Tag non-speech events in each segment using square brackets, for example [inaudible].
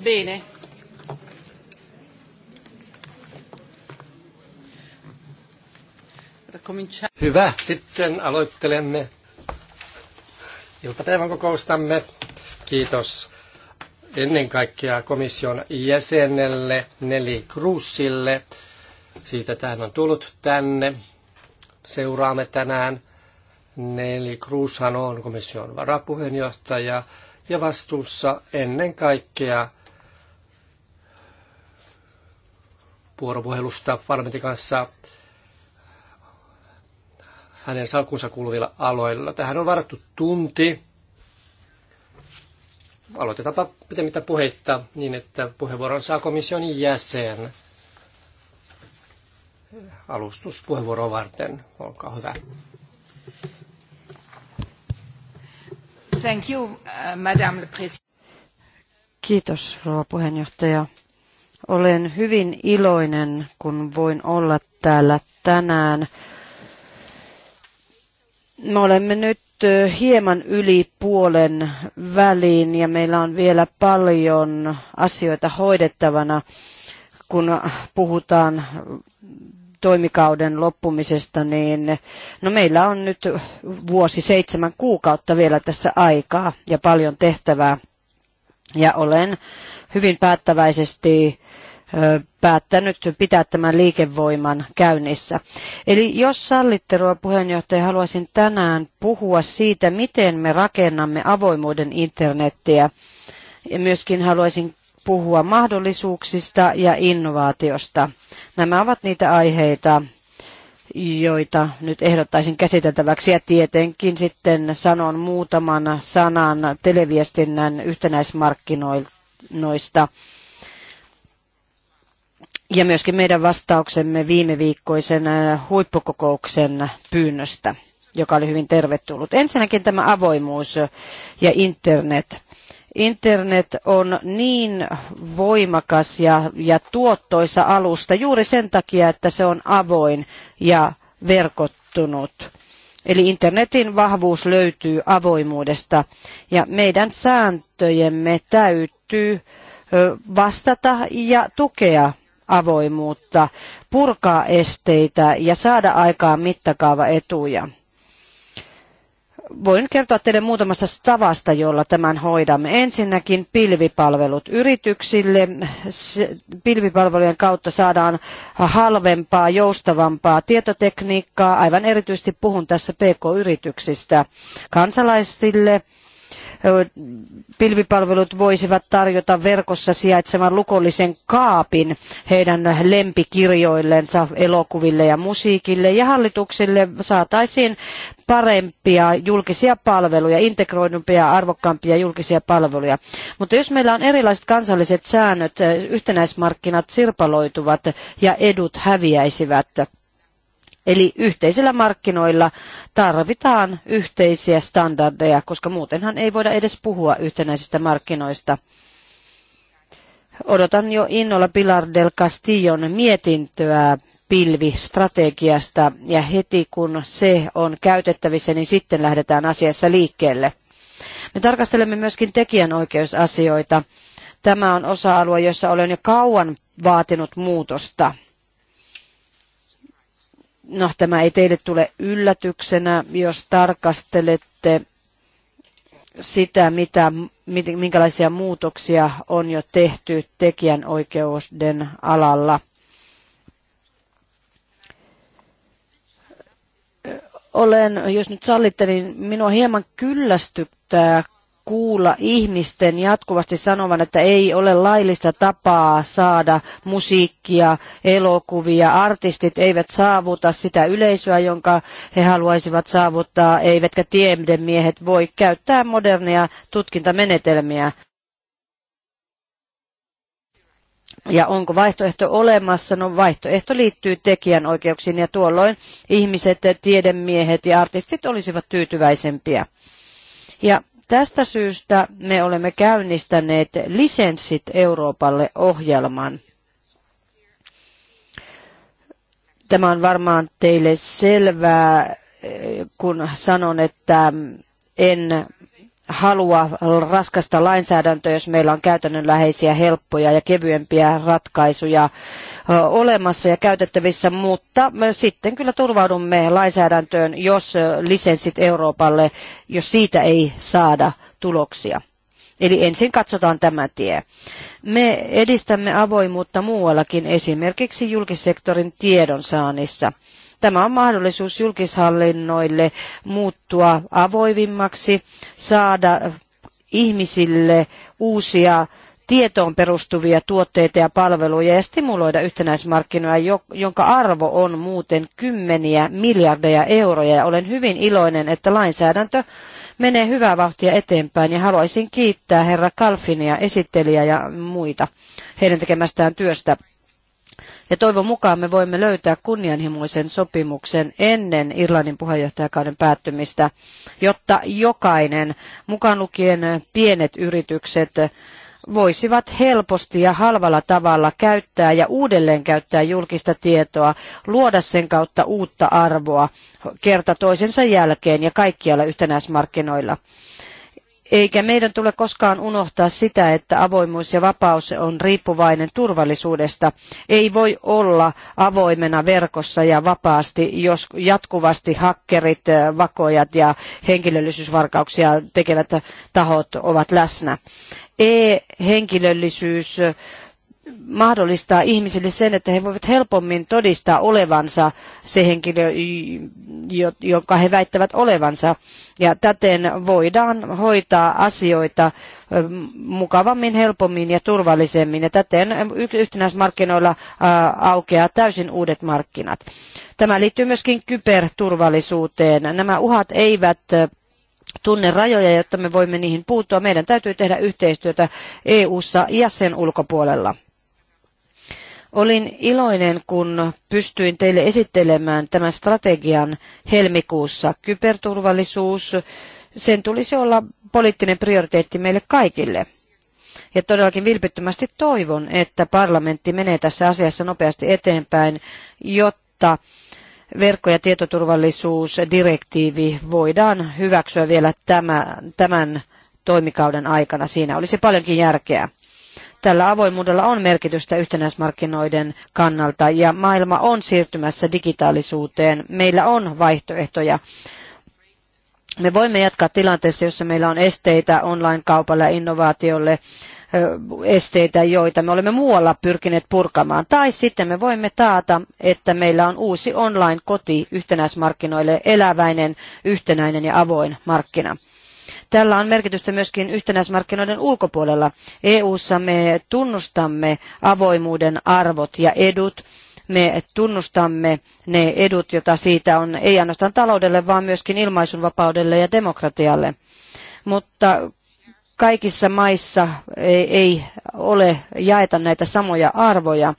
Bene. Hyvä, sitten aloittelemme iltapäivän kokoustamme. Kiitos ennen kaikkea komission jäsenelle Neli Kruusille. Siitä tähän on tullut tänne. Seuraamme tänään. Neli Kruushan on komission varapuheenjohtaja ja vastuussa ennen kaikkea – vuoropuhelusta parlamentin kanssa hänen salkunsa kuuluvilla aloilla. Tähän on varattu tunti. Aloitetaanpa pitemmittä puheitta niin, että puheenvuoron saa komission jäsen alustuspuheenvuoroa varten. Olkaa hyvä. Thank you, uh, Madame le Kiitos, rouva puheenjohtaja. Olen hyvin iloinen, kun voin olla täällä tänään. Me olemme nyt hieman yli puolen väliin ja meillä on vielä paljon asioita hoidettavana, kun puhutaan toimikauden loppumisesta, niin no meillä on nyt vuosi seitsemän kuukautta vielä tässä aikaa ja paljon tehtävää. Ja olen hyvin päättäväisesti päättänyt pitää tämän liikevoiman käynnissä. Eli jos sallitte, rouva puheenjohtaja, haluaisin tänään puhua siitä, miten me rakennamme avoimuuden internettiä. Ja myöskin haluaisin puhua mahdollisuuksista ja innovaatiosta. Nämä ovat niitä aiheita, joita nyt ehdottaisin käsiteltäväksi. Ja tietenkin sitten sanon muutaman sanan televiestinnän yhtenäismarkkinoista ja myöskin meidän vastauksemme viime viikkoisen äh, huippukokouksen pyynnöstä, joka oli hyvin tervetullut. Ensinnäkin tämä avoimuus ja internet. Internet on niin voimakas ja, ja tuottoisa alusta juuri sen takia, että se on avoin ja verkottunut. Eli internetin vahvuus löytyy avoimuudesta ja meidän sääntöjemme täytyy vastata ja tukea avoimuutta, purkaa esteitä ja saada aikaan mittakaavaetuja. Voin kertoa teille muutamasta tavasta, jolla tämän hoidamme. Ensinnäkin pilvipalvelut yrityksille. Pilvipalvelujen kautta saadaan halvempaa, joustavampaa tietotekniikkaa. Aivan erityisesti puhun tässä PK-yrityksistä kansalaisille – pilvipalvelut voisivat tarjota verkossa sijaitsevan lukollisen kaapin heidän lempikirjoillensa, elokuville ja musiikille ja hallituksille saataisiin parempia julkisia palveluja, integroidumpia ja arvokkaampia julkisia palveluja. Mutta jos meillä on erilaiset kansalliset säännöt, yhtenäismarkkinat sirpaloituvat ja edut häviäisivät. Eli yhteisillä markkinoilla tarvitaan yhteisiä standardeja, koska muutenhan ei voida edes puhua yhtenäisistä markkinoista. Odotan jo innolla Pilar del Castillon mietintöä pilvistrategiasta ja heti kun se on käytettävissä, niin sitten lähdetään asiassa liikkeelle. Me tarkastelemme myöskin tekijänoikeusasioita. Tämä on osa-alue, jossa olen jo kauan vaatinut muutosta. No, tämä ei teille tule yllätyksenä, jos tarkastelette sitä, mitä, minkälaisia muutoksia on jo tehty tekijänoikeuden alalla. Olen, jos nyt sallitte, niin minua hieman kyllästyttää kuulla ihmisten jatkuvasti sanovan, että ei ole laillista tapaa saada musiikkia, elokuvia. Artistit eivät saavuta sitä yleisöä, jonka he haluaisivat saavuttaa, eivätkä tiedemiehet voi käyttää modernia tutkintamenetelmiä. Ja onko vaihtoehto olemassa? No vaihtoehto liittyy tekijänoikeuksiin ja tuolloin ihmiset, tiedemiehet ja artistit olisivat tyytyväisempiä. Ja Tästä syystä me olemme käynnistäneet lisenssit Euroopalle ohjelman. Tämä on varmaan teille selvää, kun sanon, että en halua raskasta lainsäädäntöä, jos meillä on käytännönläheisiä, helppoja ja kevyempiä ratkaisuja olemassa ja käytettävissä, mutta sitten kyllä turvaudumme lainsäädäntöön, jos lisenssit Euroopalle, jos siitä ei saada tuloksia. Eli ensin katsotaan tämä tie. Me edistämme avoimuutta muuallakin, esimerkiksi julkissektorin tiedonsaannissa. Tämä on mahdollisuus julkishallinnoille muuttua avoivimmaksi, saada ihmisille uusia tietoon perustuvia tuotteita ja palveluja ja stimuloida yhtenäismarkkinoja, jonka arvo on muuten kymmeniä miljardeja euroja. Ja olen hyvin iloinen, että lainsäädäntö menee hyvää vauhtia eteenpäin ja haluaisin kiittää herra Kalfinia, esittelijä ja muita heidän tekemästään työstä. Ja toivon mukaan me voimme löytää kunnianhimoisen sopimuksen ennen Irlannin puheenjohtajakauden päättymistä, jotta jokainen, mukaan lukien pienet yritykset, voisivat helposti ja halvalla tavalla käyttää ja uudelleen käyttää julkista tietoa, luoda sen kautta uutta arvoa kerta toisensa jälkeen ja kaikkialla yhtenäismarkkinoilla. Eikä meidän tule koskaan unohtaa sitä, että avoimuus ja vapaus on riippuvainen turvallisuudesta. Ei voi olla avoimena verkossa ja vapaasti, jos jatkuvasti hakkerit, vakojat ja henkilöllisyysvarkauksia tekevät tahot ovat läsnä e-henkilöllisyys mahdollistaa ihmisille sen, että he voivat helpommin todistaa olevansa se henkilö, jonka he väittävät olevansa. Ja täten voidaan hoitaa asioita mukavammin, helpommin ja turvallisemmin. Ja täten yhtenäismarkkinoilla aukeaa täysin uudet markkinat. Tämä liittyy myöskin kyberturvallisuuteen. Nämä uhat eivät tunne rajoja, jotta me voimme niihin puuttua. Meidän täytyy tehdä yhteistyötä EU-ssa ja sen ulkopuolella. Olin iloinen, kun pystyin teille esittelemään tämän strategian helmikuussa. Kyberturvallisuus, sen tulisi olla poliittinen prioriteetti meille kaikille. Ja todellakin vilpittömästi toivon, että parlamentti menee tässä asiassa nopeasti eteenpäin, jotta verkko- ja tietoturvallisuusdirektiivi voidaan hyväksyä vielä tämän toimikauden aikana. Siinä olisi paljonkin järkeä. Tällä avoimuudella on merkitystä yhtenäismarkkinoiden kannalta ja maailma on siirtymässä digitaalisuuteen. Meillä on vaihtoehtoja. Me voimme jatkaa tilanteessa, jossa meillä on esteitä online-kaupalle ja innovaatiolle esteitä, joita me olemme muualla pyrkineet purkamaan. Tai sitten me voimme taata, että meillä on uusi online-koti yhtenäismarkkinoille eläväinen, yhtenäinen ja avoin markkina. Tällä on merkitystä myöskin yhtenäismarkkinoiden ulkopuolella. EU:ssa me tunnustamme avoimuuden arvot ja edut. Me tunnustamme ne edut, joita siitä on ei ainoastaan taloudelle, vaan myöskin ilmaisunvapaudelle ja demokratialle. Mutta kaikissa maissa ei ole jaeta näitä samoja arvoja.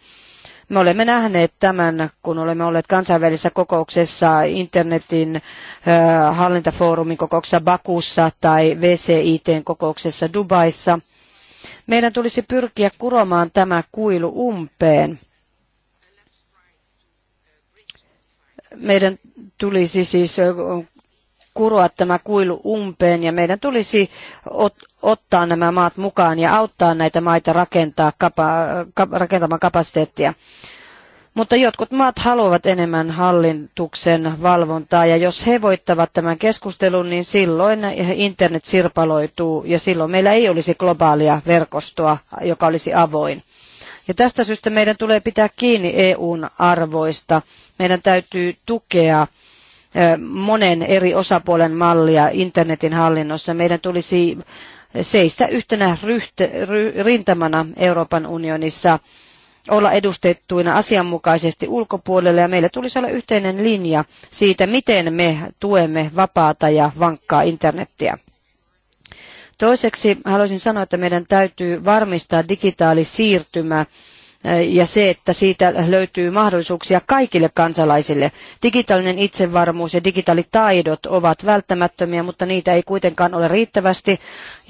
Me olemme nähneet tämän, kun olemme olleet kansainvälisessä kokouksessa, internetin hallintafoorumin kokouksessa Bakussa tai vcit kokouksessa Dubaissa. Meidän tulisi pyrkiä kuromaan tämä kuilu umpeen. Meidän tulisi siis kuroa tämä kuilu umpeen ja meidän tulisi ottaa nämä maat mukaan ja auttaa näitä maita rakentaa kapa, ka, rakentamaan kapasiteettia. Mutta jotkut maat haluavat enemmän hallituksen valvontaa ja jos he voittavat tämän keskustelun, niin silloin internet sirpaloituu ja silloin meillä ei olisi globaalia verkostoa, joka olisi avoin. Ja tästä syystä meidän tulee pitää kiinni EUn arvoista. Meidän täytyy tukea eh, monen eri osapuolen mallia internetin hallinnossa. Meidän tulisi seistä yhtenä ryhte, ry, rintamana Euroopan unionissa olla edustettuina asianmukaisesti ulkopuolelle ja meillä tulisi olla yhteinen linja siitä, miten me tuemme vapaata ja vankkaa internettiä. Toiseksi haluaisin sanoa, että meidän täytyy varmistaa digitaalisiirtymä siirtymä ja se, että siitä löytyy mahdollisuuksia kaikille kansalaisille. Digitaalinen itsevarmuus ja digitaalitaidot ovat välttämättömiä, mutta niitä ei kuitenkaan ole riittävästi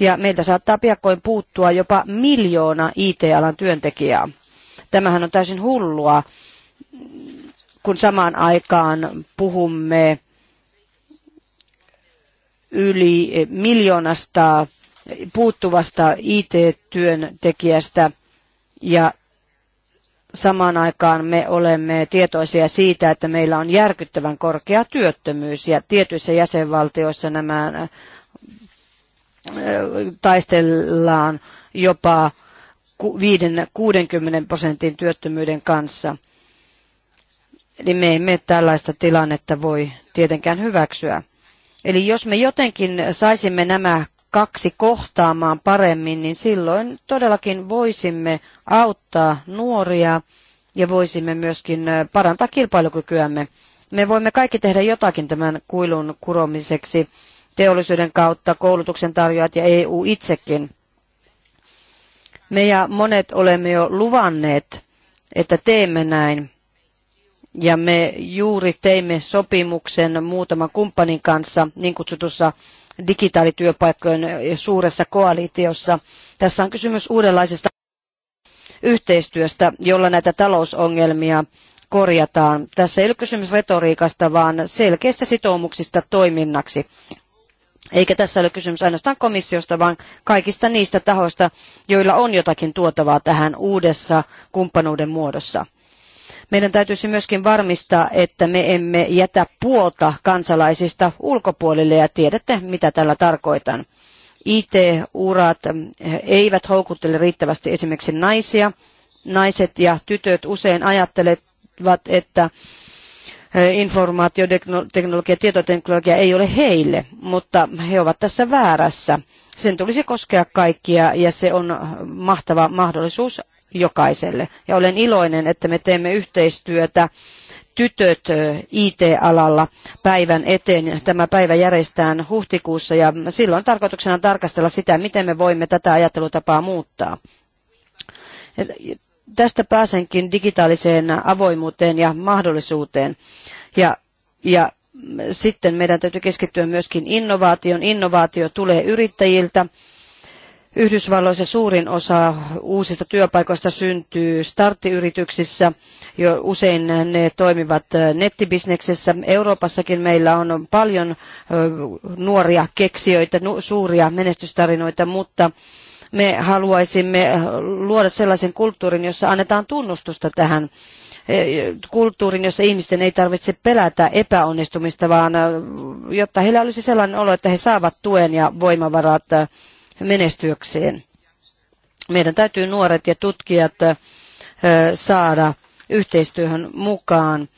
ja meiltä saattaa piakkoin puuttua jopa miljoona IT-alan työntekijää. Tämähän on täysin hullua, kun samaan aikaan puhumme yli miljoonasta puuttuvasta IT-työntekijästä ja samaan aikaan me olemme tietoisia siitä, että meillä on järkyttävän korkea työttömyys ja tietyissä jäsenvaltioissa nämä äh, taistellaan jopa 5-60 prosentin työttömyyden kanssa. Eli me emme tällaista tilannetta voi tietenkään hyväksyä. Eli jos me jotenkin saisimme nämä kaksi kohtaamaan paremmin, niin silloin todellakin voisimme auttaa nuoria ja voisimme myöskin parantaa kilpailukykyämme. Me voimme kaikki tehdä jotakin tämän kuilun kuromiseksi teollisuuden kautta, koulutuksen tarjoajat ja EU itsekin. Me ja monet olemme jo luvanneet, että teemme näin. Ja me juuri teimme sopimuksen muutaman kumppanin kanssa niin kutsutussa digitaalityöpaikkojen suuressa koalitiossa. Tässä on kysymys uudenlaisesta yhteistyöstä, jolla näitä talousongelmia korjataan. Tässä ei ole kysymys retoriikasta, vaan selkeistä sitoumuksista toiminnaksi. Eikä tässä ole kysymys ainoastaan komissiosta, vaan kaikista niistä tahoista, joilla on jotakin tuotavaa tähän uudessa kumppanuuden muodossa meidän täytyisi myöskin varmistaa, että me emme jätä puolta kansalaisista ulkopuolelle ja tiedätte, mitä tällä tarkoitan. IT-urat mm, eivät houkuttele riittävästi esimerkiksi naisia. Naiset ja tytöt usein ajattelevat, että mm, informaatioteknologia, tietoteknologia ei ole heille, mutta he ovat tässä väärässä. Sen tulisi koskea kaikkia ja se on mahtava mahdollisuus jokaiselle. Ja olen iloinen, että me teemme yhteistyötä tytöt IT-alalla päivän eteen. Tämä päivä järjestetään huhtikuussa ja silloin tarkoituksena on tarkastella sitä, miten me voimme tätä ajattelutapaa muuttaa. Tästä pääsenkin digitaaliseen avoimuuteen ja mahdollisuuteen. Ja, ja sitten meidän täytyy keskittyä myöskin innovaation. Innovaatio tulee yrittäjiltä Yhdysvalloissa suurin osa uusista työpaikoista syntyy starttiyrityksissä, jo usein ne toimivat äh, nettibisneksessä. Euroopassakin meillä on paljon äh, nuoria keksijöitä, suuria menestystarinoita, mutta me haluaisimme äh, luoda sellaisen kulttuurin, jossa annetaan tunnustusta tähän kulttuurin, jossa ihmisten ei tarvitse pelätä epäonnistumista, vaan jotta heillä olisi sellainen olo, että he saavat tuen ja voimavarat menestyäkseen. Meidän täytyy nuoret ja tutkijat saada yhteistyöhön mukaan,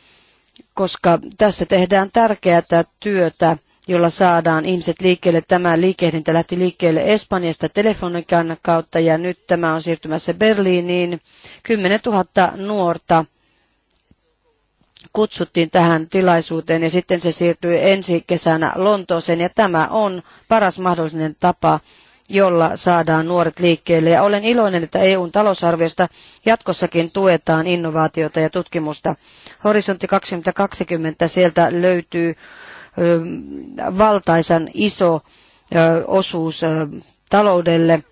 koska tässä tehdään tärkeää työtä, jolla saadaan ihmiset liikkeelle. Tämä liikehdintä lähti liikkeelle Espanjasta telefonikan kautta ja nyt tämä on siirtymässä Berliiniin. 10 000 nuorta kutsuttiin tähän tilaisuuteen ja sitten se siirtyi ensi kesänä Lontooseen ja tämä on paras mahdollinen tapa jolla saadaan nuoret liikkeelle. Ja olen iloinen, että EUn talousarviosta jatkossakin tuetaan innovaatiota ja tutkimusta. Horisontti 2020 sieltä löytyy valtaisan iso osuus taloudelle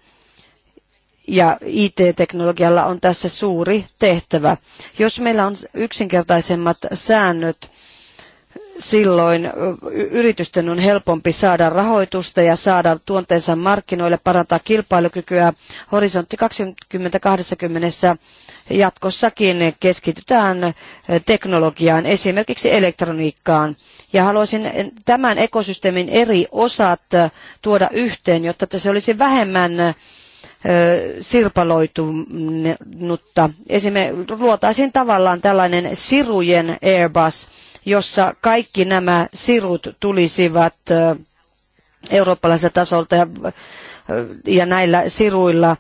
ja IT-teknologialla on tässä suuri tehtävä. Jos meillä on yksinkertaisemmat säännöt silloin yritysten on helpompi saada rahoitusta ja saada tuonteensa markkinoille, parantaa kilpailukykyä. Horisontti 2020 jatkossakin keskitytään teknologiaan, esimerkiksi elektroniikkaan. Ja haluaisin tämän ekosysteemin eri osat tuoda yhteen, jotta se olisi vähemmän sirpaloitunutta. Esimerkiksi luotaisiin tavallaan tällainen sirujen Airbus, jossa kaikki nämä sirut tulisivat eurooppalaiselta tasolta ja, ja näillä siruilla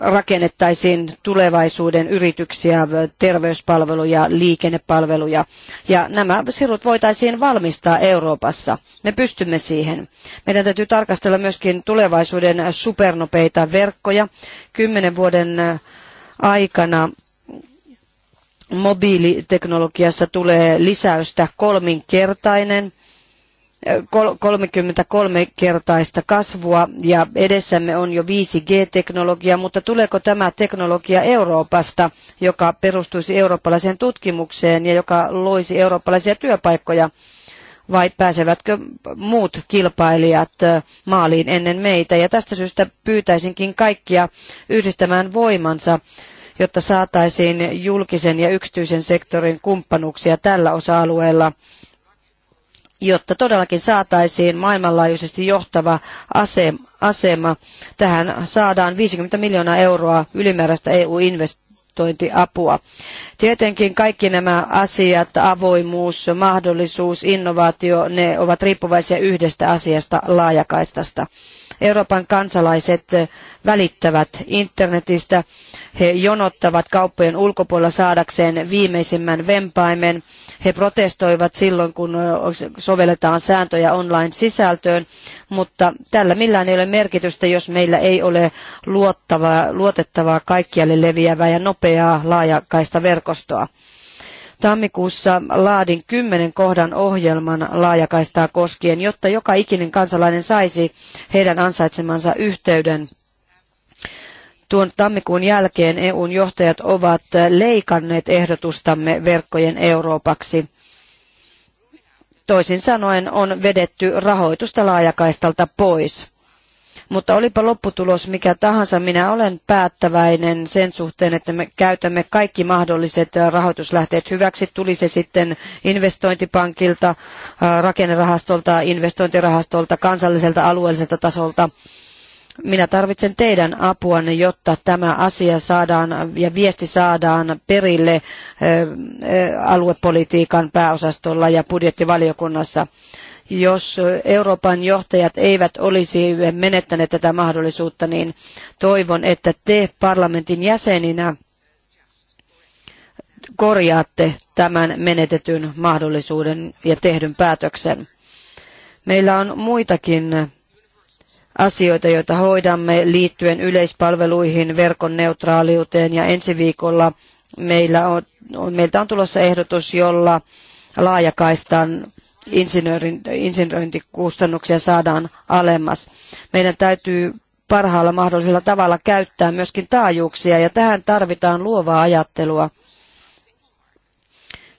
rakennettaisiin tulevaisuuden yrityksiä, terveyspalveluja, liikennepalveluja. Ja nämä sirut voitaisiin valmistaa Euroopassa. Me pystymme siihen. Meidän täytyy tarkastella myöskin tulevaisuuden supernopeita verkkoja. Kymmenen vuoden aikana mobiiliteknologiassa tulee lisäystä kolminkertainen, 33 kertaista kasvua ja edessämme on jo 5G-teknologia, mutta tuleeko tämä teknologia Euroopasta, joka perustuisi eurooppalaiseen tutkimukseen ja joka loisi eurooppalaisia työpaikkoja? vai pääsevätkö muut kilpailijat maaliin ennen meitä. Ja tästä syystä pyytäisinkin kaikkia yhdistämään voimansa jotta saataisiin julkisen ja yksityisen sektorin kumppanuuksia tällä osa-alueella jotta todellakin saataisiin maailmanlaajuisesti johtava asema. Tähän saadaan 50 miljoonaa euroa ylimääräistä EU-investointiapua. Tietenkin kaikki nämä asiat, avoimuus, mahdollisuus, innovaatio, ne ovat riippuvaisia yhdestä asiasta, laajakaistasta. Euroopan kansalaiset välittävät internetistä. He jonottavat kauppojen ulkopuolella saadakseen viimeisimmän vempaimen. He protestoivat silloin, kun sovelletaan sääntöjä online-sisältöön, mutta tällä millään ei ole merkitystä, jos meillä ei ole luottavaa, luotettavaa kaikkialle leviävää ja nopeaa laajakaista verkostoa. Tammikuussa laadin kymmenen kohdan ohjelman laajakaistaa koskien, jotta joka ikinen kansalainen saisi heidän ansaitsemansa yhteyden. Tuon tammikuun jälkeen EUn johtajat ovat leikanneet ehdotustamme verkkojen Euroopaksi. Toisin sanoen on vedetty rahoitusta laajakaistalta pois. Mutta olipa lopputulos mikä tahansa, minä olen päättäväinen sen suhteen, että me käytämme kaikki mahdolliset äh, rahoituslähteet hyväksi. Tuli se sitten investointipankilta, äh, rakennerahastolta, investointirahastolta, kansalliselta alueelliselta tasolta. Minä tarvitsen teidän apuanne, jotta tämä asia saadaan ja viesti saadaan perille äh, aluepolitiikan pääosastolla ja budjettivaliokunnassa. Jos Euroopan johtajat eivät olisi menettäneet tätä mahdollisuutta, niin toivon, että te parlamentin jäseninä korjaatte tämän menetetyn mahdollisuuden ja tehdyn päätöksen. Meillä on muitakin asioita, joita hoidamme liittyen yleispalveluihin, verkon neutraaliuteen ja ensi viikolla meillä on, meiltä on tulossa ehdotus, jolla laajakaistan insinööintikustannuksia saadaan alemmas. Meidän täytyy parhaalla mahdollisella tavalla käyttää myöskin taajuuksia ja tähän tarvitaan luovaa ajattelua.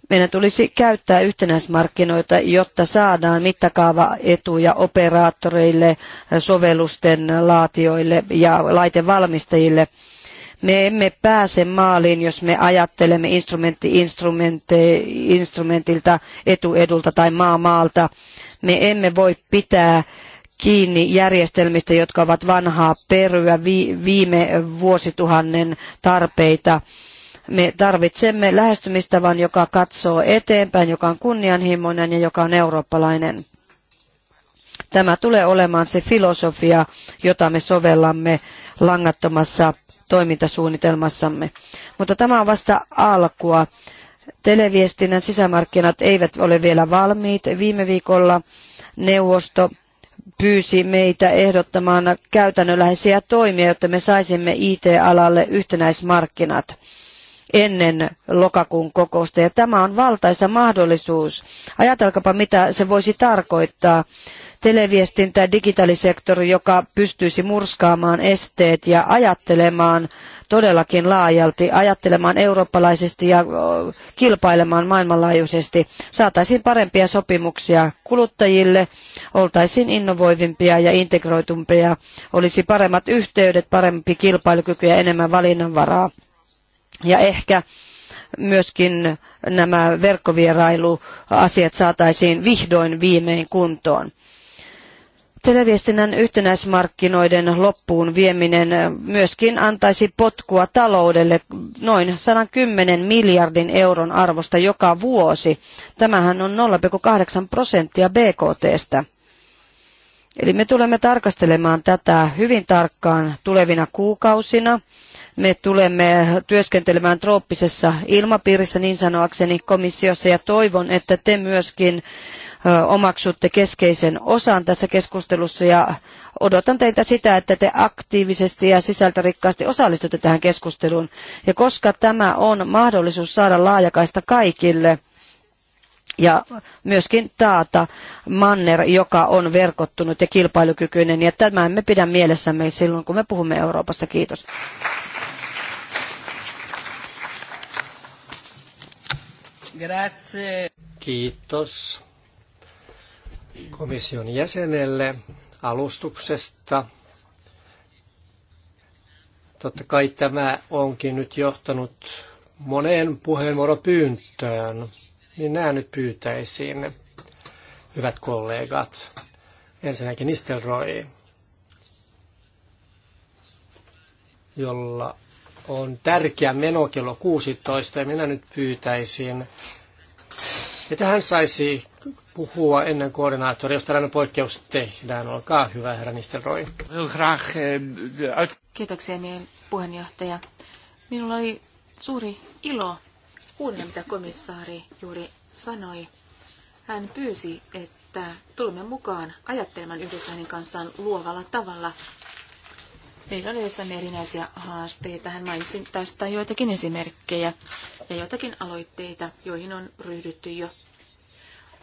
Meidän tulisi käyttää yhtenäismarkkinoita, jotta saadaan mittakaavaetuja operaattoreille, sovellusten laatioille ja laitevalmistajille. Me emme pääse maaliin, jos me ajattelemme instrumentti instrumentilta, etuedulta tai maa maalta. Me emme voi pitää kiinni järjestelmistä, jotka ovat vanhaa peryä viime vuosituhannen tarpeita. Me tarvitsemme lähestymistavan, joka katsoo eteenpäin, joka on kunnianhimoinen ja joka on eurooppalainen. Tämä tulee olemaan se filosofia, jota me sovellamme langattomassa toimintasuunnitelmassamme. Mutta tämä on vasta alkua. Televiestinnän sisämarkkinat eivät ole vielä valmiit. Viime viikolla neuvosto pyysi meitä ehdottamaan käytännönläheisiä toimia, jotta me saisimme IT-alalle yhtenäismarkkinat ennen lokakuun kokousta. Ja tämä on valtaisa mahdollisuus. Ajatelkapa, mitä se voisi tarkoittaa televiestintä- ja digitaalisektori, joka pystyisi murskaamaan esteet ja ajattelemaan todellakin laajalti, ajattelemaan eurooppalaisesti ja kilpailemaan maailmanlaajuisesti. Saataisiin parempia sopimuksia kuluttajille, oltaisiin innovoivimpia ja integroitumpia, olisi paremmat yhteydet, parempi kilpailukyky ja enemmän valinnanvaraa. Ja ehkä myöskin nämä verkkovierailuasiat saataisiin vihdoin viimein kuntoon. Televiestinnän yhtenäismarkkinoiden loppuun vieminen eh, myöskin antaisi potkua taloudelle noin 110 miljardin euron arvosta joka vuosi. Tämähän on 0,8 prosenttia BKTstä. Eli me tulemme tarkastelemaan tätä hyvin tarkkaan tulevina kuukausina. Me tulemme työskentelemään trooppisessa ilmapiirissä niin sanoakseni komissiossa ja toivon, että te myöskin omaksutte keskeisen osan tässä keskustelussa ja odotan teiltä sitä, että te aktiivisesti ja sisältörikkaasti osallistutte tähän keskusteluun. Ja koska tämä on mahdollisuus saada laajakaista kaikille, ja myöskin taata manner, joka on verkottunut ja kilpailukykyinen. Ja tämän me pidämme mielessämme silloin, kun me puhumme Euroopasta. Kiitos. Grazie. Kiitos komission jäsenelle alustuksesta. Totta kai tämä onkin nyt johtanut moneen puheenvuoropyyntöön. Minä niin nyt pyytäisin, hyvät kollegat, ensinnäkin Nistelroi, jolla on tärkeä meno kello 16, ja minä nyt pyytäisin että hän saisi puhua ennen koordinaattoria, jos tällainen poikkeus tehdään. Olkaa hyvä, herra Nistelrooy. Eh, Kiitoksia, meidän niin, puheenjohtaja. Minulla oli suuri ilo kuunnella, mitä komissaari juuri sanoi. Hän pyysi, että tulemme mukaan ajattelemaan yhdessä hänen kanssaan luovalla tavalla Meillä on edessämme erinäisiä haasteita. Hän mainitsi tästä joitakin esimerkkejä ja joitakin aloitteita, joihin on ryhdytty jo.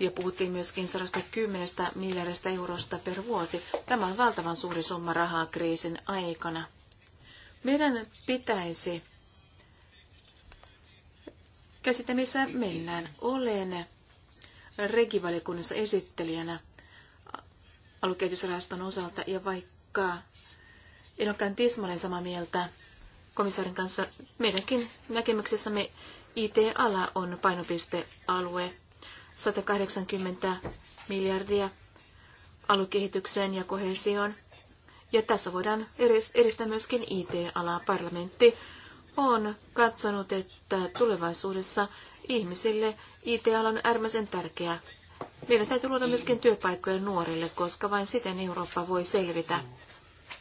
Ja puhuttiin myöskin 110 miljardista eurosta per vuosi. Tämä on valtavan suuri summa rahaa kriisin aikana. Meidän pitäisi käsittää, missä mennään. Olen regivalikunnassa esittelijänä alukehitysrahaston osalta ja vaikka en olekaan tismalleen samaa mieltä komissaarin kanssa. Meidänkin näkemyksessämme IT-ala on painopistealue. 180 miljardia alukehitykseen ja kohesioon. Ja tässä voidaan edistää myöskin IT-alaa. Parlamentti on katsonut, että tulevaisuudessa ihmisille IT-ala on äärimmäisen tärkeä. Meidän täytyy luoda myöskin työpaikkoja nuorille, koska vain siten Eurooppa voi selvitä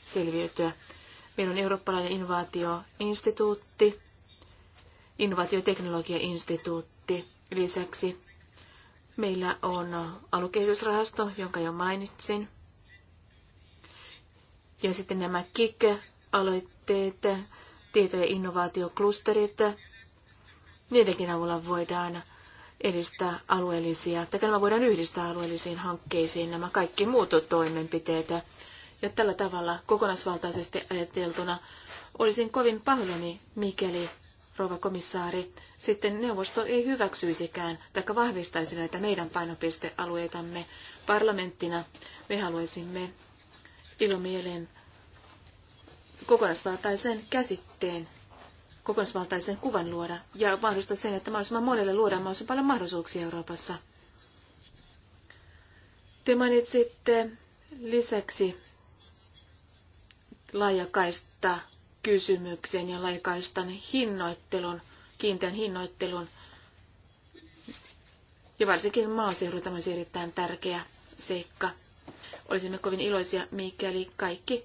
selviytyä. Meillä on eurooppalainen innovaatioinstituutti, innovaatioteknologiainstituutti. Lisäksi meillä on alukehitysrahasto, jonka jo mainitsin. Ja sitten nämä KIK-aloitteet, tieto- ja innovaatioklusterit. Niidenkin avulla voidaan edistää alueellisia, tai nämä voidaan yhdistää alueellisiin hankkeisiin nämä kaikki muut toimenpiteet, ja tällä tavalla kokonaisvaltaisesti ajateltuna olisin kovin pahoillani, mikäli rouva komissaari, sitten neuvosto ei hyväksyisikään tai vahvistaisi näitä meidän painopistealueitamme. Parlamenttina me haluaisimme ilomielen kokonaisvaltaisen käsitteen, kokonaisvaltaisen kuvan luoda ja mahdollistaa sen, että mahdollisimman monelle luodaan mahdollisimman paljon mahdollisuuksia Euroopassa. Te mainitsitte lisäksi laajakaista kysymyksen ja laajakaistan hinnoittelun, kiinteän hinnoittelun. Ja varsinkin maaseudulla tämä olisi erittäin tärkeä seikka. Olisimme kovin iloisia, mikäli kaikki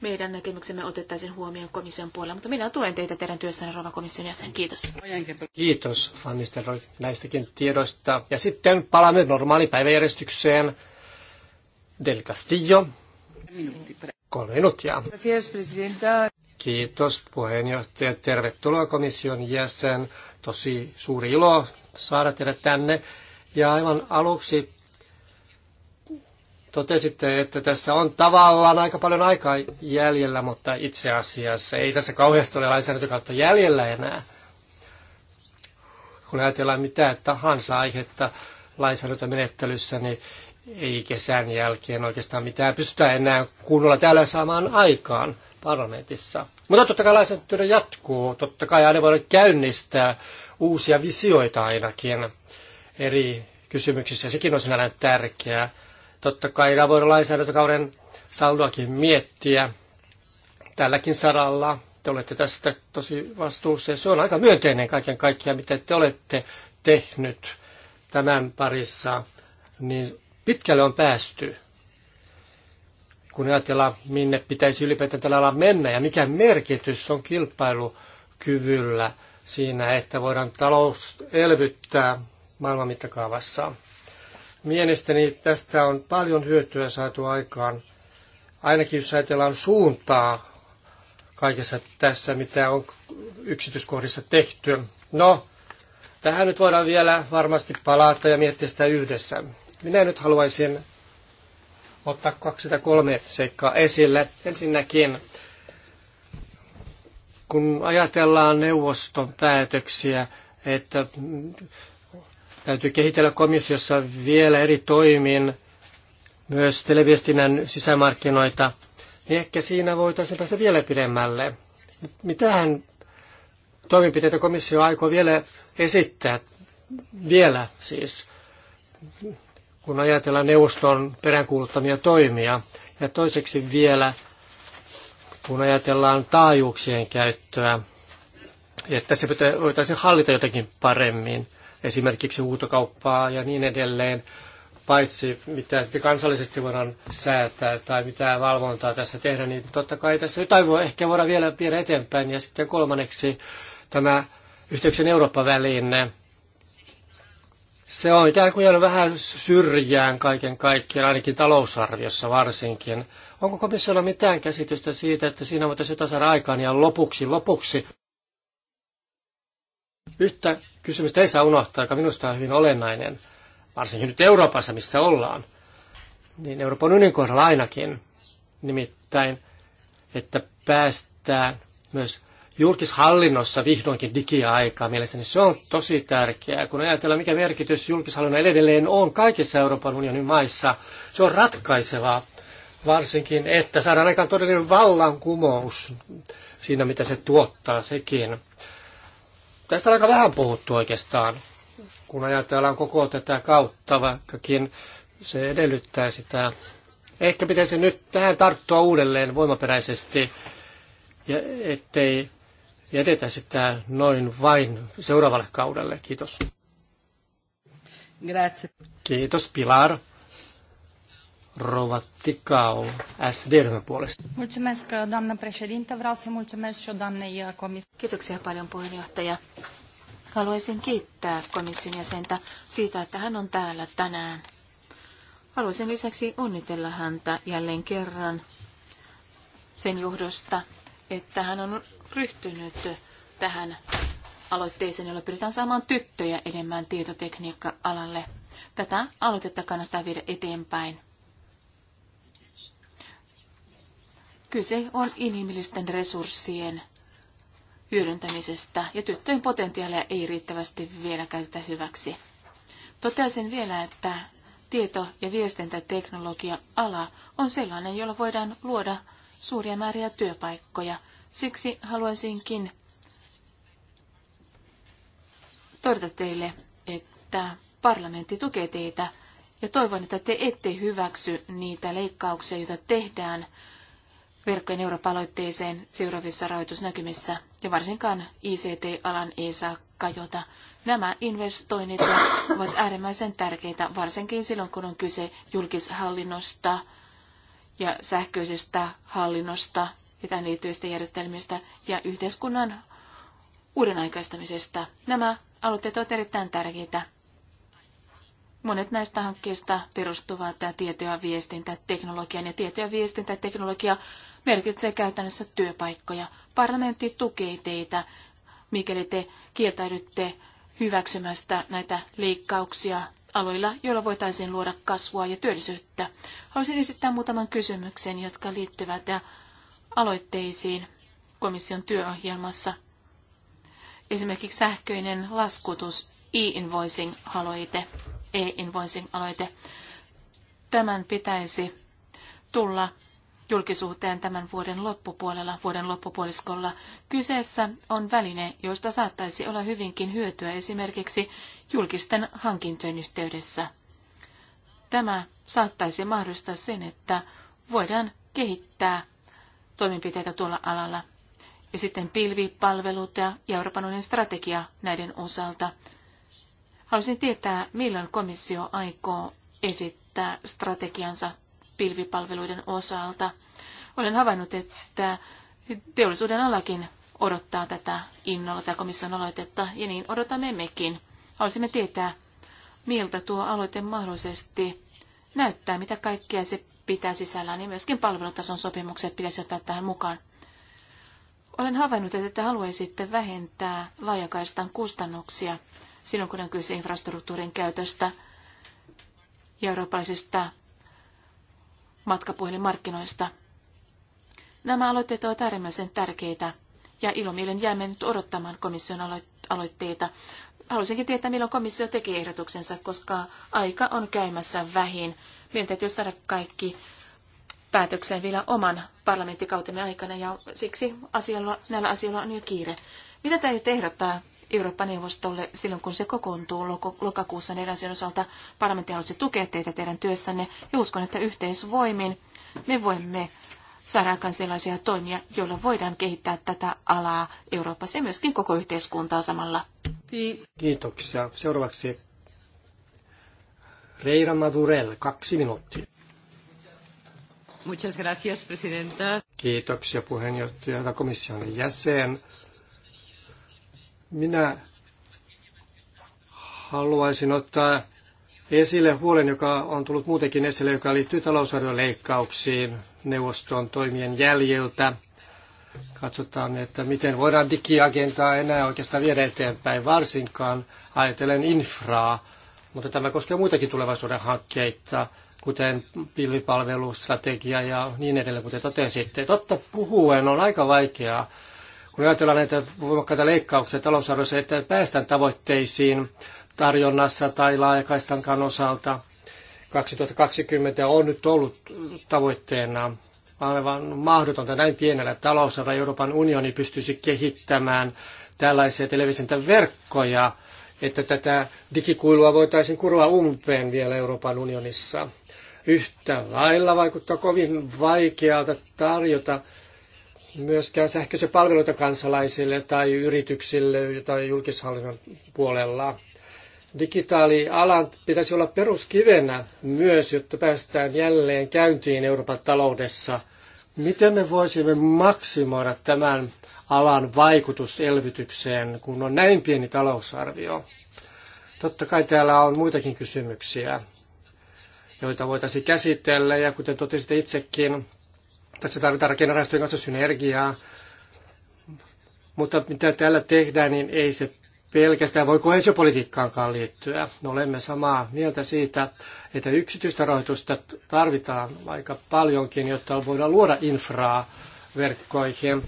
meidän näkemyksemme otettaisiin huomioon komission puolella, mutta minä tuen teitä teidän työssänne, rouva komission jäsen. Kiitos. Kiitos, Fanny Stelroy, näistäkin tiedoista. Ja sitten palaamme normaalipäiväjärjestykseen. Del Castillo. Kolme minuuttia. Kiitos puheenjohtaja. Tervetuloa komission jäsen. Tosi suuri ilo saada teidät tänne. Ja aivan aluksi totesitte, että tässä on tavallaan aika paljon aikaa jäljellä, mutta itse asiassa ei tässä kauheasti ole lainsäädäntökautta jäljellä enää. Kun ajatellaan mitä tahansa aihetta lainsäädäntömenettelyssä, niin ei kesän jälkeen oikeastaan mitään pystytä enää kunnolla täällä saamaan aikaan parlamentissa. Mutta totta kai lainsäädäntötyö jatkuu. Totta kai aina voidaan käynnistää uusia visioita ainakin eri kysymyksissä. Sekin on sinällään tärkeää. Totta kai aina voidaan lainsäädäntökauden saldoakin miettiä tälläkin saralla. Te olette tästä tosi vastuussa ja se on aika myönteinen kaiken kaikkiaan, mitä te olette tehnyt tämän parissa. Niin pitkälle on päästy, kun ajatellaan, minne pitäisi ylipäätään tällä alalla mennä ja mikä merkitys on kilpailukyvyllä siinä, että voidaan talous elvyttää maailman mittakaavassa. Mielestäni tästä on paljon hyötyä saatu aikaan, ainakin jos ajatellaan suuntaa kaikessa tässä, mitä on yksityiskohdissa tehty. No, tähän nyt voidaan vielä varmasti palata ja miettiä sitä yhdessä. Minä nyt haluaisin ottaa kaksi tai kolme seikkaa esille. Ensinnäkin, kun ajatellaan neuvoston päätöksiä, että täytyy kehitellä komissiossa vielä eri toimin myös televiestinnän sisämarkkinoita, niin ehkä siinä voitaisiin päästä vielä pidemmälle. Mitähän toimenpiteitä komissio aikoo vielä esittää? Vielä siis kun ajatellaan neuvoston peräänkuuluttamia toimia. Ja toiseksi vielä, kun ajatellaan taajuuksien käyttöä, että se pitää, voitaisiin hallita jotenkin paremmin, esimerkiksi huutokauppaa ja niin edelleen, paitsi mitä sitten kansallisesti voidaan säätää tai mitä valvontaa tässä tehdä, niin totta kai tässä jotain voi, ehkä voida vielä viedä eteenpäin. Ja sitten kolmanneksi tämä yhteyksien Eurooppa-väline, se on ikään kuin jäänyt vähän syrjään kaiken kaikkiaan, ainakin talousarviossa varsinkin. Onko komissiolla mitään käsitystä siitä, että siinä voitaisiin jotain saada aikaan ja lopuksi, lopuksi? Yhtä kysymystä ei saa unohtaa, joka minusta on hyvin olennainen, varsinkin nyt Euroopassa, missä ollaan. Niin Euroopan unionin kohdalla ainakin, nimittäin, että päästään myös julkishallinnossa vihdoinkin digiaikaa. Mielestäni se on tosi tärkeää, kun ajatellaan, mikä merkitys julkishallinnon edelleen on kaikissa Euroopan unionin maissa. Se on ratkaisevaa, varsinkin, että saadaan aikaan todellinen vallankumous siinä, mitä se tuottaa sekin. Tästä on aika vähän puhuttu oikeastaan, kun ajatellaan koko tätä kautta, vaikkakin se edellyttää sitä. Ehkä pitäisi nyt tähän tarttua uudelleen voimaperäisesti, ja ettei Jätetään sitä noin vain seuraavalle kaudelle. Kiitos. Grazie. Kiitos Pilar. Rova Tikau, SD-ryhmän puolesta. Mulțumesc, doamnă președintă. Vreau să mulțumesc și doamnei uh, comisar. Kiitoksia paljon, puheenjohtaja. Haluaisin kiittää komission jäsentä siitä, että hän on täällä tänään. Haluaisin lisäksi onnitella häntä jälleen kerran sen johdosta, että hän on ryhtynyt tähän aloitteeseen, jolla pyritään saamaan tyttöjä enemmän tietotekniikka-alalle. Tätä aloitetta kannattaa viedä eteenpäin. Kyse on inhimillisten resurssien hyödyntämisestä ja tyttöjen potentiaalia ei riittävästi vielä käytetä hyväksi. Toteaisin vielä, että tieto- ja viestintäteknologia-ala on sellainen, jolla voidaan luoda suuria määriä työpaikkoja – Siksi haluaisinkin todeta teille, että parlamentti tukee teitä ja toivon, että te ette hyväksy niitä leikkauksia, joita tehdään verkkojen europaloitteeseen seuraavissa rahoitusnäkymissä ja varsinkaan ICT-alan ei saa kajota. Nämä investoinnit ovat äärimmäisen tärkeitä, varsinkin silloin, kun on kyse julkishallinnosta ja sähköisestä hallinnosta ja tähän liittyvistä järjestelmistä ja yhteiskunnan uuden aikaistamisesta. Nämä aloitteet ovat erittäin tärkeitä. Monet näistä hankkeista perustuvat tieto- ja viestintäteknologian ja tieto- ja viestintäteknologia merkitsee käytännössä työpaikkoja. Parlamentti tukee teitä, mikäli te kieltäydytte hyväksymästä näitä leikkauksia aloilla, joilla voitaisiin luoda kasvua ja työllisyyttä. Haluaisin esittää muutaman kysymyksen, jotka liittyvät aloitteisiin komission työohjelmassa. Esimerkiksi sähköinen laskutus, e-invoicing-aloite, e-invoicing-aloite. Tämän pitäisi tulla julkisuuteen tämän vuoden loppupuolella, vuoden loppupuoliskolla. Kyseessä on väline, josta saattaisi olla hyvinkin hyötyä esimerkiksi julkisten hankintojen yhteydessä. Tämä saattaisi mahdollistaa sen, että voidaan kehittää toimenpiteitä tuolla alalla. Ja sitten pilvipalvelut ja Euroopan unionin strategia näiden osalta. Haluaisin tietää, milloin komissio aikoo esittää strategiansa pilvipalveluiden osalta. Olen havainnut, että teollisuuden alakin odottaa tätä innolla tätä komission aloitetta, ja niin odotamme mekin. Haluaisimme tietää, miltä tuo aloite mahdollisesti näyttää, mitä kaikkea se pitää sisällään, niin myöskin palvelutason sopimukset pitäisi ottaa tähän mukaan. Olen havainnut, että te haluaisitte vähentää laajakaistan kustannuksia silloin, kun on kyse infrastruktuurin käytöstä ja eurooppalaisista matkapuhelinmarkkinoista. Nämä aloitteet ovat äärimmäisen tärkeitä ja ilomielen jäämme nyt odottamaan komission aloitteita. Haluaisinkin tietää, milloin komissio tekee ehdotuksensa, koska aika on käymässä vähin. Meidän täytyy saada kaikki päätökseen vielä oman parlamenttikautemme aikana ja siksi asialla, näillä asioilla on jo kiire. Mitä täytyy ehdottaa Eurooppa-neuvostolle silloin, kun se kokoontuu lokakuussa näiden asioiden osalta? Parlamentti haluaisi tukea teitä teidän työssänne ja uskon, että yhteisvoimin me voimme saada aikaan sellaisia toimia, joilla voidaan kehittää tätä alaa Euroopassa ja myöskin koko yhteiskuntaa samalla. Kiitoksia. Seuraavaksi Reira Madurell, kaksi minuuttia. Muchas gracias, presidenta. Kiitoksia puheenjohtaja, ja komission jäsen. Minä haluaisin ottaa esille huolen, joka on tullut muutenkin esille, joka liittyy talousarvioleikkauksiin neuvoston toimien jäljiltä. Katsotaan, että miten voidaan digiagentaa enää oikeastaan viedä eteenpäin, varsinkaan ajatellen infraa, mutta tämä koskee muitakin tulevaisuuden hankkeita, kuten pilvipalvelustrategia ja niin edelleen, kuten totesitte. Totta puhuen on aika vaikeaa, kun ajatellaan näitä voimakkaita leikkauksia talousarvoissa, että päästään tavoitteisiin tarjonnassa tai laajakaistankaan osalta. 2020 on nyt ollut tavoitteena aivan mahdotonta näin pienellä talousarvolla Euroopan unioni pystyisi kehittämään tällaisia televisiointiverkkoja verkkoja, että tätä digikuilua voitaisiin kuroa umpeen vielä Euroopan unionissa. Yhtä lailla vaikuttaa kovin vaikealta tarjota myöskään sähköisiä palveluita kansalaisille tai yrityksille tai julkishallinnon puolella. Digitaalialan pitäisi olla peruskivenä myös, jotta päästään jälleen käyntiin Euroopan taloudessa. Miten me voisimme maksimoida tämän alan vaikutus elvytykseen, kun on näin pieni talousarvio? Totta kai täällä on muitakin kysymyksiä, joita voitaisiin käsitellä, ja kuten totesitte itsekin, tässä tarvitaan rakennerahastojen kanssa synergiaa, mutta mitä täällä tehdään, niin ei se pelkästään voi kohesiopolitiikkaankaan liittyä. Me olemme samaa mieltä siitä, että yksityistä rahoitusta tarvitaan aika paljonkin, jotta voidaan luoda infraa verkkoihin.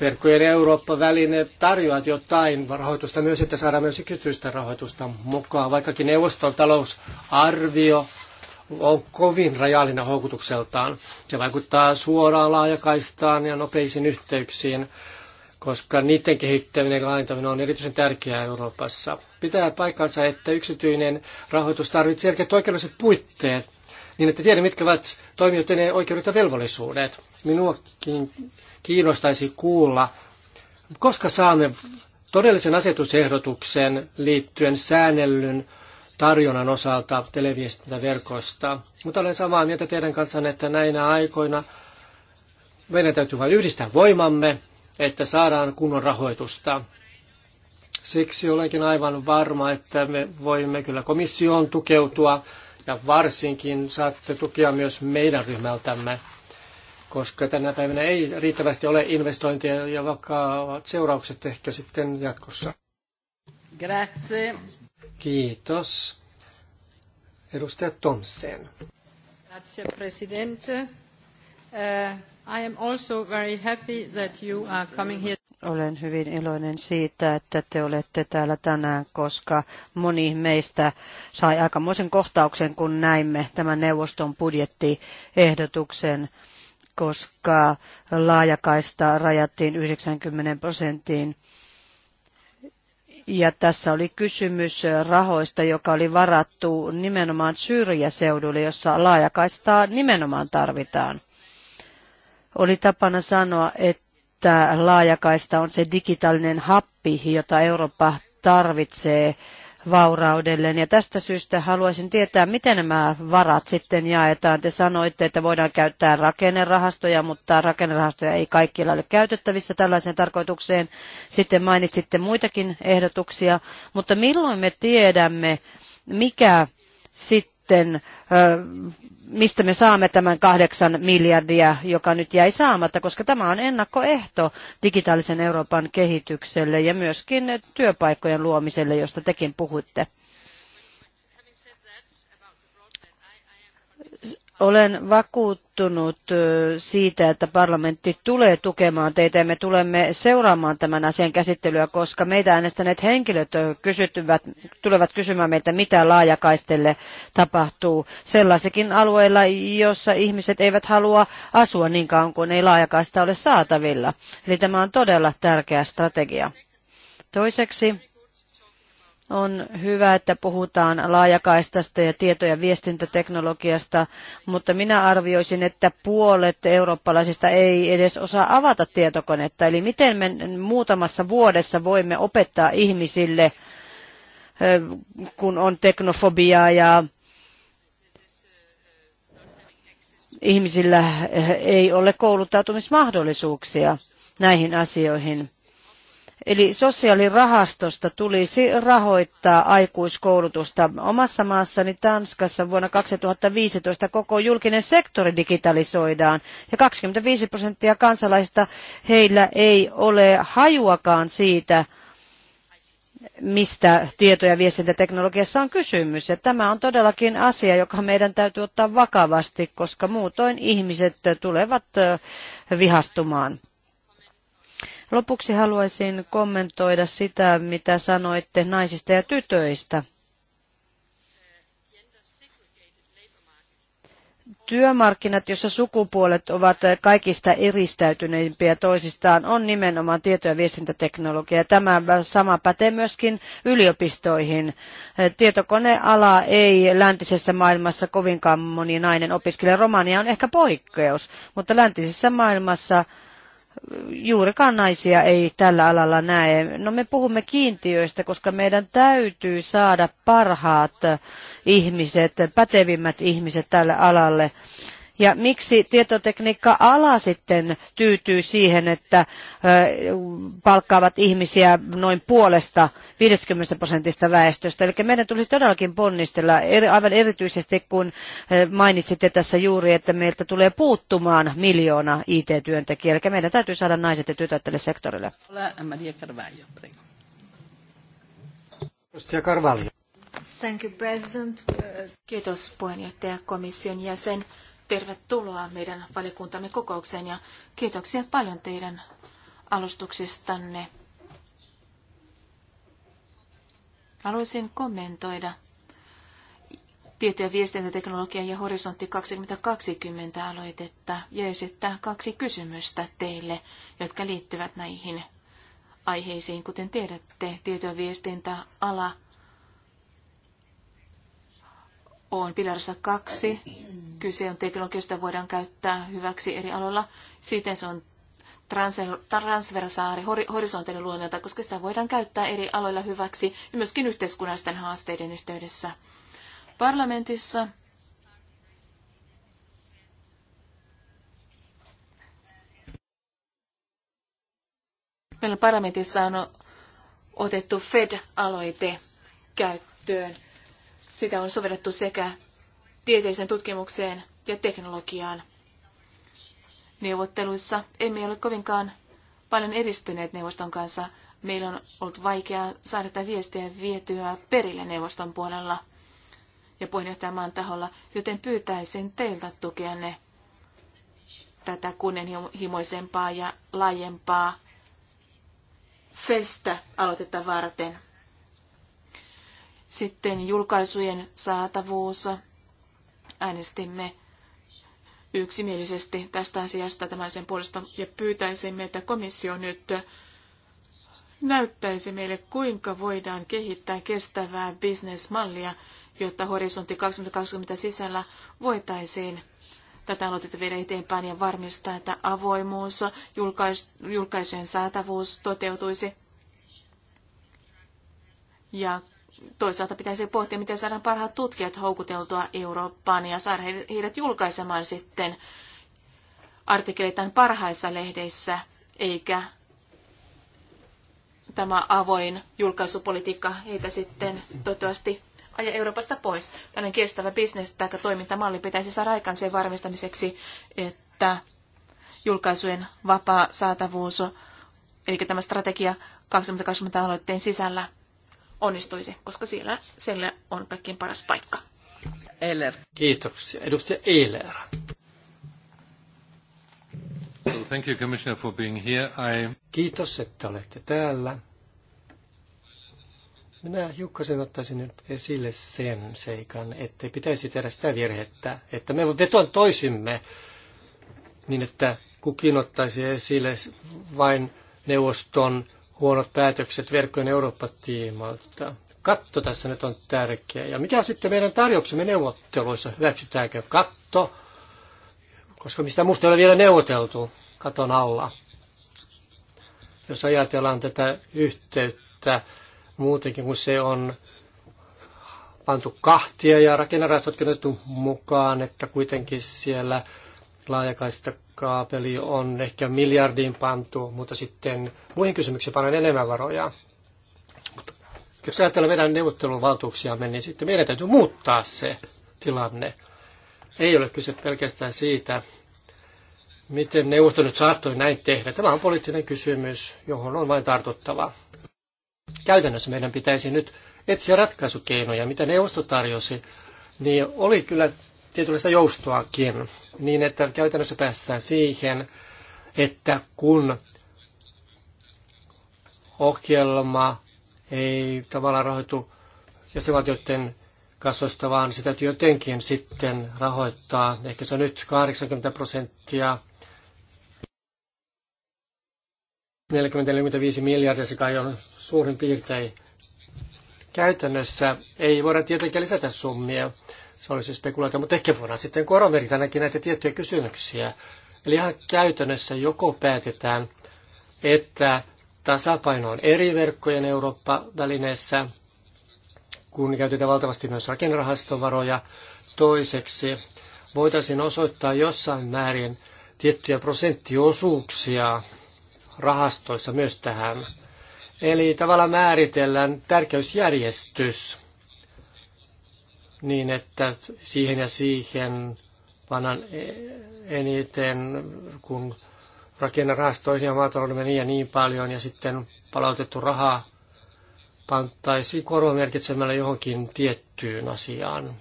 Verkkojen Eurooppa-väline tarjoaa jotain rahoitusta myös, että saadaan myös yksityistä rahoitusta mukaan, vaikkakin neuvoston talousarvio on kovin rajallinen houkutukseltaan. Se vaikuttaa suoraan laajakaistaan ja nopeisiin yhteyksiin, koska niiden kehittäminen ja laajentaminen on erityisen tärkeää Euroopassa. Pitää paikkansa, että yksityinen rahoitus tarvitsee selkeät oikeudelliset puitteet, niin että tiedä, mitkä ovat toimijoiden oikeudet ja velvollisuudet. Minuakin kiinnostaisi kuulla, koska saamme todellisen asetusehdotuksen liittyen säännellyn tarjonnan osalta televiestintäverkosta. Mutta olen samaa mieltä teidän kanssanne, että näinä aikoina meidän täytyy vain yhdistää voimamme, että saadaan kunnon rahoitusta. Siksi olenkin aivan varma, että me voimme kyllä komissioon tukeutua ja varsinkin saatte tukea myös meidän ryhmältämme koska tänä päivänä ei riittävästi ole investointeja ja vakavat seuraukset ehkä sitten jatkossa. Grazie. Kiitos. Edustaja Tomsen. Grazie, Presidente. Uh, I am also very happy that you are coming here. Olen hyvin iloinen siitä, että te olette täällä tänään, koska moni meistä sai aikamoisen kohtauksen, kun näimme tämän neuvoston budjettiehdotuksen koska laajakaista rajattiin 90 prosenttiin. Ja tässä oli kysymys rahoista, joka oli varattu nimenomaan syrjäseudulle, jossa laajakaistaa nimenomaan tarvitaan. Oli tapana sanoa, että laajakaista on se digitaalinen happi, jota Eurooppa tarvitsee vauraudelleen. Ja tästä syystä haluaisin tietää, miten nämä varat sitten jaetaan. Te sanoitte, että voidaan käyttää rakennerahastoja, mutta rakennerahastoja ei kaikkialla ole käytettävissä tällaiseen tarkoitukseen. Sitten mainitsitte muitakin ehdotuksia, mutta milloin me tiedämme, mikä sitten mistä me saamme tämän kahdeksan miljardia, joka nyt jäi saamatta, koska tämä on ennakkoehto digitaalisen Euroopan kehitykselle ja myöskin työpaikkojen luomiselle, josta tekin puhuitte. Olen vakuuttunut siitä, että parlamentti tulee tukemaan teitä ja me tulemme seuraamaan tämän asian käsittelyä, koska meitä äänestäneet henkilöt kysytyvät, tulevat kysymään meitä, mitä laajakaistelle tapahtuu sellaisikin alueilla, jossa ihmiset eivät halua asua niin kauan kuin ei laajakaista ole saatavilla. Eli tämä on todella tärkeä strategia. Toiseksi on hyvä, että puhutaan laajakaistasta ja tieto- ja viestintäteknologiasta, mutta minä arvioisin, että puolet eurooppalaisista ei edes osaa avata tietokonetta. Eli miten me muutamassa vuodessa voimme opettaa ihmisille, kun on teknofobiaa ja ihmisillä ei ole kouluttautumismahdollisuuksia näihin asioihin. Eli sosiaalirahastosta tulisi rahoittaa aikuiskoulutusta. Omassa maassani Tanskassa vuonna 2015 koko julkinen sektori digitalisoidaan ja 25 prosenttia kansalaisista heillä ei ole hajuakaan siitä, mistä tieto- ja viestintäteknologiassa on kysymys. Ja tämä on todellakin asia, joka meidän täytyy ottaa vakavasti, koska muutoin ihmiset tulevat vihastumaan. Lopuksi haluaisin kommentoida sitä, mitä sanoitte naisista ja tytöistä. Työmarkkinat, jossa sukupuolet ovat kaikista eristäytyneimpiä toisistaan, on nimenomaan tieto- ja viestintäteknologia. Tämä sama pätee myöskin yliopistoihin. Tietokoneala ei läntisessä maailmassa kovinkaan moni nainen opiskele. Romania on ehkä poikkeus, mutta läntisessä maailmassa juurikaan naisia ei tällä alalla näe. No me puhumme kiintiöistä, koska meidän täytyy saada parhaat ihmiset, pätevimmät ihmiset tälle alalle. Ja miksi tietotekniikka-ala sitten tyytyy siihen, että palkkaavat ihmisiä noin puolesta 50 prosentista väestöstä? Eli meidän tulisi todellakin ponnistella, aivan erityisesti kun mainitsitte tässä juuri, että meiltä tulee puuttumaan miljoona IT-työntekijää. Eli meidän täytyy saada naiset ja tytöt tälle sektorille. Maria Carvalho, prego. Thank you, President. Kiitos puheenjohtaja komission jäsen tervetuloa meidän valiokuntamme kokoukseen ja kiitoksia paljon teidän alustuksistanne. Haluaisin kommentoida tieto- ja viestintäteknologian ja horisontti 2020 aloitetta ja esittää kaksi kysymystä teille, jotka liittyvät näihin aiheisiin. Kuten tiedätte, tieto- ja viestintäala on pilarissa kaksi. Kyse on teknologiasta, voidaan käyttää hyväksi eri aloilla. Siten se on transversaari horisontinen luonneelta, koska sitä voidaan käyttää eri aloilla hyväksi ja myöskin yhteiskunnallisten haasteiden yhteydessä. Parlamentissa Meillä parlamentissa on otettu FED-aloite käyttöön. Sitä on sovellettu sekä tieteisen tutkimukseen ja teknologiaan. Neuvotteluissa emme ole kovinkaan paljon edistyneet neuvoston kanssa. Meillä on ollut vaikeaa saada tätä viestiä vietyä perille neuvoston puolella ja puheenjohtajamaan taholla, joten pyytäisin teiltä tukeanne tätä kunnianhimoisempaa ja laajempaa festa aloitetta varten. Sitten julkaisujen saatavuus. Äänestimme yksimielisesti tästä asiasta tämän sen puolesta ja pyytäisimme, että komissio nyt näyttäisi meille, kuinka voidaan kehittää kestävää bisnesmallia, jotta horisontti 2020 sisällä voitaisiin tätä aloitetta viedä eteenpäin ja varmistaa, että avoimuus, julkais, julkaisujen saatavuus toteutuisi ja toisaalta pitäisi pohtia, miten saadaan parhaat tutkijat houkuteltua Eurooppaan ja saada heidät julkaisemaan sitten artikkeleitaan parhaissa lehdeissä, eikä tämä avoin julkaisupolitiikka heitä sitten toivottavasti aja Euroopasta pois. Tällainen kestävä bisnes tai toimintamalli pitäisi saada aikaan sen varmistamiseksi, että julkaisujen vapaa saatavuus, eli tämä strategia 2020 aloitteen sisällä onnistuisi, koska siellä, sille on kaikkein paras paikka. Eller. Kiitoksia. Edustaja Eiler. So thank you, Commissioner, for being here. I... Kiitos, että olette täällä. Minä hiukkasen ottaisin nyt esille sen seikan, että pitäisi tehdä sitä virhettä, että me vetoan toisimme niin, että kukin ottaisi esille vain neuvoston huonot päätökset verkkojen Eurooppa-tiimalta. Katto tässä nyt on tärkeä. Ja mikä sitten meidän tarjouksemme neuvotteluissa? Hyväksytäänkö katto? Koska mistä musta ei ole vielä neuvoteltu katon alla. Jos ajatellaan tätä yhteyttä muutenkin, kun se on pantu kahtia ja rakennerahastotkin mukaan, että kuitenkin siellä – Laajakaista kaapeli on ehkä miljardiin pantu, mutta sitten muihin kysymyksiin panen enemmän varoja. Mutta jos ajatellaan meidän neuvotteluvaltuuksia, niin sitten meidän täytyy muuttaa se tilanne. Ei ole kyse pelkästään siitä, miten neuvosto nyt saattoi näin tehdä. Tämä on poliittinen kysymys, johon on vain tartuttava. Käytännössä meidän pitäisi nyt etsiä ratkaisukeinoja, mitä neuvosto tarjosi, niin oli kyllä tietynlaista joustoakin niin että käytännössä päästään siihen, että kun ohjelma ei tavallaan rahoitu jäsenvaltioiden kasvoista, vaan sitä täytyy jotenkin sitten rahoittaa. Ehkä se on nyt 80 prosenttia, 40-45 miljardia, se kai on suurin piirtein. Käytännössä ei voida tietenkään lisätä summia, se olisi spekulaatio, mutta ehkä voidaan sitten koronavirta ainakin näitä tiettyjä kysymyksiä. Eli ihan käytännössä joko päätetään, että tasapaino on eri verkkojen Eurooppa-välineessä, kun käytetään valtavasti myös rakennerahastovaroja. Toiseksi voitaisiin osoittaa jossain määrin tiettyjä prosenttiosuuksia rahastoissa myös tähän. Eli tavallaan määritellään tärkeysjärjestys niin, että siihen ja siihen panan e- eniten, kun rahastoihin ja maatalouden niin meni ja niin paljon, ja sitten palautettu raha pantaisi korvamerkitsemällä johonkin tiettyyn asiaan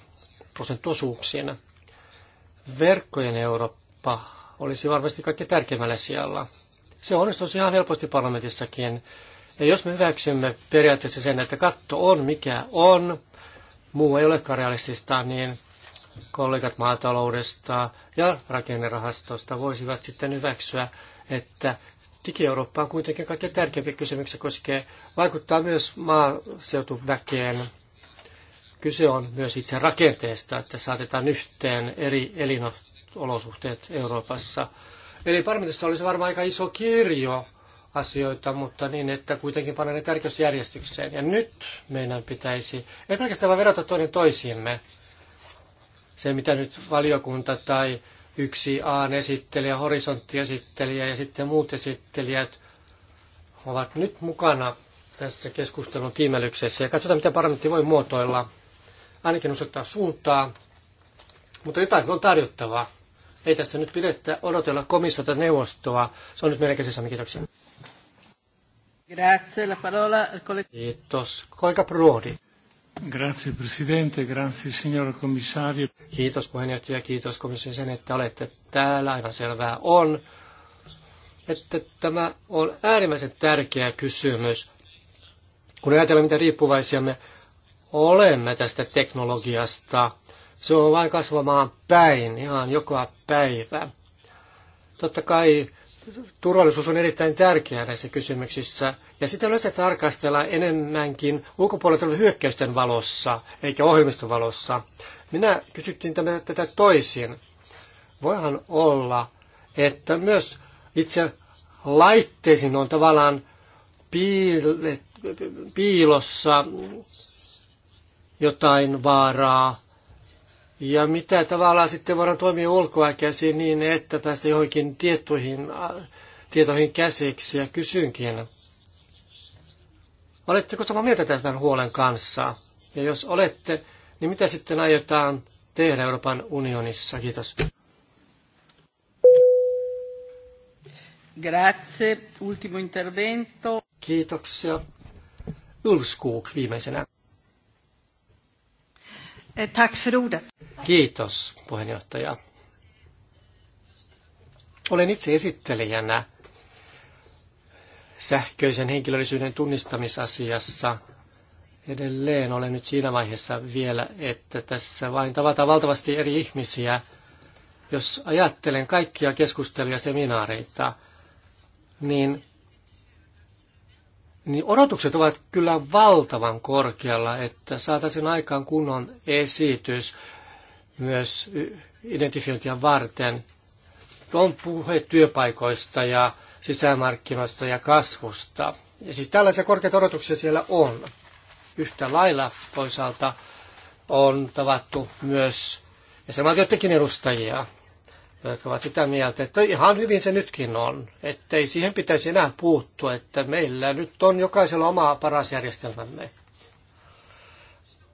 prosentuosuuksina. Verkkojen Eurooppa olisi varmasti kaikkein tärkeimmällä sijalla. Se onnistuisi ihan helposti parlamentissakin. Ja jos me hyväksymme periaatteessa sen, että katto on mikä on, muu ei olekaan realistista, niin kollegat maataloudesta ja rakennerahastosta voisivat sitten hyväksyä, että digi-Eurooppa on kuitenkin kaikkein tärkeimpi kysymyksiä, koskee vaikuttaa myös maaseutuväkeen. Kyse on myös itse rakenteesta, että saatetaan yhteen eri elinolosuhteet Euroopassa. Eli parlamentissa olisi varmaan aika iso kirjo asioita, mutta niin, että kuitenkin panee ne tärkeysjärjestykseen. Ja nyt meidän pitäisi, ei pelkästään vaan verrata toinen toisiimme, se mitä nyt valiokunta tai yksi Aan esittelijä, horisontti-esittelijä ja sitten muut esittelijät ovat nyt mukana tässä keskustelun tiimelyksessä ja katsotaan, miten parlamentti voi muotoilla. Ainakin osoittaa suuntaa, mutta jotain on tarjottavaa. Ei tässä nyt pidetä odotella komissiota neuvostoa. Se on nyt meidän käsissämme. Kiitoksia. Grazie, la parola al collega. Kiitos. Grazie presidente, grazie signor commissario. Kiitos puheenjohtaja, kiitos komission sen, että olette täällä. Aivan selvää on, että tämä on äärimmäisen tärkeä kysymys. Kun ajatellaan, mitä riippuvaisia me olemme tästä teknologiasta, se on vain kasvamaan päin, ihan joka päivä. Totta kai turvallisuus on erittäin tärkeää näissä kysymyksissä, ja sitä yleensä tarkastellaan enemmänkin ulkopuolelta hyökkäysten valossa, eikä ohjelmiston valossa. Minä kysyttiin tämän, tätä toisin. Voihan olla, että myös itse laitteisiin on tavallaan piilossa jotain vaaraa, ja mitä tavallaan sitten voidaan toimia ulkoa käsiin niin, että päästä johonkin tiettyihin tietoihin käsiksi ja kysynkin. Oletteko samaa mieltä tämän huolen kanssa? Ja jos olette, niin mitä sitten aiotaan tehdä Euroopan unionissa? Kiitos. Grazie. Ultimo intervento. Kiitoksia. Ulfskog viimeisenä. Eh, tack för ordet. Kiitos, puheenjohtaja. Olen itse esittelijänä sähköisen henkilöllisyyden tunnistamisasiassa. Edelleen olen nyt siinä vaiheessa vielä, että tässä vain tavataan valtavasti eri ihmisiä. Jos ajattelen kaikkia keskusteluja ja seminaareita, niin niin odotukset ovat kyllä valtavan korkealla, että saataisiin aikaan kunnon esitys myös identifiointia varten. On puhe työpaikoista ja sisämarkkinoista ja kasvusta. Ja siis tällaisia korkeita odotuksia siellä on. Yhtä lailla toisaalta on tavattu myös jäsenvaltioidenkin edustajia jotka ovat sitä mieltä, että ihan hyvin se nytkin on, että ei siihen pitäisi enää puuttua, että meillä nyt on jokaisella oma paras järjestelmämme.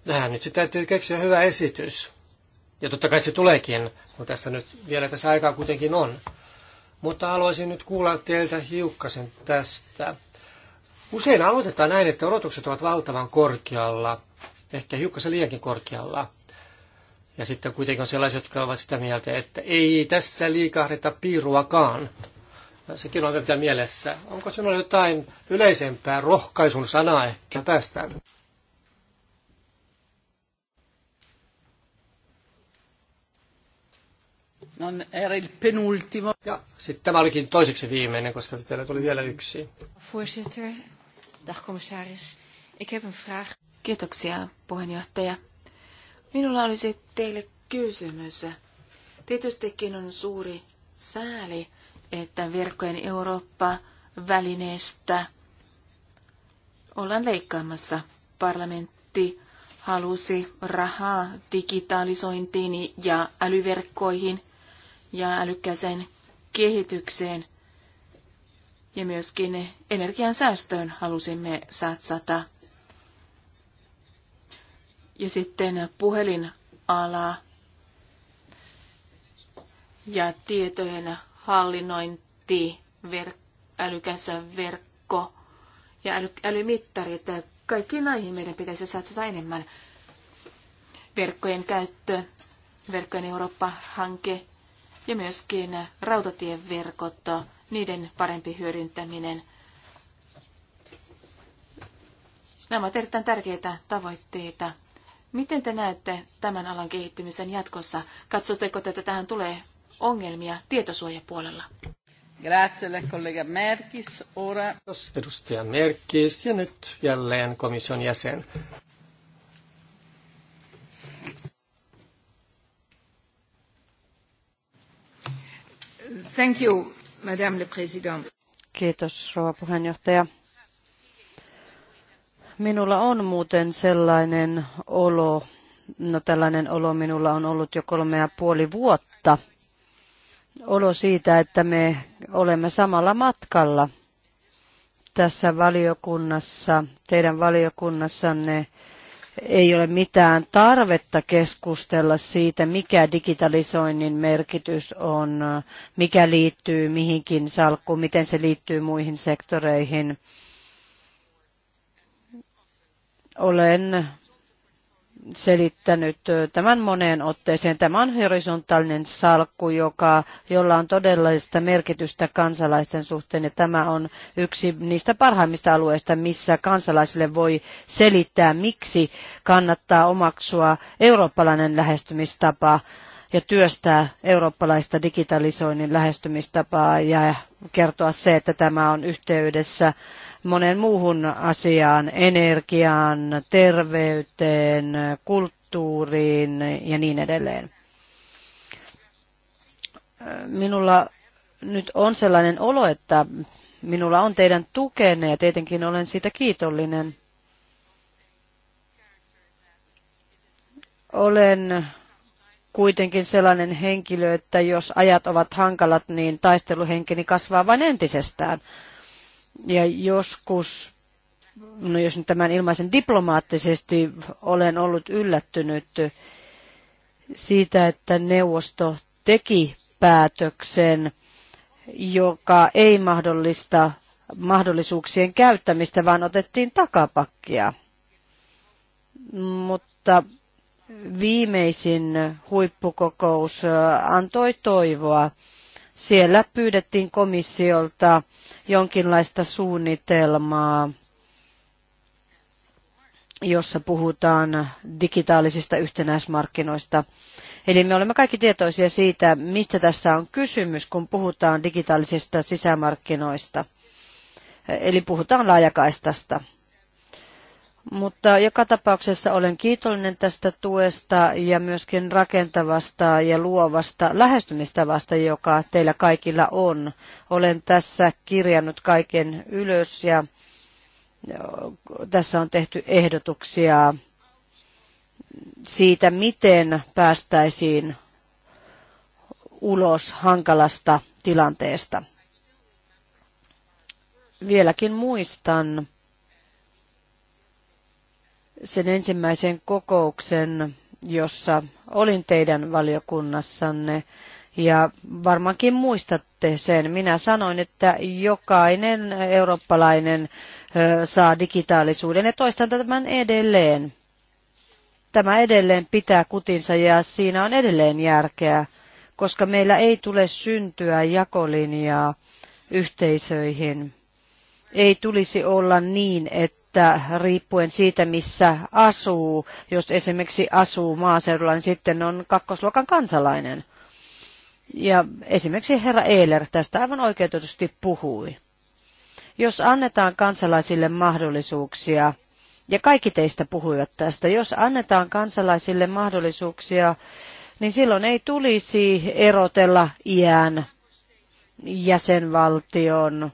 Tähän nyt se täytyy keksiä hyvä esitys. Ja totta kai se tuleekin, kun tässä nyt vielä tässä aikaa kuitenkin on. Mutta haluaisin nyt kuulla teiltä hiukkasen tästä. Usein aloitetaan näin, että odotukset ovat valtavan korkealla, ehkä hiukkasen liiankin korkealla. Ja sitten kuitenkin on sellaisia, jotka ovat sitä mieltä, että ei tässä liikahdeta piiruakaan. Sekin on tätä mielessä. Onko sinulla jotain yleisempää rohkaisun sanaa ehkä tästä? No, era penultimo. Ja sitten tämä olikin toiseksi viimeinen, koska teillä tuli vielä yksi. Voorzitter, dag commissaris. Ik heb een vraag. Kiitoksia, puheenjohtaja. Minulla olisi teille kysymys. Tietystikin on suuri sääli, että verkkojen Eurooppa-välineestä ollaan leikkaamassa. Parlamentti halusi rahaa digitalisointiin ja älyverkkoihin ja älykkäiseen kehitykseen. Ja myöskin energiansäästöön halusimme satsata. Ja sitten puhelinala ja tietojen hallinnointi, ver- älykäs verkko ja äly- että kaikki näihin meidän pitäisi satsata enemmän. Verkkojen käyttö, verkkojen Eurooppa-hanke ja myöskin rautatieverkot, niiden parempi hyödyntäminen. Nämä ovat erittäin tärkeitä tavoitteita Miten te näette tämän alan kehittymisen jatkossa? Katsotteko, että tähän tulee ongelmia tietosuojapuolella? Grazie, kollega Merkis. Ora... Edustaja Merkis ja nyt jälleen komission jäsen. Thank you, Madame le Président. Kiitos, rouva puheenjohtaja. Minulla on muuten sellainen olo, no tällainen olo minulla on ollut jo kolme ja puoli vuotta, olo siitä, että me olemme samalla matkalla tässä valiokunnassa, teidän valiokunnassanne ei ole mitään tarvetta keskustella siitä, mikä digitalisoinnin merkitys on, mikä liittyy mihinkin salkkuun, miten se liittyy muihin sektoreihin. Olen selittänyt tämän moneen otteeseen. Tämä on horisontaalinen salkku, joka, jolla on todellista merkitystä kansalaisten suhteen, ja tämä on yksi niistä parhaimmista alueista, missä kansalaisille voi selittää, miksi kannattaa omaksua eurooppalainen lähestymistapa ja työstää eurooppalaista digitalisoinnin lähestymistapaa ja kertoa se, että tämä on yhteydessä monen muuhun asiaan, energiaan, terveyteen, kulttuuriin ja niin edelleen. Minulla nyt on sellainen olo, että minulla on teidän tukenne ja tietenkin olen siitä kiitollinen. Olen kuitenkin sellainen henkilö, että jos ajat ovat hankalat, niin taisteluhenkeni kasvaa vain entisestään. Ja joskus, no jos nyt tämän ilmaisen diplomaattisesti, olen ollut yllättynyt siitä, että neuvosto teki päätöksen, joka ei mahdollista mahdollisuuksien käyttämistä, vaan otettiin takapakkia. Mutta viimeisin huippukokous äh, antoi toivoa. Siellä pyydettiin komissiolta jonkinlaista suunnitelmaa, jossa puhutaan digitaalisista yhtenäismarkkinoista. Eli me olemme kaikki tietoisia siitä, mistä tässä on kysymys, kun puhutaan digitaalisista sisämarkkinoista. Eli puhutaan laajakaistasta. Mutta joka tapauksessa olen kiitollinen tästä tuesta ja myöskin rakentavasta ja luovasta lähestymistavasta, joka teillä kaikilla on. Olen tässä kirjannut kaiken ylös ja tässä on tehty ehdotuksia siitä, miten päästäisiin ulos hankalasta tilanteesta. Vieläkin muistan, sen ensimmäisen kokouksen, jossa olin teidän valiokunnassanne. Ja varmaankin muistatte sen. Minä sanoin, että jokainen eurooppalainen saa digitaalisuuden ja toistan tämän edelleen. Tämä edelleen pitää kutinsa ja siinä on edelleen järkeä, koska meillä ei tule syntyä jakolinjaa yhteisöihin. Ei tulisi olla niin, että että riippuen siitä, missä asuu, jos esimerkiksi asuu maaseudulla, niin sitten on kakkosluokan kansalainen. Ja esimerkiksi herra Eiler tästä aivan oikeutetusti puhui. Jos annetaan kansalaisille mahdollisuuksia, ja kaikki teistä puhuivat tästä, jos annetaan kansalaisille mahdollisuuksia, niin silloin ei tulisi erotella iän, jäsenvaltion,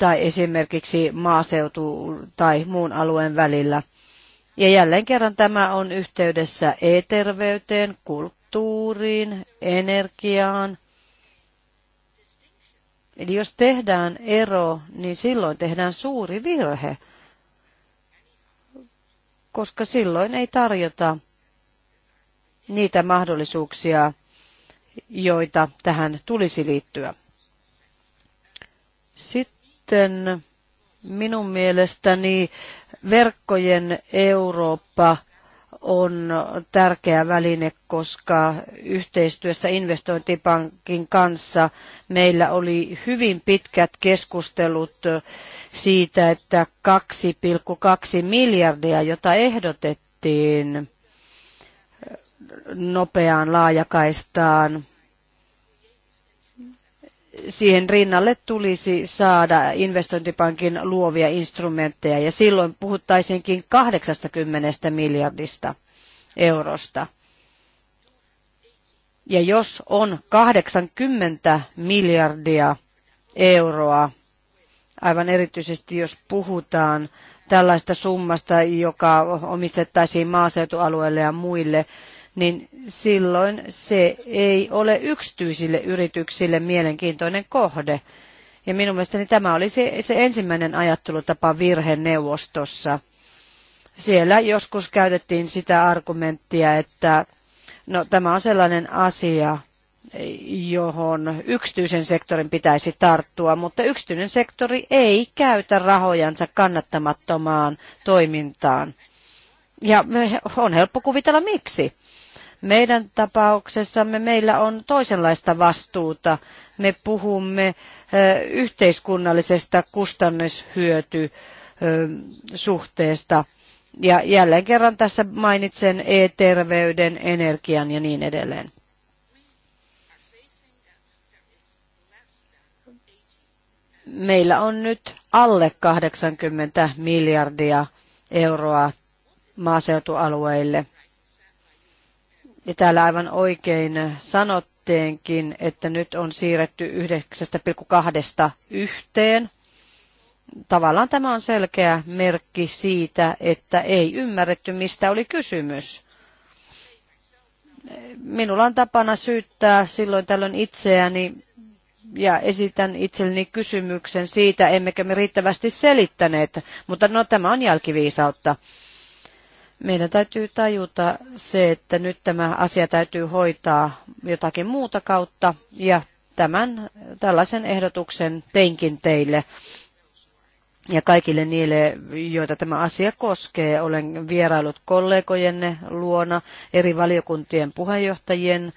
tai esimerkiksi maaseutu tai muun alueen välillä. Ja jälleen kerran tämä on yhteydessä e-terveyteen, kulttuuriin, energiaan. Eli jos tehdään ero, niin silloin tehdään suuri virhe, koska silloin ei tarjota niitä mahdollisuuksia, joita tähän tulisi liittyä. Sitten sitten minun mielestäni verkkojen Eurooppa on tärkeä väline, koska yhteistyössä investointipankin kanssa meillä oli hyvin pitkät keskustelut siitä, että 2,2 miljardia, jota ehdotettiin nopeaan laajakaistaan, siihen rinnalle tulisi saada investointipankin luovia instrumentteja ja silloin puhuttaisiinkin 80 miljardista eurosta. Ja jos on 80 miljardia euroa, aivan erityisesti jos puhutaan tällaista summasta, joka omistettaisiin maaseutualueelle ja muille, niin silloin se ei ole yksityisille yrityksille mielenkiintoinen kohde. Ja minun mielestäni tämä oli se, se ensimmäinen ajattelutapa virheneuvostossa. Siellä joskus käytettiin sitä argumenttia, että no, tämä on sellainen asia, johon yksityisen sektorin pitäisi tarttua, mutta yksityinen sektori ei käytä rahojansa kannattamattomaan toimintaan. Ja on helppo kuvitella miksi. Meidän tapauksessamme meillä on toisenlaista vastuuta. Me puhumme yhteiskunnallisesta kustannushyöty suhteesta. Ja jälleen kerran tässä mainitsen e-terveyden, energian ja niin edelleen. Meillä on nyt alle 80 miljardia euroa maaseutualueille – ja täällä aivan oikein sanotteenkin, että nyt on siirretty 9,2 yhteen. Tavallaan tämä on selkeä merkki siitä, että ei ymmärretty, mistä oli kysymys. Minulla on tapana syyttää silloin tällöin itseäni ja esitän itselleni kysymyksen siitä, emmekö me riittävästi selittäneet, mutta no tämä on jälkiviisautta meidän täytyy tajuta se, että nyt tämä asia täytyy hoitaa jotakin muuta kautta ja tämän tällaisen ehdotuksen teinkin teille ja kaikille niille, joita tämä asia koskee. Olen vierailut kollegojenne luona, eri valiokuntien puheenjohtajien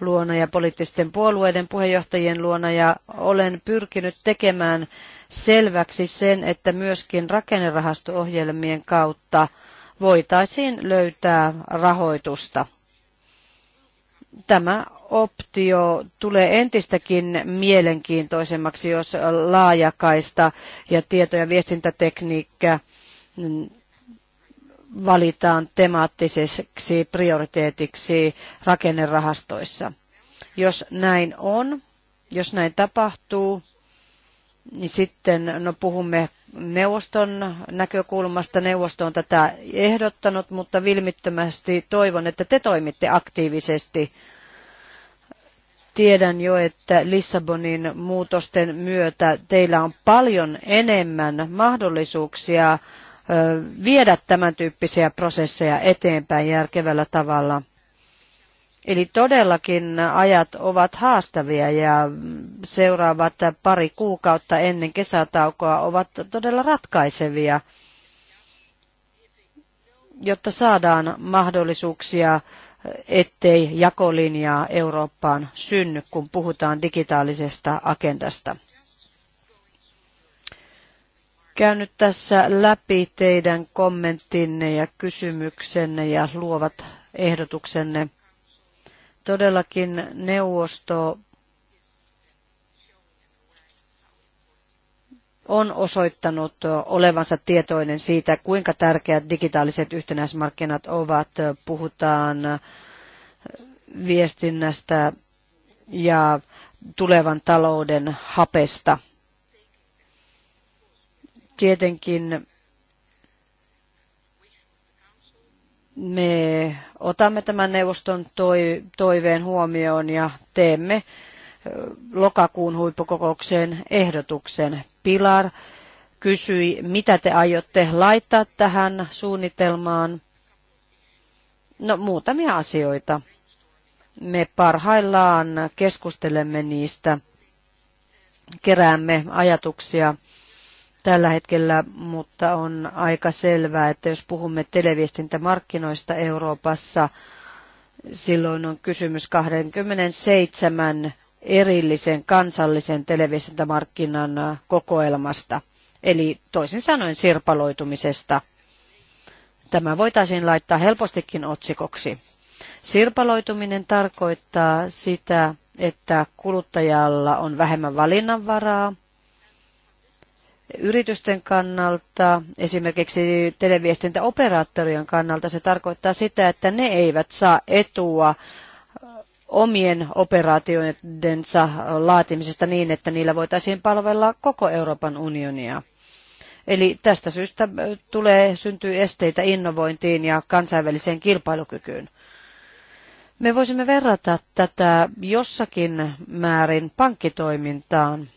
luona ja poliittisten puolueiden puheenjohtajien luona ja olen pyrkinyt tekemään selväksi sen, että myöskin rakennerahasto-ohjelmien kautta – voitaisiin löytää rahoitusta. Tämä optio tulee entistäkin mielenkiintoisemmaksi, jos laajakaista ja tieto- ja viestintätekniikka valitaan temaattiseksi prioriteetiksi rakennerahastoissa. Jos näin on, jos näin tapahtuu, niin sitten no, puhumme neuvoston näkökulmasta. Neuvosto on tätä ehdottanut, mutta vilmittömästi toivon, että te toimitte aktiivisesti. Tiedän jo, että Lissabonin muutosten myötä teillä on paljon enemmän mahdollisuuksia viedä tämän tyyppisiä prosesseja eteenpäin järkevällä tavalla – Eli todellakin ajat ovat haastavia ja seuraavat pari kuukautta ennen kesätaukoa ovat todella ratkaisevia, jotta saadaan mahdollisuuksia, ettei jakolinjaa Eurooppaan synny, kun puhutaan digitaalisesta agendasta. Käyn nyt tässä läpi teidän kommenttinne ja kysymyksenne ja luovat ehdotuksenne Todellakin neuvosto on osoittanut olevansa tietoinen siitä, kuinka tärkeät digitaaliset yhtenäismarkkinat ovat. Puhutaan viestinnästä ja tulevan talouden hapesta. Tietenkin me otamme tämän neuvoston toiveen huomioon ja teemme lokakuun huippukokoukseen ehdotuksen. Pilar kysyi, mitä te aiotte laittaa tähän suunnitelmaan. No muutamia asioita. Me parhaillaan keskustelemme niistä, keräämme ajatuksia tällä hetkellä, mutta on aika selvää, että jos puhumme televiestintämarkkinoista Euroopassa, silloin on kysymys 27 erillisen kansallisen televiestintämarkkinan kokoelmasta, eli toisin sanoen sirpaloitumisesta. Tämä voitaisiin laittaa helpostikin otsikoksi. Sirpaloituminen tarkoittaa sitä, että kuluttajalla on vähemmän valinnanvaraa, yritysten kannalta, esimerkiksi televiestintäoperaattorien kannalta, se tarkoittaa sitä, että ne eivät saa etua omien operaatioidensa laatimisesta niin, että niillä voitaisiin palvella koko Euroopan unionia. Eli tästä syystä tulee syntyy esteitä innovointiin ja kansainväliseen kilpailukykyyn. Me voisimme verrata tätä jossakin määrin pankkitoimintaan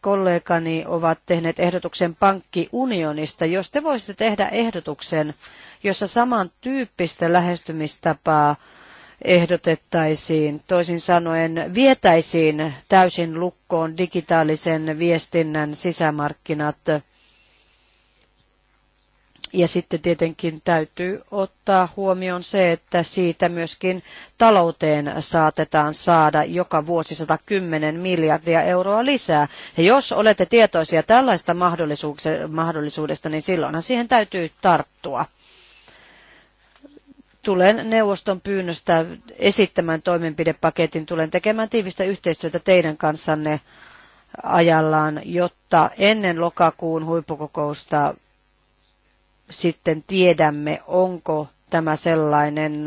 kollegani ovat tehneet ehdotuksen pankkiunionista. Jos te voisitte tehdä ehdotuksen, jossa samantyyppistä lähestymistapaa ehdotettaisiin, toisin sanoen vietäisiin täysin lukkoon digitaalisen viestinnän sisämarkkinat – ja sitten tietenkin täytyy ottaa huomioon se, että siitä myöskin talouteen saatetaan saada joka vuosi 110 miljardia euroa lisää. Ja jos olette tietoisia tällaista mahdollisuudesta, niin silloinhan siihen täytyy tarttua tulen neuvoston pyynnöstä esittämään toimenpidepaketin, tulen tekemään tiivistä yhteistyötä teidän kanssanne ajallaan, jotta ennen lokakuun huippukokousta sitten tiedämme, onko tämä sellainen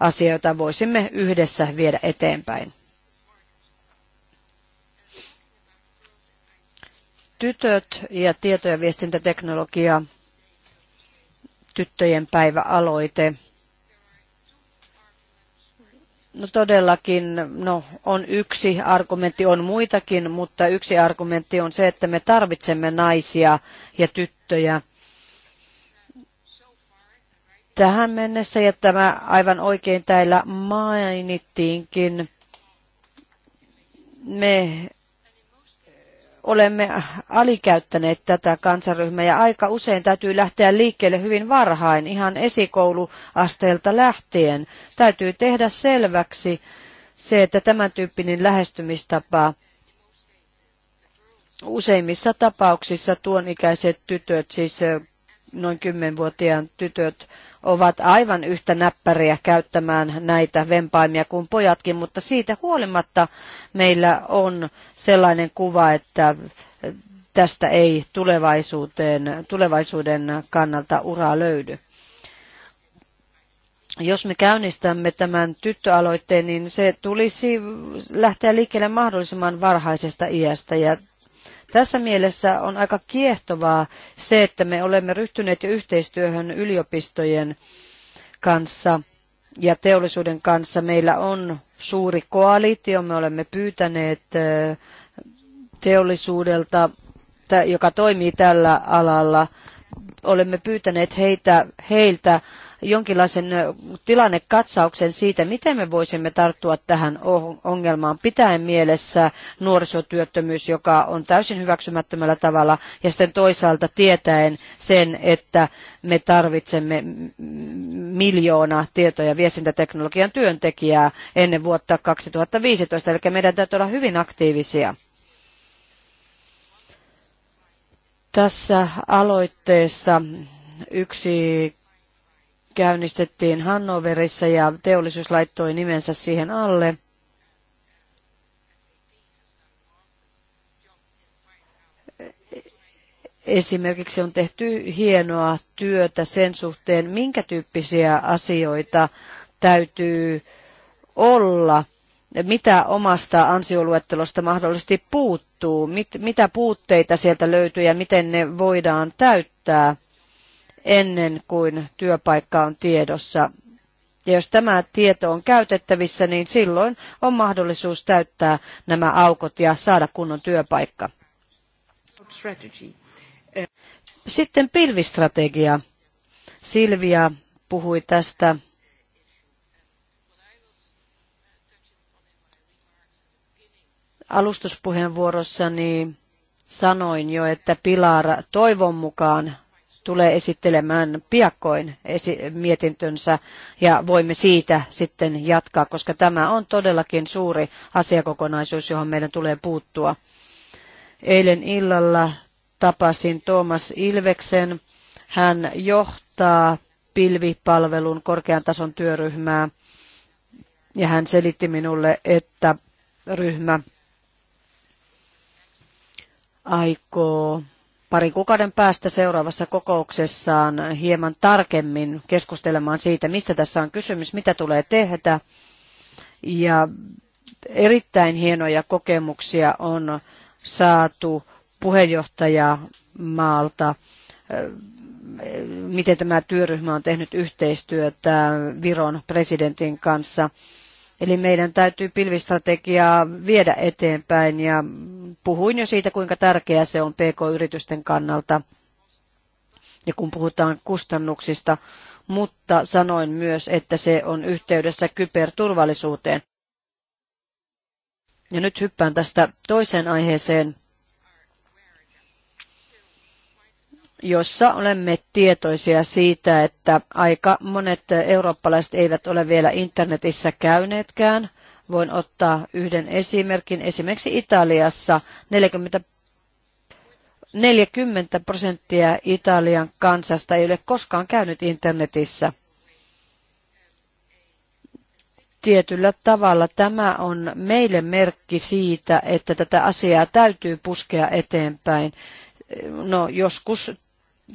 asia, jota voisimme yhdessä viedä eteenpäin. Tytöt ja tieto- ja viestintäteknologia, tyttöjen päiväaloite. No todellakin, no on yksi argumentti, on muitakin, mutta yksi argumentti on se, että me tarvitsemme naisia ja tyttöjä tähän mennessä, ja tämä aivan oikein täällä mainittiinkin, me olemme alikäyttäneet tätä kansaryhmää ja aika usein täytyy lähteä liikkeelle hyvin varhain, ihan esikouluasteelta lähtien. Täytyy tehdä selväksi se, että tämän tyyppinen lähestymistapa useimmissa tapauksissa tuon ikäiset tytöt, siis noin kymmenvuotiaan tytöt, ovat aivan yhtä näppäriä käyttämään näitä vempaimia kuin pojatkin, mutta siitä huolimatta meillä on sellainen kuva, että tästä ei tulevaisuuteen, tulevaisuuden kannalta uraa löydy. Jos me käynnistämme tämän tyttöaloitteen, niin se tulisi lähteä liikkeelle mahdollisimman varhaisesta iästä ja tässä mielessä on aika kiehtovaa se, että me olemme ryhtyneet jo yhteistyöhön yliopistojen kanssa ja teollisuuden kanssa. Meillä on suuri koalitio, me olemme pyytäneet teollisuudelta, joka toimii tällä alalla, olemme pyytäneet heitä, heiltä jonkinlaisen tilannekatsauksen siitä, miten me voisimme tarttua tähän ongelmaan pitäen mielessä nuorisotyöttömyys, joka on täysin hyväksymättömällä tavalla, ja sitten toisaalta tietäen sen, että me tarvitsemme miljoona tieto- ja viestintäteknologian työntekijää ennen vuotta 2015, eli meidän täytyy olla hyvin aktiivisia. Tässä aloitteessa yksi käynnistettiin Hannoverissa ja teollisuus laittoi nimensä siihen alle. Esimerkiksi on tehty hienoa työtä sen suhteen, minkä tyyppisiä asioita täytyy olla, mitä omasta ansioluettelosta mahdollisesti puuttuu, mit, mitä puutteita sieltä löytyy ja miten ne voidaan täyttää ennen kuin työpaikka on tiedossa. Ja jos tämä tieto on käytettävissä, niin silloin on mahdollisuus täyttää nämä aukot ja saada kunnon työpaikka. Sitten pilvistrategia. Silvia puhui tästä. Alustuspuheenvuorossani sanoin jo, että Pilar toivon mukaan tulee esittelemään piakkoin esi- mietintönsä ja voimme siitä sitten jatkaa, koska tämä on todellakin suuri asiakokonaisuus, johon meidän tulee puuttua. Eilen illalla tapasin Thomas Ilveksen. Hän johtaa pilvipalvelun korkean tason työryhmää ja hän selitti minulle, että ryhmä aikoo parin kuukauden päästä seuraavassa kokouksessaan hieman tarkemmin keskustelemaan siitä, mistä tässä on kysymys, mitä tulee tehdä. Ja erittäin hienoja kokemuksia on saatu puheenjohtajamaalta, maalta, miten tämä työryhmä on tehnyt yhteistyötä Viron presidentin kanssa. Eli meidän täytyy pilvistrategiaa viedä eteenpäin ja puhuin jo siitä, kuinka tärkeää se on PK-yritysten kannalta ja kun puhutaan kustannuksista, mutta sanoin myös, että se on yhteydessä kyberturvallisuuteen. Ja nyt hyppään tästä toiseen aiheeseen, jossa olemme tietoisia siitä, että aika monet eurooppalaiset eivät ole vielä internetissä käyneetkään. Voin ottaa yhden esimerkin. Esimerkiksi Italiassa 40 40 prosenttia Italian kansasta ei ole koskaan käynyt internetissä. Tietyllä tavalla tämä on meille merkki siitä, että tätä asiaa täytyy puskea eteenpäin. No joskus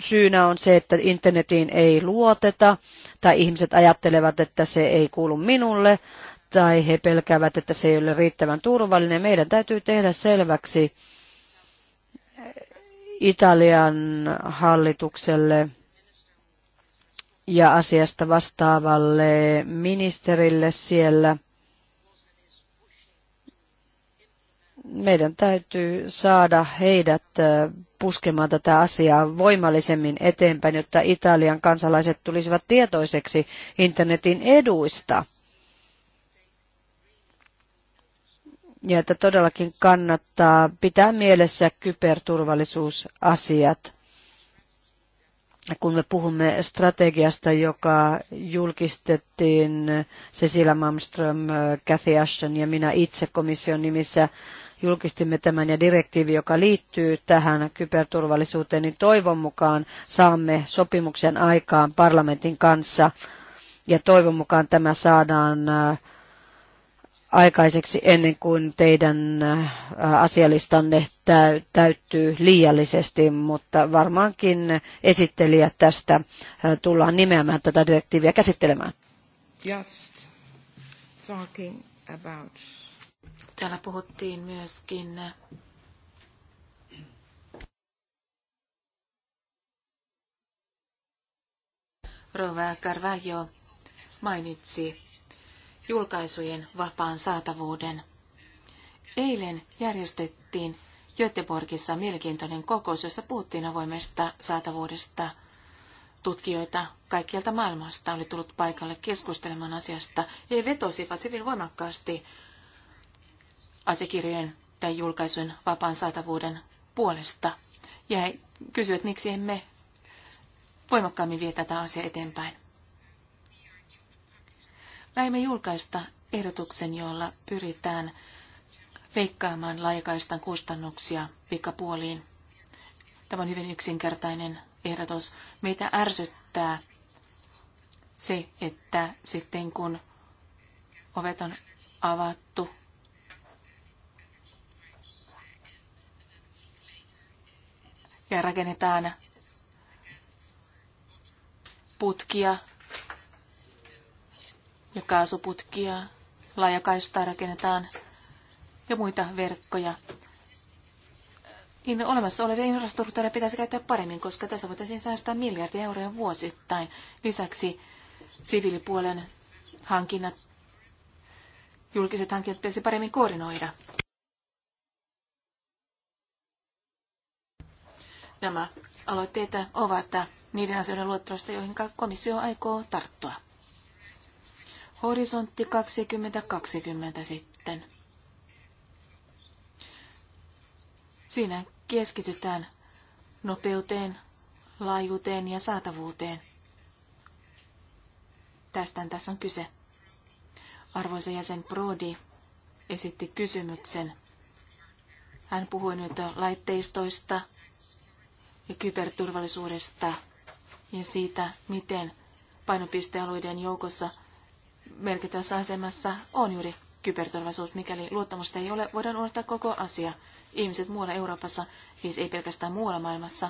syynä on se, että internetiin ei luoteta, tai ihmiset ajattelevat, että se ei kuulu minulle, tai he pelkäävät, että se ei ole riittävän turvallinen. Meidän täytyy tehdä selväksi Italian hallitukselle ja asiasta vastaavalle ministerille siellä. Meidän täytyy saada heidät äh, puskemaan tätä asiaa voimallisemmin eteenpäin, jotta Italian kansalaiset tulisivat tietoiseksi internetin eduista. Ja että todellakin kannattaa pitää mielessä kyberturvallisuusasiat kun me puhumme strategiasta, joka julkistettiin Cecilia Malmström, Cathy Ashton ja minä itse komission nimissä julkistimme tämän ja direktiivi, joka liittyy tähän kyberturvallisuuteen, niin toivon mukaan saamme sopimuksen aikaan parlamentin kanssa ja toivon mukaan tämä saadaan äh, aikaiseksi ennen kuin teidän äh, asialistanne täyttyy liiallisesti, mutta varmaankin esittelijät tästä äh, tullaan nimeämään tätä direktiiviä käsittelemään. Just talking about Täällä puhuttiin myöskin Rova Carvajo mainitsi julkaisujen vapaan saatavuuden. Eilen järjestettiin Göteborgissa mielenkiintoinen kokous, jossa puhuttiin avoimesta saatavuudesta. Tutkijoita kaikkialta maailmasta oli tullut paikalle keskustelemaan asiasta. He vetosivat hyvin voimakkaasti asiakirjojen tai julkaisujen vapaan saatavuuden puolesta. Ja he kysyivät, miksi emme voimakkaammin vie tätä asiaa eteenpäin. Näimme julkaista ehdotuksen, jolla pyritään leikkaamaan laajakaistan kustannuksia pikapuoliin. Tämä on hyvin yksinkertainen ehdotus. Meitä ärsyttää se, että sitten kun ovet on avattu ja rakennetaan putkia ja kaasuputkia, laajakaistaa rakennetaan ja muita verkkoja. In niin olemassa olevia infrastruktuureja pitäisi käyttää paremmin, koska tässä voitaisiin säästää miljardia euroja vuosittain. Lisäksi siviilipuolen hankinnat, julkiset hankinnat pitäisi paremmin koordinoida. Nämä aloitteet ovat niiden asioiden luettelosta, joihin komissio aikoo tarttua. Horisontti 2020 sitten. Siinä keskitytään nopeuteen, laajuuteen ja saatavuuteen. Tästä tässä on kyse. Arvoisa jäsen Brody esitti kysymyksen. Hän puhui nyt laitteistoista ja kyberturvallisuudesta ja siitä, miten painopistealueiden joukossa merkittävässä asemassa on juuri kyberturvallisuus, mikäli luottamusta ei ole, voidaan unohtaa koko asia. Ihmiset muualla Euroopassa, siis ei pelkästään muualla maailmassa,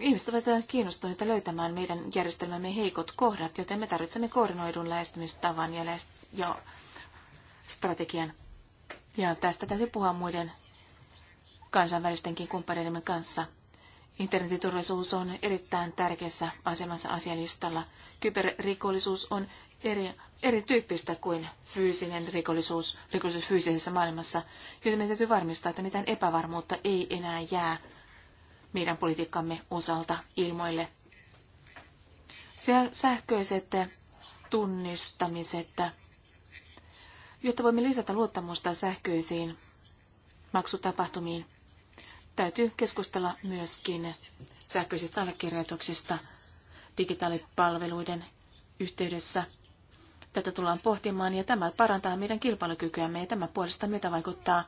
ihmiset ovat kiinnostuneita löytämään meidän järjestelmämme heikot kohdat, joten me tarvitsemme koordinoidun lähestymistavan ja, lähest- ja strategian. Ja tästä täytyy puhua muiden kansainvälistenkin kumppaneidemme kanssa. Internetiturvallisuus on erittäin tärkeässä asemassa asialistalla. Kyberrikollisuus on eri, erityyppistä kuin fyysinen rikollisuus, rikollisuus fyysisessä maailmassa, joten meidän täytyy varmistaa, että mitään epävarmuutta ei enää jää meidän politiikkamme osalta ilmoille. Siellä sähköiset tunnistamiset, jotta voimme lisätä luottamusta sähköisiin maksutapahtumiin, täytyy keskustella myöskin sähköisistä allekirjoituksista digitaalipalveluiden yhteydessä. Tätä tullaan pohtimaan ja tämä parantaa meidän kilpailukykyämme ja tämä puolesta myötä vaikuttaa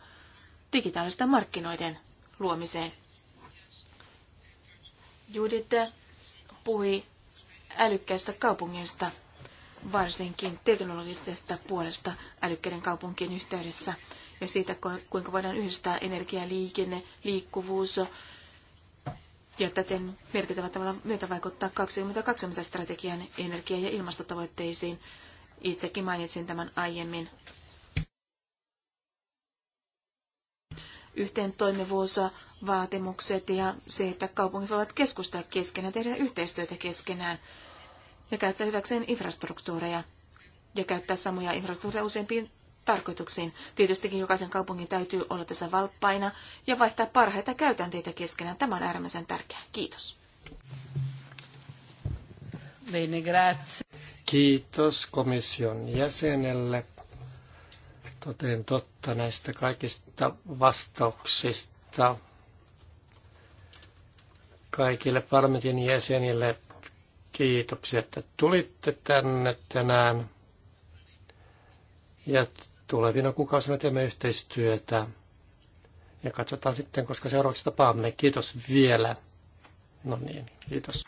digitaalisten markkinoiden luomiseen. Judith puhui älykkäistä kaupungeista varsinkin teknologisesta puolesta älykkäiden kaupunkien yhteydessä ja siitä, kuinka voidaan yhdistää energia, liikenne, liikkuvuus ja täten merkittävä tavalla myötä vaikuttaa 2020-strategian energia- ja ilmastotavoitteisiin. Itsekin mainitsin tämän aiemmin. Yhteen toimivuus, vaatimukset ja se, että kaupungit voivat keskustella keskenään, tehdä yhteistyötä keskenään ja käyttää hyväkseen infrastruktuureja ja käyttää samoja infrastruktuureja useampiin tarkoituksiin. Tietystikin jokaisen kaupungin täytyy olla tässä valppaina ja vaihtaa parhaita käytänteitä keskenään. Tämä on äärimmäisen tärkeää. Kiitos. Bene, grazie. Kiitos komission jäsenelle. Toteen totta näistä kaikista vastauksista kaikille parlamentin jäsenille Kiitoksia, että tulitte tänne tänään. Ja tulevina kuukausina teemme yhteistyötä. Ja katsotaan sitten, koska seuraavaksi tapaamme. Kiitos vielä. No niin, kiitos.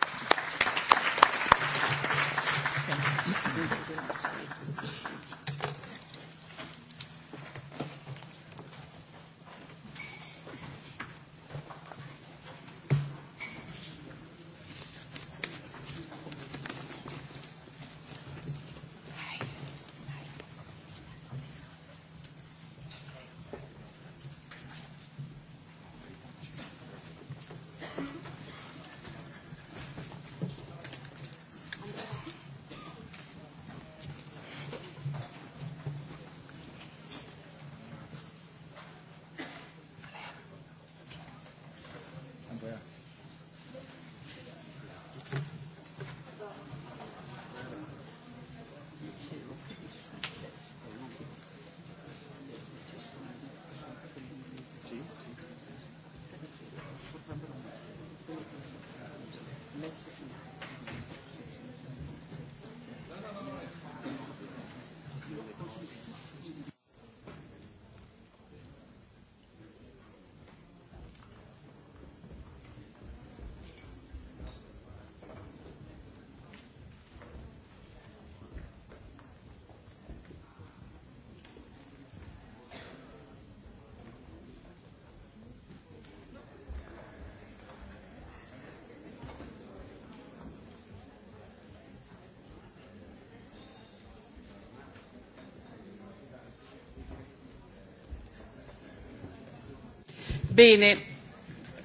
Bene,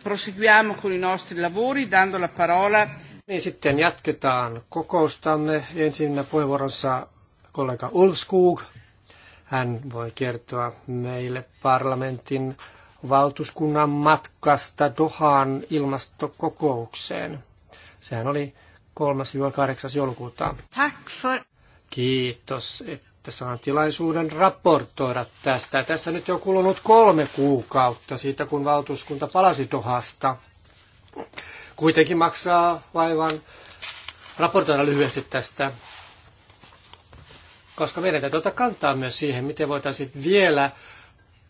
proseguiamo con i nostri lavori dando la parola. Niin sitten jatketaan kokoustamme. Ensin puheenvuorossa kollega Ulfskog. Hän voi kertoa meille parlamentin valtuuskunnan matkasta Dohaan ilmastokokoukseen. Sehän oli 3-8. joulukuuta. Tack för... Kiitos, että että saan tilaisuuden raportoida tästä. Tässä nyt on kulunut kolme kuukautta siitä, kun valtuuskunta palasi Dohasta. Kuitenkin maksaa vaivan raportoida lyhyesti tästä, koska meidän täytyy ottaa kantaa myös siihen, miten voitaisiin vielä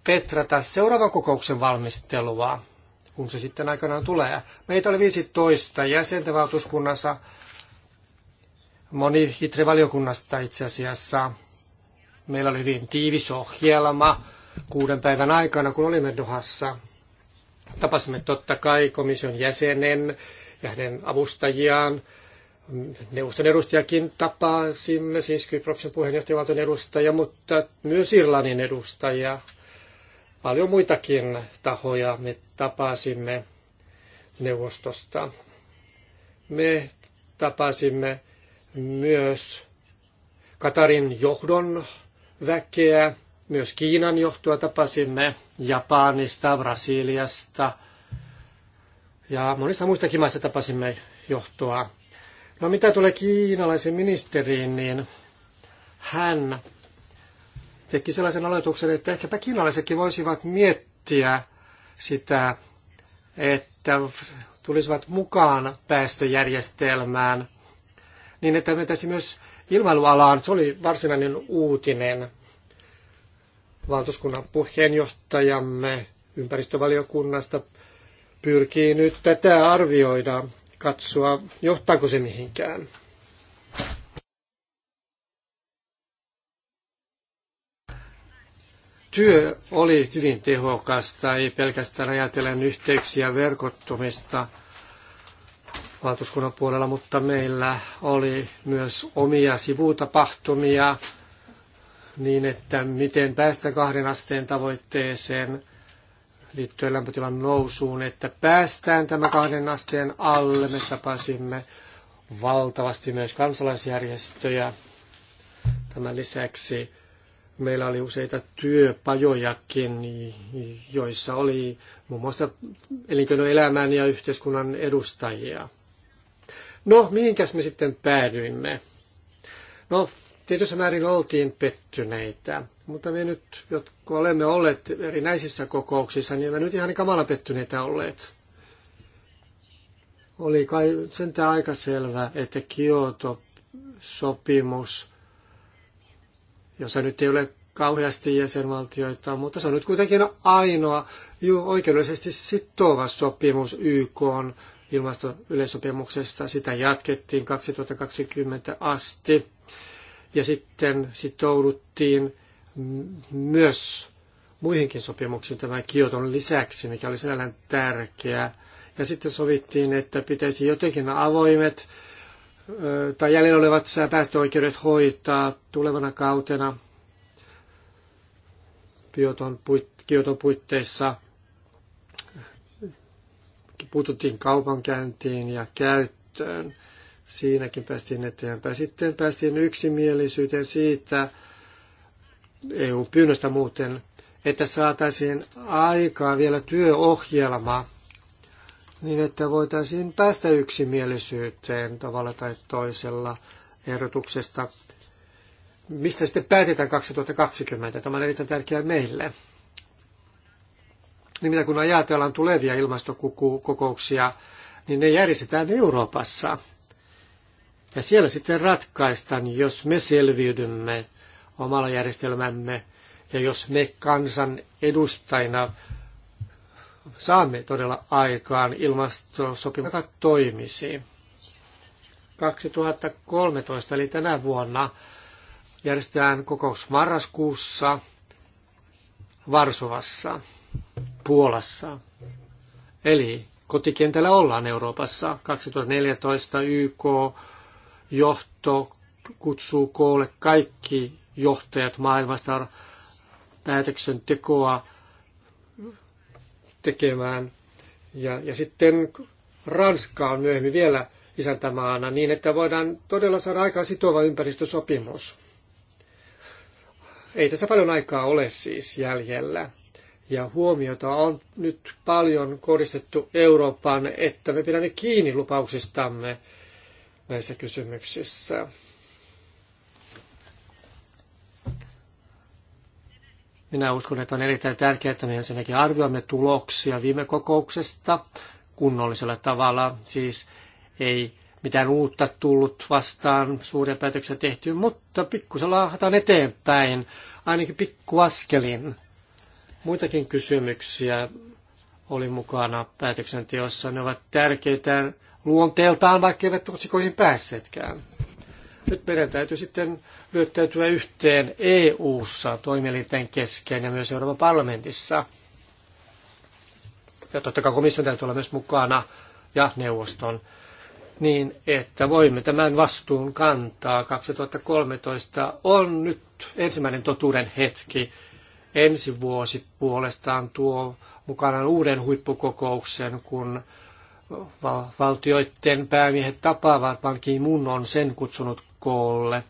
petrata seuraavan kokouksen valmistelua, kun se sitten aikanaan tulee. Meitä oli 15 jäsentä valtuuskunnassa, moni hitre valiokunnasta itse asiassa. Meillä oli hyvin tiivis ohjelma kuuden päivän aikana, kun olimme Dohassa. Tapasimme totta kai komission jäsenen ja hänen avustajiaan. Neuvoston edustajakin tapasimme, siis Kyproksen puheenjohtajavaltion edustaja, mutta myös Irlannin edustaja. Paljon muitakin tahoja me tapasimme neuvostosta. Me tapasimme myös Katarin johdon väkeä. Myös Kiinan johtua tapasimme, Japanista, Brasiliasta ja monissa muistakin maissa tapasimme johtoa. No mitä tulee kiinalaisen ministeriin, niin hän teki sellaisen aloituksen, että ehkäpä kiinalaisetkin voisivat miettiä sitä, että tulisivat mukaan päästöjärjestelmään, niin että me myös ilmailualaan. Se oli varsinainen uutinen. Valtuuskunnan puheenjohtajamme ympäristövaliokunnasta pyrkii nyt tätä arvioida, katsoa johtaako se mihinkään. Työ oli hyvin tehokasta, ei pelkästään ajatellen yhteyksiä verkottumista – valtuuskunnan puolella, mutta meillä oli myös omia sivutapahtumia niin, että miten päästä kahden asteen tavoitteeseen liittyen lämpötilan nousuun, että päästään tämä kahden asteen alle. Me tapasimme valtavasti myös kansalaisjärjestöjä. Tämän lisäksi meillä oli useita työpajojakin, joissa oli muun muassa elinkeinoelämän ja yhteiskunnan edustajia. No, mihinkäs me sitten päädyimme? No, tietyssä määrin oltiin pettyneitä, mutta me nyt, jotka olemme olleet erinäisissä kokouksissa, niin me nyt ihan niin kamala pettyneitä olleet. Oli kai sentään aika selvä, että Kioto-sopimus, jossa nyt ei ole kauheasti jäsenvaltioita, mutta se on nyt kuitenkin ainoa juu, oikeudellisesti sitova sopimus YK on ilmaston Sitä jatkettiin 2020 asti ja sitten sitouduttiin myös muihinkin sopimuksiin tämän Kioton lisäksi, mikä oli sinällään tärkeää. Ja sitten sovittiin, että pitäisi jotenkin avoimet tai jäljellä olevat päästöoikeudet hoitaa tulevana kautena Kioton puitteissa – puututtiin kaupankäyntiin ja käyttöön. Siinäkin päästiin eteenpäin. Sitten päästiin yksimielisyyteen siitä, EU-pyynnöstä muuten, että saataisiin aikaa vielä työohjelma, niin että voitaisiin päästä yksimielisyyteen tavalla tai toisella ehdotuksesta, mistä sitten päätetään 2020. Tämä on erittäin tärkeää meille. Niin, mitä kun ajatellaan tulevia ilmastokokouksia, niin ne järjestetään Euroopassa. Ja siellä sitten ratkaistaan, jos me selviydymme omalla järjestelmämme ja jos me kansan edustajina saamme todella aikaan ilmastosopimus, joka toimisi. 2013, eli tänä vuonna, järjestetään kokous marraskuussa Varsovassa. Puolassa. Eli kotikentällä ollaan Euroopassa. 2014 YK johto kutsuu koolle kaikki johtajat maailmasta päätöksentekoa tekemään. Ja, ja sitten Ranska on myöhemmin vielä isäntämaana niin, että voidaan todella saada aikaan sitova ympäristösopimus. Ei tässä paljon aikaa ole siis jäljellä ja huomiota on nyt paljon kohdistettu Eurooppaan, että me pidämme kiinni lupauksistamme näissä kysymyksissä. Minä uskon, että on erittäin tärkeää, että me ensinnäkin arvioimme tuloksia viime kokouksesta kunnollisella tavalla. Siis ei mitään uutta tullut vastaan, suuria päätöksiä tehty, mutta pikkusella hataan eteenpäin, ainakin pikkuaskelin. Muitakin kysymyksiä oli mukana päätöksenteossa. Ne ovat tärkeitä luonteeltaan, vaikka eivät otsikoihin päässeetkään. Nyt meidän täytyy sitten lyöttäytyä yhteen EU-ssa toimielinten kesken ja myös Euroopan parlamentissa. Ja totta kai komission täytyy olla myös mukana ja neuvoston, niin että voimme tämän vastuun kantaa. 2013 on nyt ensimmäinen totuuden hetki Ensi vuosi puolestaan tuo mukanaan uuden huippukokouksen, kun val- valtioiden päämiehet tapaavat, Ban Ki-moon on sen kutsunut koolle.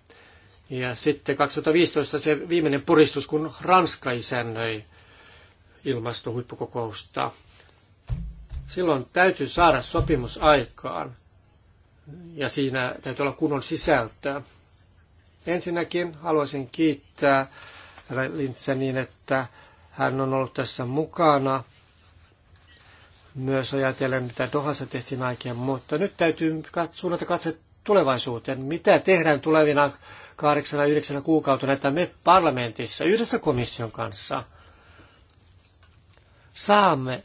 Ja sitten 2015 se viimeinen puristus, kun Ranska isännöi ilmastohuippukokousta. Silloin täytyy saada sopimus aikaan ja siinä täytyy olla kunnon sisältöä. Ensinnäkin haluaisin kiittää Lintse niin, että hän on ollut tässä mukana. Myös ajatellen, mitä Dohassa tehtiin aikaan, mutta nyt täytyy suunnata katse tulevaisuuteen. Mitä tehdään tulevina kahdeksana, yhdeksänä kuukautena, että me parlamentissa yhdessä komission kanssa saamme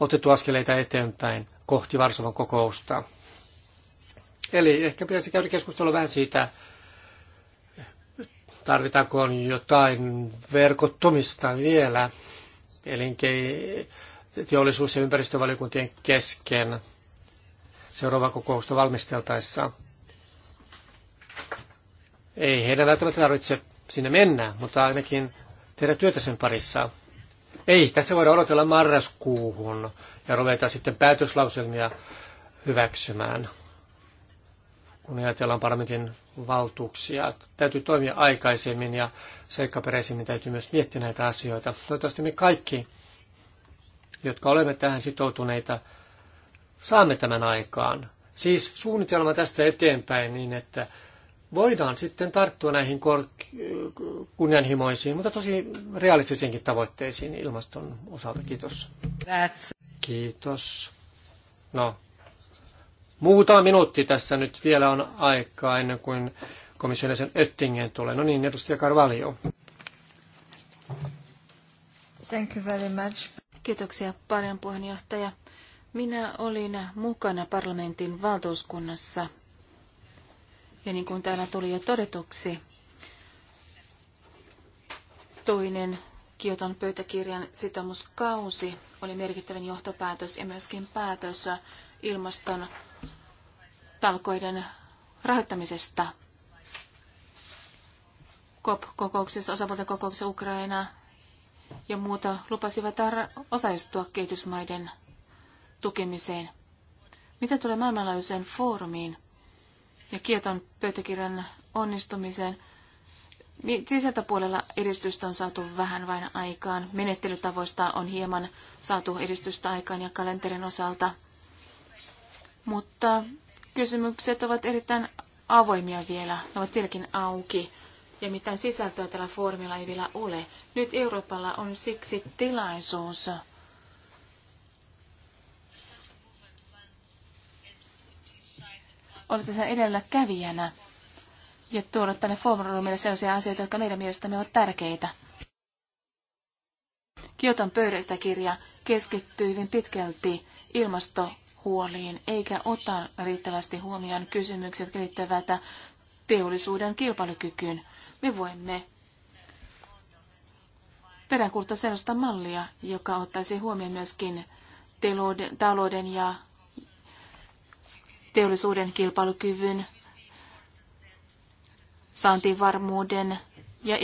otettu askeleita eteenpäin kohti Varsovan kokousta. Eli ehkä pitäisi käydä keskustelua vähän siitä, Tarvitaanko jotain verkottumista vielä elinkei, teollisuus- ja ympäristövaliokuntien kesken seuraavaa kokousta valmisteltaessa? Ei heidän välttämättä tarvitse sinne mennä, mutta ainakin tehdä työtä sen parissa. Ei, tässä voidaan odotella marraskuuhun ja ruveta sitten päätöslauselmia hyväksymään, kun ajatellaan parlamentin valtuuksia. Täytyy toimia aikaisemmin ja seikkaperäisemmin täytyy myös miettiä näitä asioita. Toivottavasti me kaikki, jotka olemme tähän sitoutuneita, saamme tämän aikaan. Siis suunnitelma tästä eteenpäin niin, että voidaan sitten tarttua näihin kunnianhimoisiin, mutta tosi realistisiinkin tavoitteisiin ilmaston osalta. Kiitos. That's... Kiitos. No, Muutama minuutti tässä nyt vielä on aikaa ennen kuin komission jäsen Öttingen tulee. No niin, edustaja Carvalho. Thank you very much. Kiitoksia paljon puheenjohtaja. Minä olin mukana parlamentin valtuuskunnassa. Ja niin kuin täällä tuli jo todetuksi, toinen Kioton pöytäkirjan sitomuskausi oli merkittävin johtopäätös ja myöskin päätös ilmaston talkoiden rahoittamisesta. COP-kokouksessa, osapuolten kokouksessa Ukraina ja muuta lupasivat osallistua kehitysmaiden tukemiseen. Mitä tulee maailmanlaajuiseen foorumiin ja kieton pöytäkirjan onnistumiseen, puolella edistystä on saatu vähän vain aikaan. Menettelytavoista on hieman saatu edistystä aikaan ja kalenterin osalta. Mutta kysymykset ovat erittäin avoimia vielä. Ne ovat vieläkin auki ja mitään sisältöä tällä foorumilla ei vielä ole. Nyt Euroopalla on siksi tilaisuus Olette sen edellä kävijänä ja tuoda tänne foorumille sellaisia asioita, jotka meidän mielestämme ovat tärkeitä. Kioton pöydältäkirja keskittyy hyvin pitkälti ilmasto huoliin eikä ota riittävästi huomioon kysymykset liittyvät teollisuuden kilpailukykyyn. Me voimme peräänkuuluttaa sellaista mallia, joka ottaisi huomioon myöskin talouden ja teollisuuden kilpailukyvyn, saantivarmuuden ja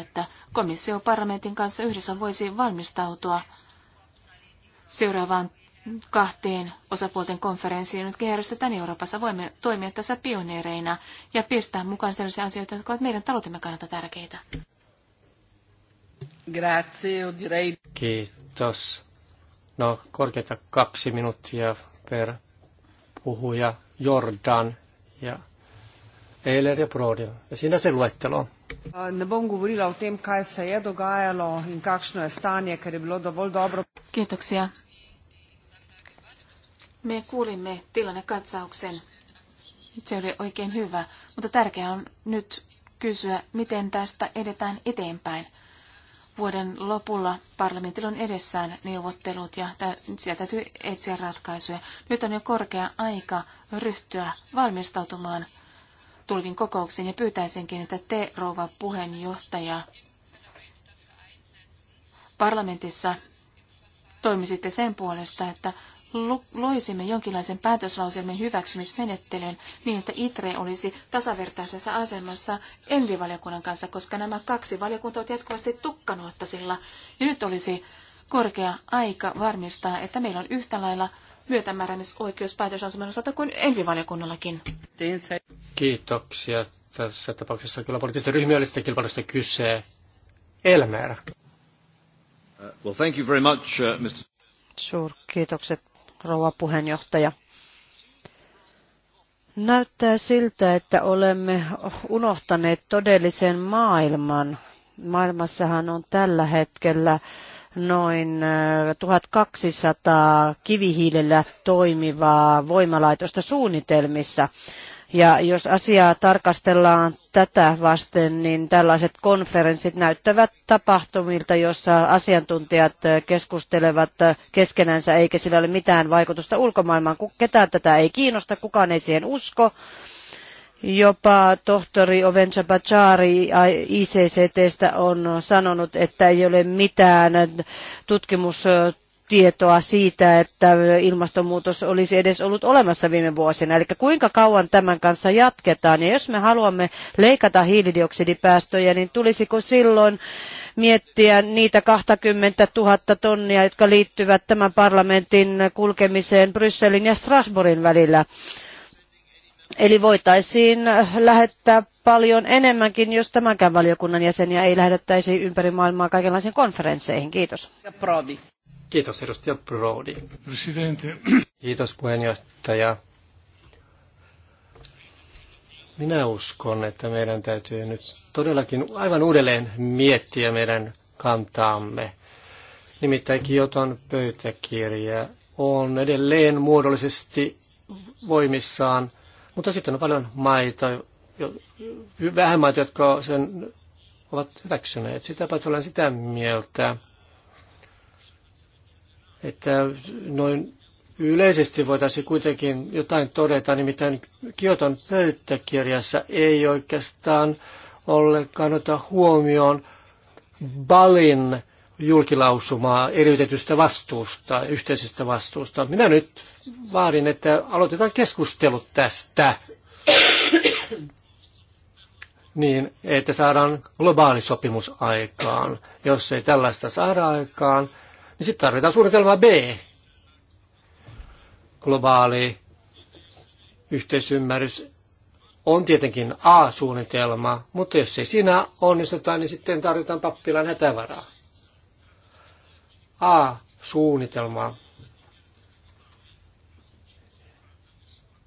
että Komissio parlamentin kanssa yhdessä voisi valmistautua seuraavaan kahteen osapuolten konferenssiin jotka järjestetään Euroopassa. Voimme toimia tässä pioneereina ja pistää mukaan sellaisia asioita, jotka ovat meidän taloutemme kannalta tärkeitä. Grazie, direi. Kiitos. No, korkeita kaksi minuuttia per puhuja Jordan ja Eiler ja Brody. Ja siinä se luettelo. Ne dobro. Kiitoksia. Me kuulimme tilannekatsauksen. Se oli oikein hyvä, mutta tärkeää on nyt kysyä, miten tästä edetään eteenpäin. Vuoden lopulla parlamentilla on edessään neuvottelut ja sieltä täytyy etsiä ratkaisuja. Nyt on jo korkea aika ryhtyä valmistautumaan tulvin kokouksiin ja pyytäisinkin, että te, rouva puheenjohtaja, parlamentissa toimisitte sen puolesta, että loisimme jonkinlaisen päätöslauselman hyväksymismenettelyn niin, että ITRE olisi tasavertaisessa asemassa ENVI-valiokunnan kanssa, koska nämä kaksi valiokuntaa ovat jatkuvasti tukkanuottasilla. Ja nyt olisi korkea aika varmistaa, että meillä on yhtä lailla myötämääräämisoikeus päätöslauselman osalta kuin envivaliokunnallakin. Kiitoksia. Tässä tapauksessa kyllä poliittisten kilpailusta kyse. Elmer. Uh, well, thank you very much, uh, Mr. kiitokset rouva puheenjohtaja. Näyttää siltä, että olemme unohtaneet todellisen maailman. Maailmassahan on tällä hetkellä noin 1200 äh, kivihiilellä toimivaa voimalaitosta suunnitelmissa. Ja jos asiaa tarkastellaan tätä vasten, niin tällaiset konferenssit näyttävät tapahtumilta, jossa asiantuntijat keskustelevat keskenänsä, eikä sillä ole mitään vaikutusta ulkomaailmaan. Ketään tätä ei kiinnosta, kukaan ei siihen usko. Jopa tohtori Ovencha Bachari ICCTstä on sanonut, että ei ole mitään tutkimus tietoa siitä, että ilmastonmuutos olisi edes ollut olemassa viime vuosina. Eli kuinka kauan tämän kanssa jatketaan? Ja jos me haluamme leikata hiilidioksidipäästöjä, niin tulisiko silloin miettiä niitä 20 000 tonnia, jotka liittyvät tämän parlamentin kulkemiseen Brysselin ja Strasbourgin välillä? Eli voitaisiin lähettää paljon enemmänkin, jos tämänkään valiokunnan jäseniä ei lähetettäisi ympäri maailmaa kaikenlaisiin konferensseihin. Kiitos. Prodi. Kiitos edustaja Brody. Presidente. Kiitos puheenjohtaja. Minä uskon, että meidän täytyy nyt todellakin aivan uudelleen miettiä meidän kantaamme. Nimittäin Kioton pöytäkirja on edelleen muodollisesti voimissaan, mutta sitten on paljon maita, vähän maita, jotka sen ovat hyväksyneet. Sitä paitsi olen sitä mieltä, että noin yleisesti voitaisiin kuitenkin jotain todeta, nimittäin Kioton pöyttäkirjassa ei oikeastaan ollenkaan ota huomioon Balin julkilausumaa eriytetystä vastuusta, yhteisestä vastuusta. Minä nyt vaadin, että aloitetaan keskustelut tästä niin, että saadaan globaali sopimus aikaan. Jos ei tällaista saada aikaan, niin sitten tarvitaan suunnitelma B, globaali yhteisymmärrys on tietenkin A-suunnitelma, mutta jos ei siinä onnistuta, niin sitten tarvitaan pappilan hätävaraa. A-suunnitelma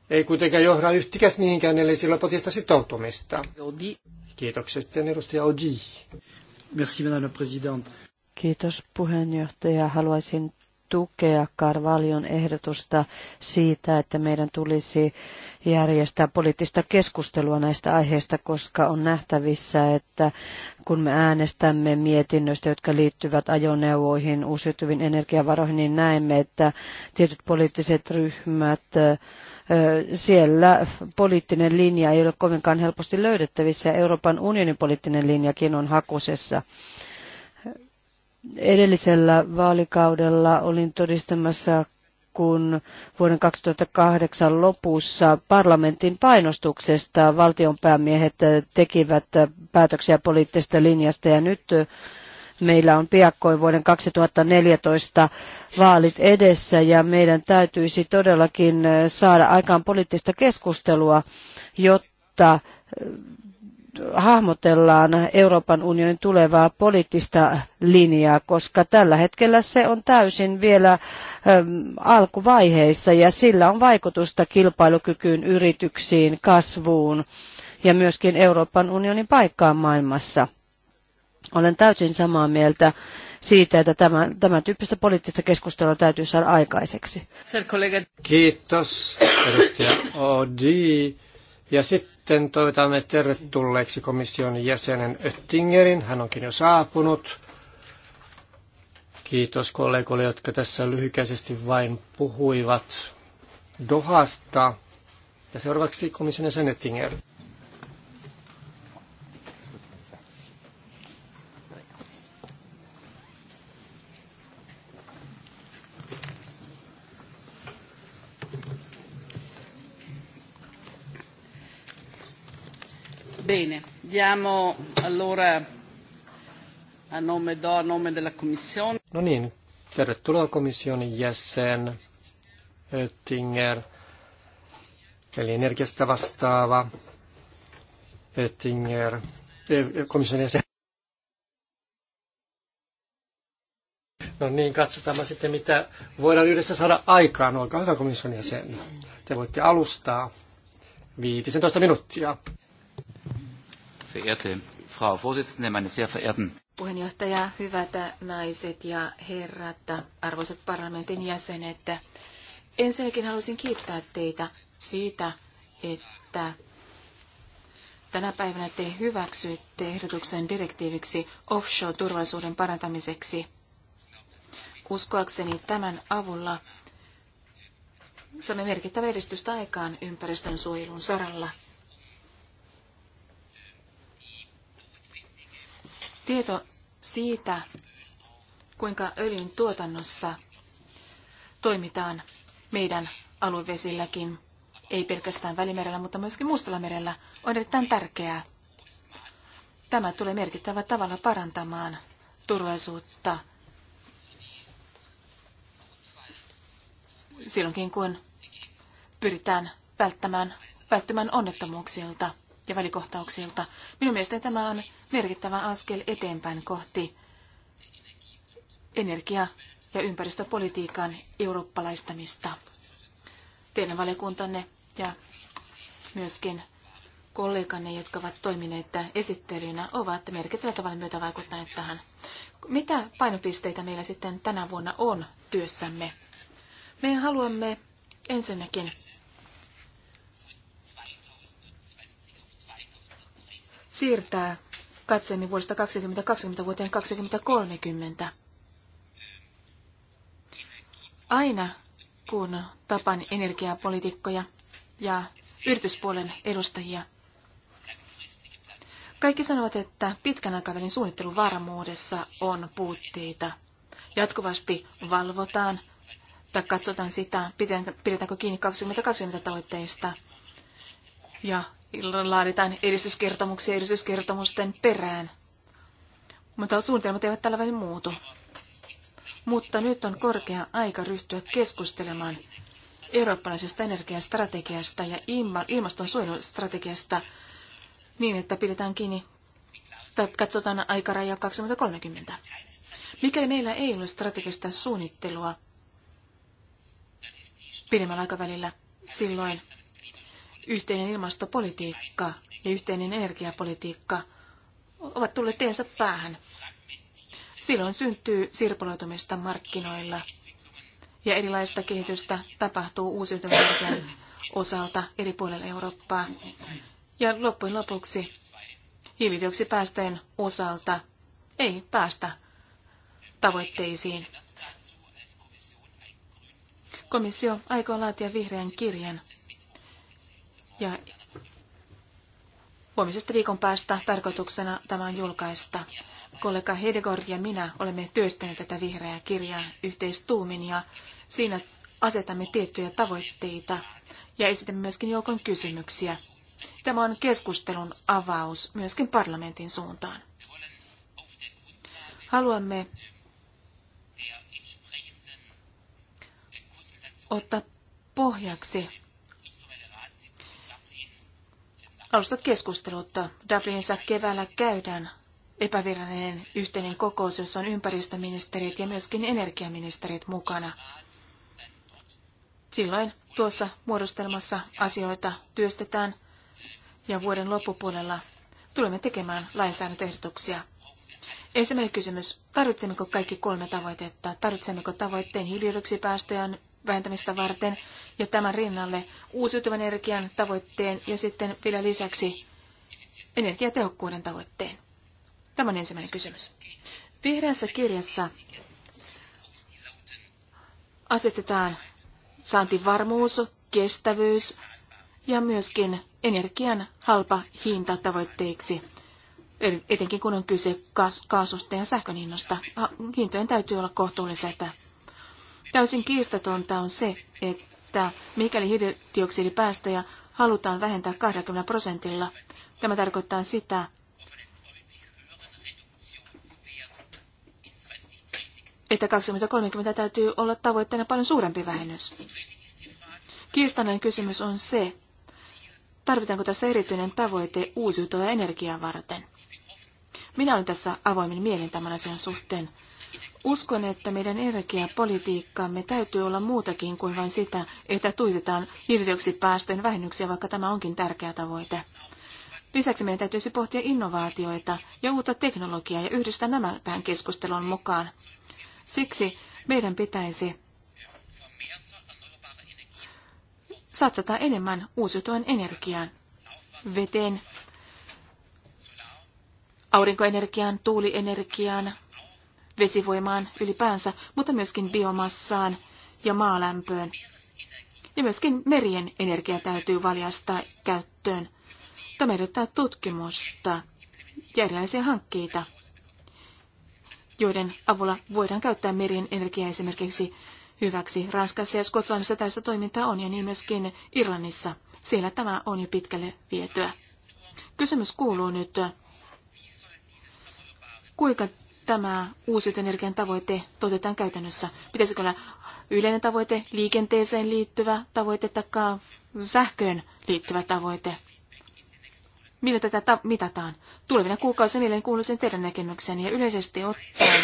ei kuitenkaan johda yhtikäs niinkään eli sillä potista sitoutumista. Kiitoksia sitten edustaja Odi. Merci, madame la présidente. Kiitos puheenjohtaja. Haluaisin tukea Karvalion ehdotusta siitä, että meidän tulisi järjestää poliittista keskustelua näistä aiheista, koska on nähtävissä, että kun me äänestämme mietinnöistä, jotka liittyvät ajoneuvoihin, uusiutuviin energiavaroihin, niin näemme, että tietyt poliittiset ryhmät siellä poliittinen linja ei ole kovinkaan helposti löydettävissä ja Euroopan unionin poliittinen linjakin on hakusessa. Edellisellä vaalikaudella olin todistamassa, kun vuoden 2008 lopussa parlamentin painostuksesta valtionpäämiehet tekivät päätöksiä poliittisesta linjasta ja nyt meillä on piakkoin vuoden 2014 vaalit edessä ja meidän täytyisi todellakin saada aikaan poliittista keskustelua, jotta hahmotellaan Euroopan unionin tulevaa poliittista linjaa, koska tällä hetkellä se on täysin vielä ähm, alkuvaiheissa ja sillä on vaikutusta kilpailukykyyn, yrityksiin, kasvuun ja myöskin Euroopan unionin paikkaan maailmassa. Olen täysin samaa mieltä siitä, että tämä, tämän tyyppistä poliittista keskustelua täytyy saada aikaiseksi. Kiitos, edustaja Odi. Ja sitten sitten toivotamme tervetulleeksi komission jäsenen Öttingerin. Hän onkin jo saapunut. Kiitos kollegoille, jotka tässä lyhykäisesti vain puhuivat Dohasta. Ja seuraavaksi komission jäsen Öttinger. Bene, diamo allora a nome, do, a nome della Commissione. No niin, tervetuloa komission jäsen Oettinger, eli energiasta vastaava Oettinger, eh, komission jäsen. No niin, katsotaan sitten, mitä voidaan yhdessä saada aikaan. Olkaa hyvä komission jäsen. Te voitte alustaa 15 minuuttia verehrte Frau Vorsitzende, meine sehr verehrten Puheenjohtaja, hyvät naiset ja herrat, arvoisat parlamentin jäsenet. Ensinnäkin haluaisin kiittää teitä siitä, että tänä päivänä te hyväksyitte ehdotuksen direktiiviksi offshore-turvallisuuden parantamiseksi. Uskoakseni tämän avulla saamme merkittävä edistystä aikaan ympäristön suojelun saralla. Tieto siitä, kuinka öljyn tuotannossa toimitaan meidän aluevesilläkin, ei pelkästään Välimerellä, mutta myöskin Mustalla merellä, on erittäin tärkeää. Tämä tulee merkittävällä tavalla parantamaan turvallisuutta silloinkin, kun pyritään välttämään, välttämään onnettomuuksilta ja välikohtauksilta. Minun mielestäni tämä on merkittävä askel eteenpäin kohti energia- ja ympäristöpolitiikan eurooppalaistamista. Teidän valiokuntanne ja myöskin kolleganne, jotka ovat toimineet esittelynä, ovat merkittävällä tavalla myötä vaikuttaneet tähän. Mitä painopisteitä meillä sitten tänä vuonna on työssämme? Me haluamme ensinnäkin siirtää katseemme vuodesta 2020 vuoteen 2030. Aina kun tapan energiapolitiikkoja ja yrityspuolen edustajia, kaikki sanovat, että pitkän aikavälin suunnittelun varmuudessa on puutteita. Jatkuvasti valvotaan tai katsotaan sitä, pidetäänkö kiinni 2020 tavoitteista ja laaditaan edistyskertomuksia edistyskertomusten perään. Mutta suunnitelmat eivät tällä välin muutu. Mutta nyt on korkea aika ryhtyä keskustelemaan eurooppalaisesta energiastrategiasta ja ilmastonsuojelustrategiasta niin, että pidetään kiinni tai katsotaan aikaraja 2030. Mikäli meillä ei ole strategista suunnittelua pidemmällä aikavälillä, silloin yhteinen ilmastopolitiikka ja yhteinen energiapolitiikka ovat tulleet tiensä päähän. Silloin syntyy sirpaloitumista markkinoilla ja erilaista kehitystä tapahtuu uusiutuvan osalta eri puolilla Eurooppaa. Ja loppujen lopuksi hiilidioksipäästöjen osalta ei päästä tavoitteisiin. Komissio aikoo laatia vihreän kirjan ja huomisesta viikon päästä tarkoituksena tämä on julkaista. Kollega Hedegord ja minä olemme työstäneet tätä vihreää kirjaa yhteistuumin ja siinä asetamme tiettyjä tavoitteita ja esitämme myöskin joukon kysymyksiä. Tämä on keskustelun avaus myöskin parlamentin suuntaan. Haluamme ottaa pohjaksi Alustat keskustelutta. Dublinissa keväällä käydään epävirallinen yhteinen kokous, jossa on ympäristöministerit ja myöskin energiaministerit mukana. Silloin tuossa muodostelmassa asioita työstetään ja vuoden loppupuolella tulemme tekemään lainsäädäntöehdotuksia. Ensimmäinen kysymys. Tarvitsemmeko kaikki kolme tavoitetta? Tarvitsemmeko tavoitteen hiilidioksidipäästöjen vähentämistä varten ja tämän rinnalle uusiutuvan energian tavoitteen ja sitten vielä lisäksi energiatehokkuuden tavoitteen. Tämä on ensimmäinen kysymys. Vihreässä kirjassa asetetaan saantivarmuus, kestävyys ja myöskin energian halpa hinta tavoitteiksi. Etenkin kun on kyse kaasusta ja sähkön hinnasta, hintojen täytyy olla että Täysin kiistatonta on se, että mikäli hiilidioksidipäästöjä halutaan vähentää 20 prosentilla, tämä tarkoittaa sitä, että 2030 täytyy olla tavoitteena paljon suurempi vähennys. Kiistainen kysymys on se, tarvitaanko tässä erityinen tavoite uusiutuvaa energiaa varten. Minä olen tässä avoimin mielin tämän asian suhteen. Uskon, että meidän energiapolitiikkaamme täytyy olla muutakin kuin vain sitä, että tuitetaan hiilidioksidipäästöjen vähennyksiä, vaikka tämä onkin tärkeä tavoite. Lisäksi meidän täytyisi pohtia innovaatioita ja uutta teknologiaa ja yhdistää nämä tähän keskusteluun mukaan. Siksi meidän pitäisi satsata enemmän uusiutuvan energiaan, veteen, aurinkoenergiaan, tuulienergiaan, vesivoimaan ylipäänsä, mutta myöskin biomassaan ja maalämpöön. Ja myöskin merien energia täytyy valjastaa käyttöön. Tämä edellyttää tutkimusta ja erilaisia hankkeita, joiden avulla voidaan käyttää merien energiaa esimerkiksi hyväksi. Ranskassa ja Skotlannissa tästä toimintaa on ja niin myöskin Irlannissa. Siellä tämä on jo pitkälle vietyä. Kysymys kuuluu nyt, kuinka tämä uusiutuvan energian tavoite toteutetaan käytännössä? Pitäisikö olla yleinen tavoite, liikenteeseen liittyvä tavoite tai sähköön liittyvä tavoite? Millä tätä ta- mitataan? Tulevina kuukausina mieleen kuulisin teidän näkemykseni ja yleisesti ottaen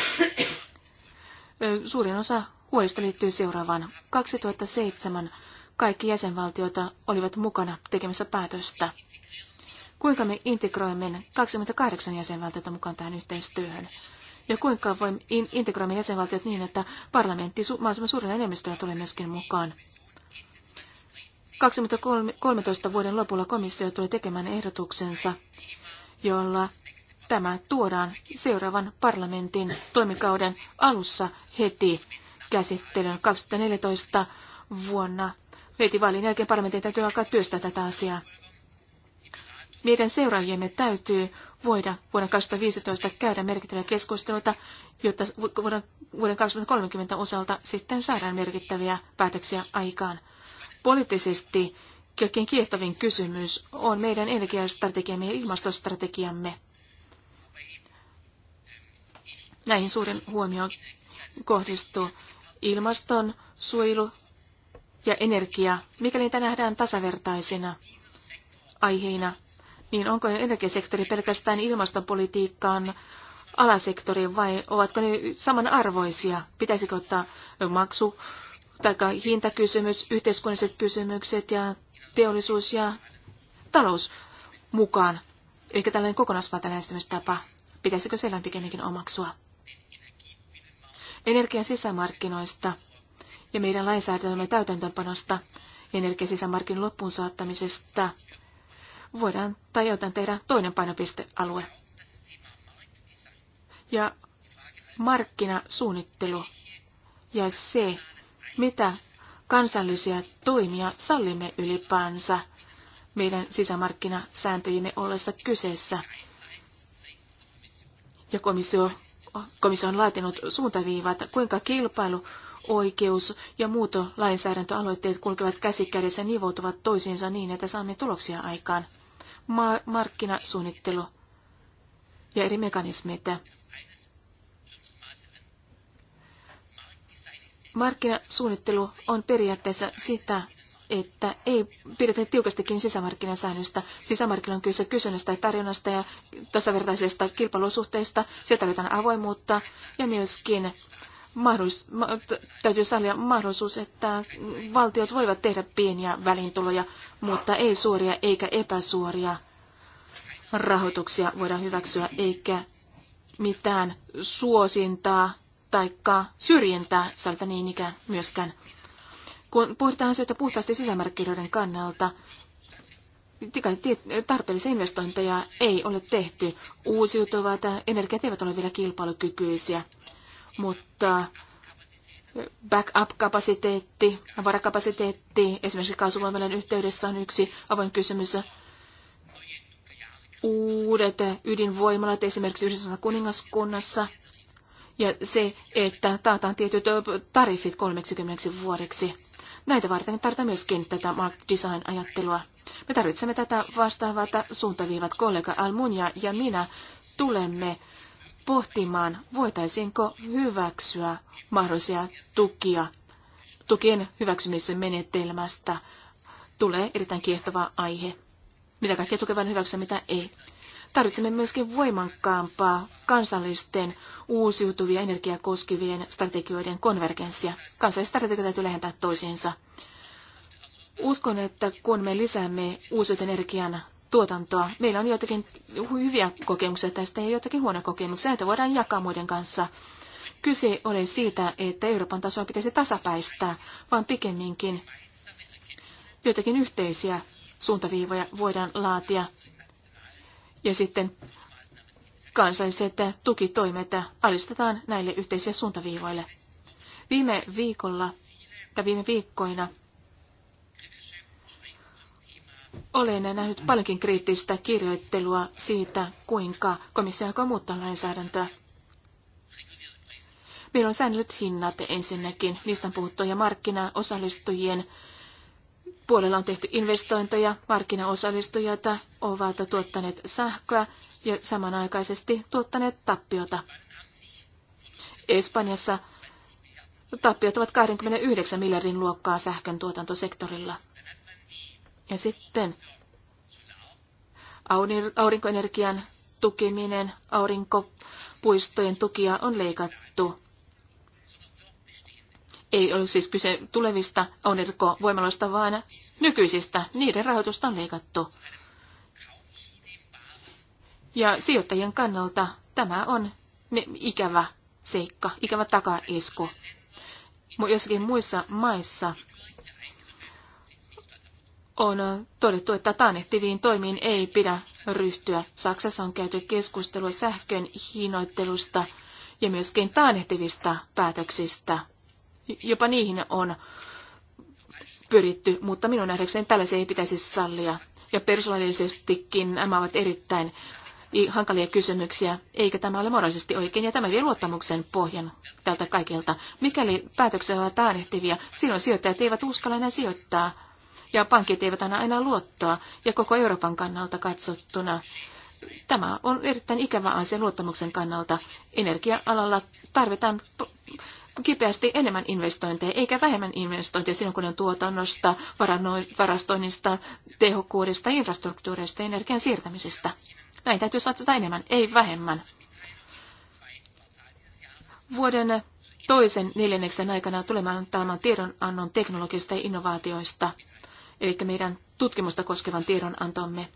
suurin osa huolista liittyy seuraavaan. 2007 kaikki jäsenvaltiota olivat mukana tekemässä päätöstä. Kuinka me integroimme 28 jäsenvaltiota mukaan tähän yhteistyöhön? ja kuinka voimme integroimme jäsenvaltiot niin, että parlamentti su- mahdollisimman suurella enemmistöllä tulee myöskin mukaan. 2013 vuoden lopulla komissio tulee tekemään ehdotuksensa, jolla tämä tuodaan seuraavan parlamentin toimikauden alussa heti käsittelyyn 2014 vuonna. Heti vaalin jälkeen parlamentin täytyy alkaa työstää tätä asiaa meidän seuraajiemme täytyy voida vuonna 2015 käydä merkittäviä keskusteluita, jotta vuoden 2030 osalta sitten saadaan merkittäviä päätöksiä aikaan. Poliittisesti kaikkein kiehtovin kysymys on meidän energiastrategiamme ja ilmastostrategiamme. Näihin suuren huomioon kohdistuu ilmaston, suojelu ja energia, mikäli niitä nähdään tasavertaisina aiheina niin onko energiasektori pelkästään ilmastopolitiikkaan alasektori vai ovatko ne samanarvoisia? Pitäisikö ottaa maksu tai hintakysymys, yhteiskunnalliset kysymykset ja teollisuus ja talous mukaan? Eli tällainen kokonaisvaltainäistymistapa, Pitäisikö sellainen pikemminkin omaksua? Energian sisämarkkinoista ja meidän lainsäädäntömme täytäntöönpanosta, energian sisämarkkinoiden loppuun saattamisesta – voidaan tai jotain tehdä toinen painopistealue. Ja markkinasuunnittelu ja se, mitä kansallisia toimia sallimme ylipäänsä meidän sisämarkkinasääntöjimme ollessa kyseessä. Ja komissio, komissio on laatinut suuntaviivat, kuinka kilpailu, oikeus ja muut lainsäädäntöaloitteet kulkevat käsikädessä nivoutuvat toisiinsa niin, että saamme tuloksia aikaan ma- markkinasuunnittelu ja eri mekanismit. Markkinasuunnittelu on periaatteessa sitä, että ei pidetä tiukastikin sisämarkkinasäännöstä. Sisämarkkina on kyse kysynnästä ja tarjonnasta ja tasavertaisesta kilpailusuhteesta. Sieltä tarvitaan avoimuutta ja myöskin mahdollis- ma- täytyy sallia mahdollisuus, että valtiot voivat tehdä pieniä välintuloja, mutta ei suoria eikä epäsuoria rahoituksia voida hyväksyä, eikä mitään suosintaa tai syrjintää sieltä niin ikään myöskään. Kun puhutaan asioita puhtaasti sisämarkkinoiden kannalta, tarpeellisia investointeja ei ole tehty. Uusiutuvat energiat eivät ole vielä kilpailukykyisiä mutta backup-kapasiteetti, varakapasiteetti esimerkiksi kaasuvoimalan yhteydessä on yksi avoin kysymys. Uudet ydinvoimalat esimerkiksi yhdessä kuningaskunnassa ja se, että taataan tietyt tariffit 30 vuodeksi. Näitä varten tarvitaan myöskin tätä market design-ajattelua. Me tarvitsemme tätä vastaavaa suuntaviivat kollega Almunia ja minä tulemme pohtimaan, voitaisiinko hyväksyä mahdollisia tukia. Tukien hyväksymisen menetelmästä tulee erittäin kiehtova aihe. Mitä kaikkea tukevan hyväksyä, mitä ei. Tarvitsemme myöskin voimakkaampaa kansallisten uusiutuvia energiaa koskevien strategioiden konvergenssia. Kansalliset strategiat täytyy lähentää toisiinsa. Uskon, että kun me lisäämme uusiutuvan energian tuotantoa. Meillä on joitakin hyviä kokemuksia tästä ja joitakin huonoja kokemuksia. Näitä voidaan jakaa muiden kanssa. Kyse oli siitä, että Euroopan tasoa pitäisi tasapäistää, vaan pikemminkin joitakin yhteisiä suuntaviivoja voidaan laatia. Ja sitten kansalliset tukitoimet alistetaan näille yhteisille suuntaviivoille. Viime viikolla tai viime viikkoina olen nähnyt paljonkin kriittistä kirjoittelua siitä, kuinka komissio aikoo muuttaa lainsäädäntöä. Meillä on säännöllyt hinnat ensinnäkin. Niistä on puhuttu ja markkinaosallistujien puolella on tehty investointeja. Markkinaosallistujat ovat tuottaneet sähköä ja samanaikaisesti tuottaneet tappiota. Espanjassa tappiot ovat 29 miljardin luokkaa sähkön tuotantosektorilla. Ja sitten aurinkoenergian tukeminen, aurinkopuistojen tukia on leikattu. Ei ole siis kyse tulevista aurinkovoimaloista, vaan nykyisistä. Niiden rahoitusta on leikattu. Ja sijoittajien kannalta tämä on ikävä seikka, ikävä takaisku. Jossakin muissa maissa on todettu, että taannehtiviin toimiin ei pidä ryhtyä. Saksassa on käyty keskustelua sähkön hinnoittelusta ja myöskin taannehtivista päätöksistä. Jopa niihin on pyritty, mutta minun nähdäkseni tällaisia ei pitäisi sallia. Ja persoonallisestikin nämä ovat erittäin hankalia kysymyksiä, eikä tämä ole moraalisesti oikein, ja tämä vie luottamuksen pohjan tältä kaikilta. Mikäli päätöksiä ovat taannehtivia, silloin sijoittajat eivät uskalla enää sijoittaa ja pankit eivät aina aina luottoa, ja koko Euroopan kannalta katsottuna. Tämä on erittäin ikävä asia luottamuksen kannalta. Energia-alalla tarvitaan kipeästi enemmän investointeja, eikä vähemmän investointeja silloin, kun on tuotannosta, varastoinnista, tehokkuudesta, infrastruktuurista ja energian siirtämisestä. Näin täytyy satsata enemmän, ei vähemmän. Vuoden toisen neljänneksen aikana tulemaan antamaan tiedonannon teknologisista innovaatioista – eli meidän tutkimusta koskevan tiedonantomme.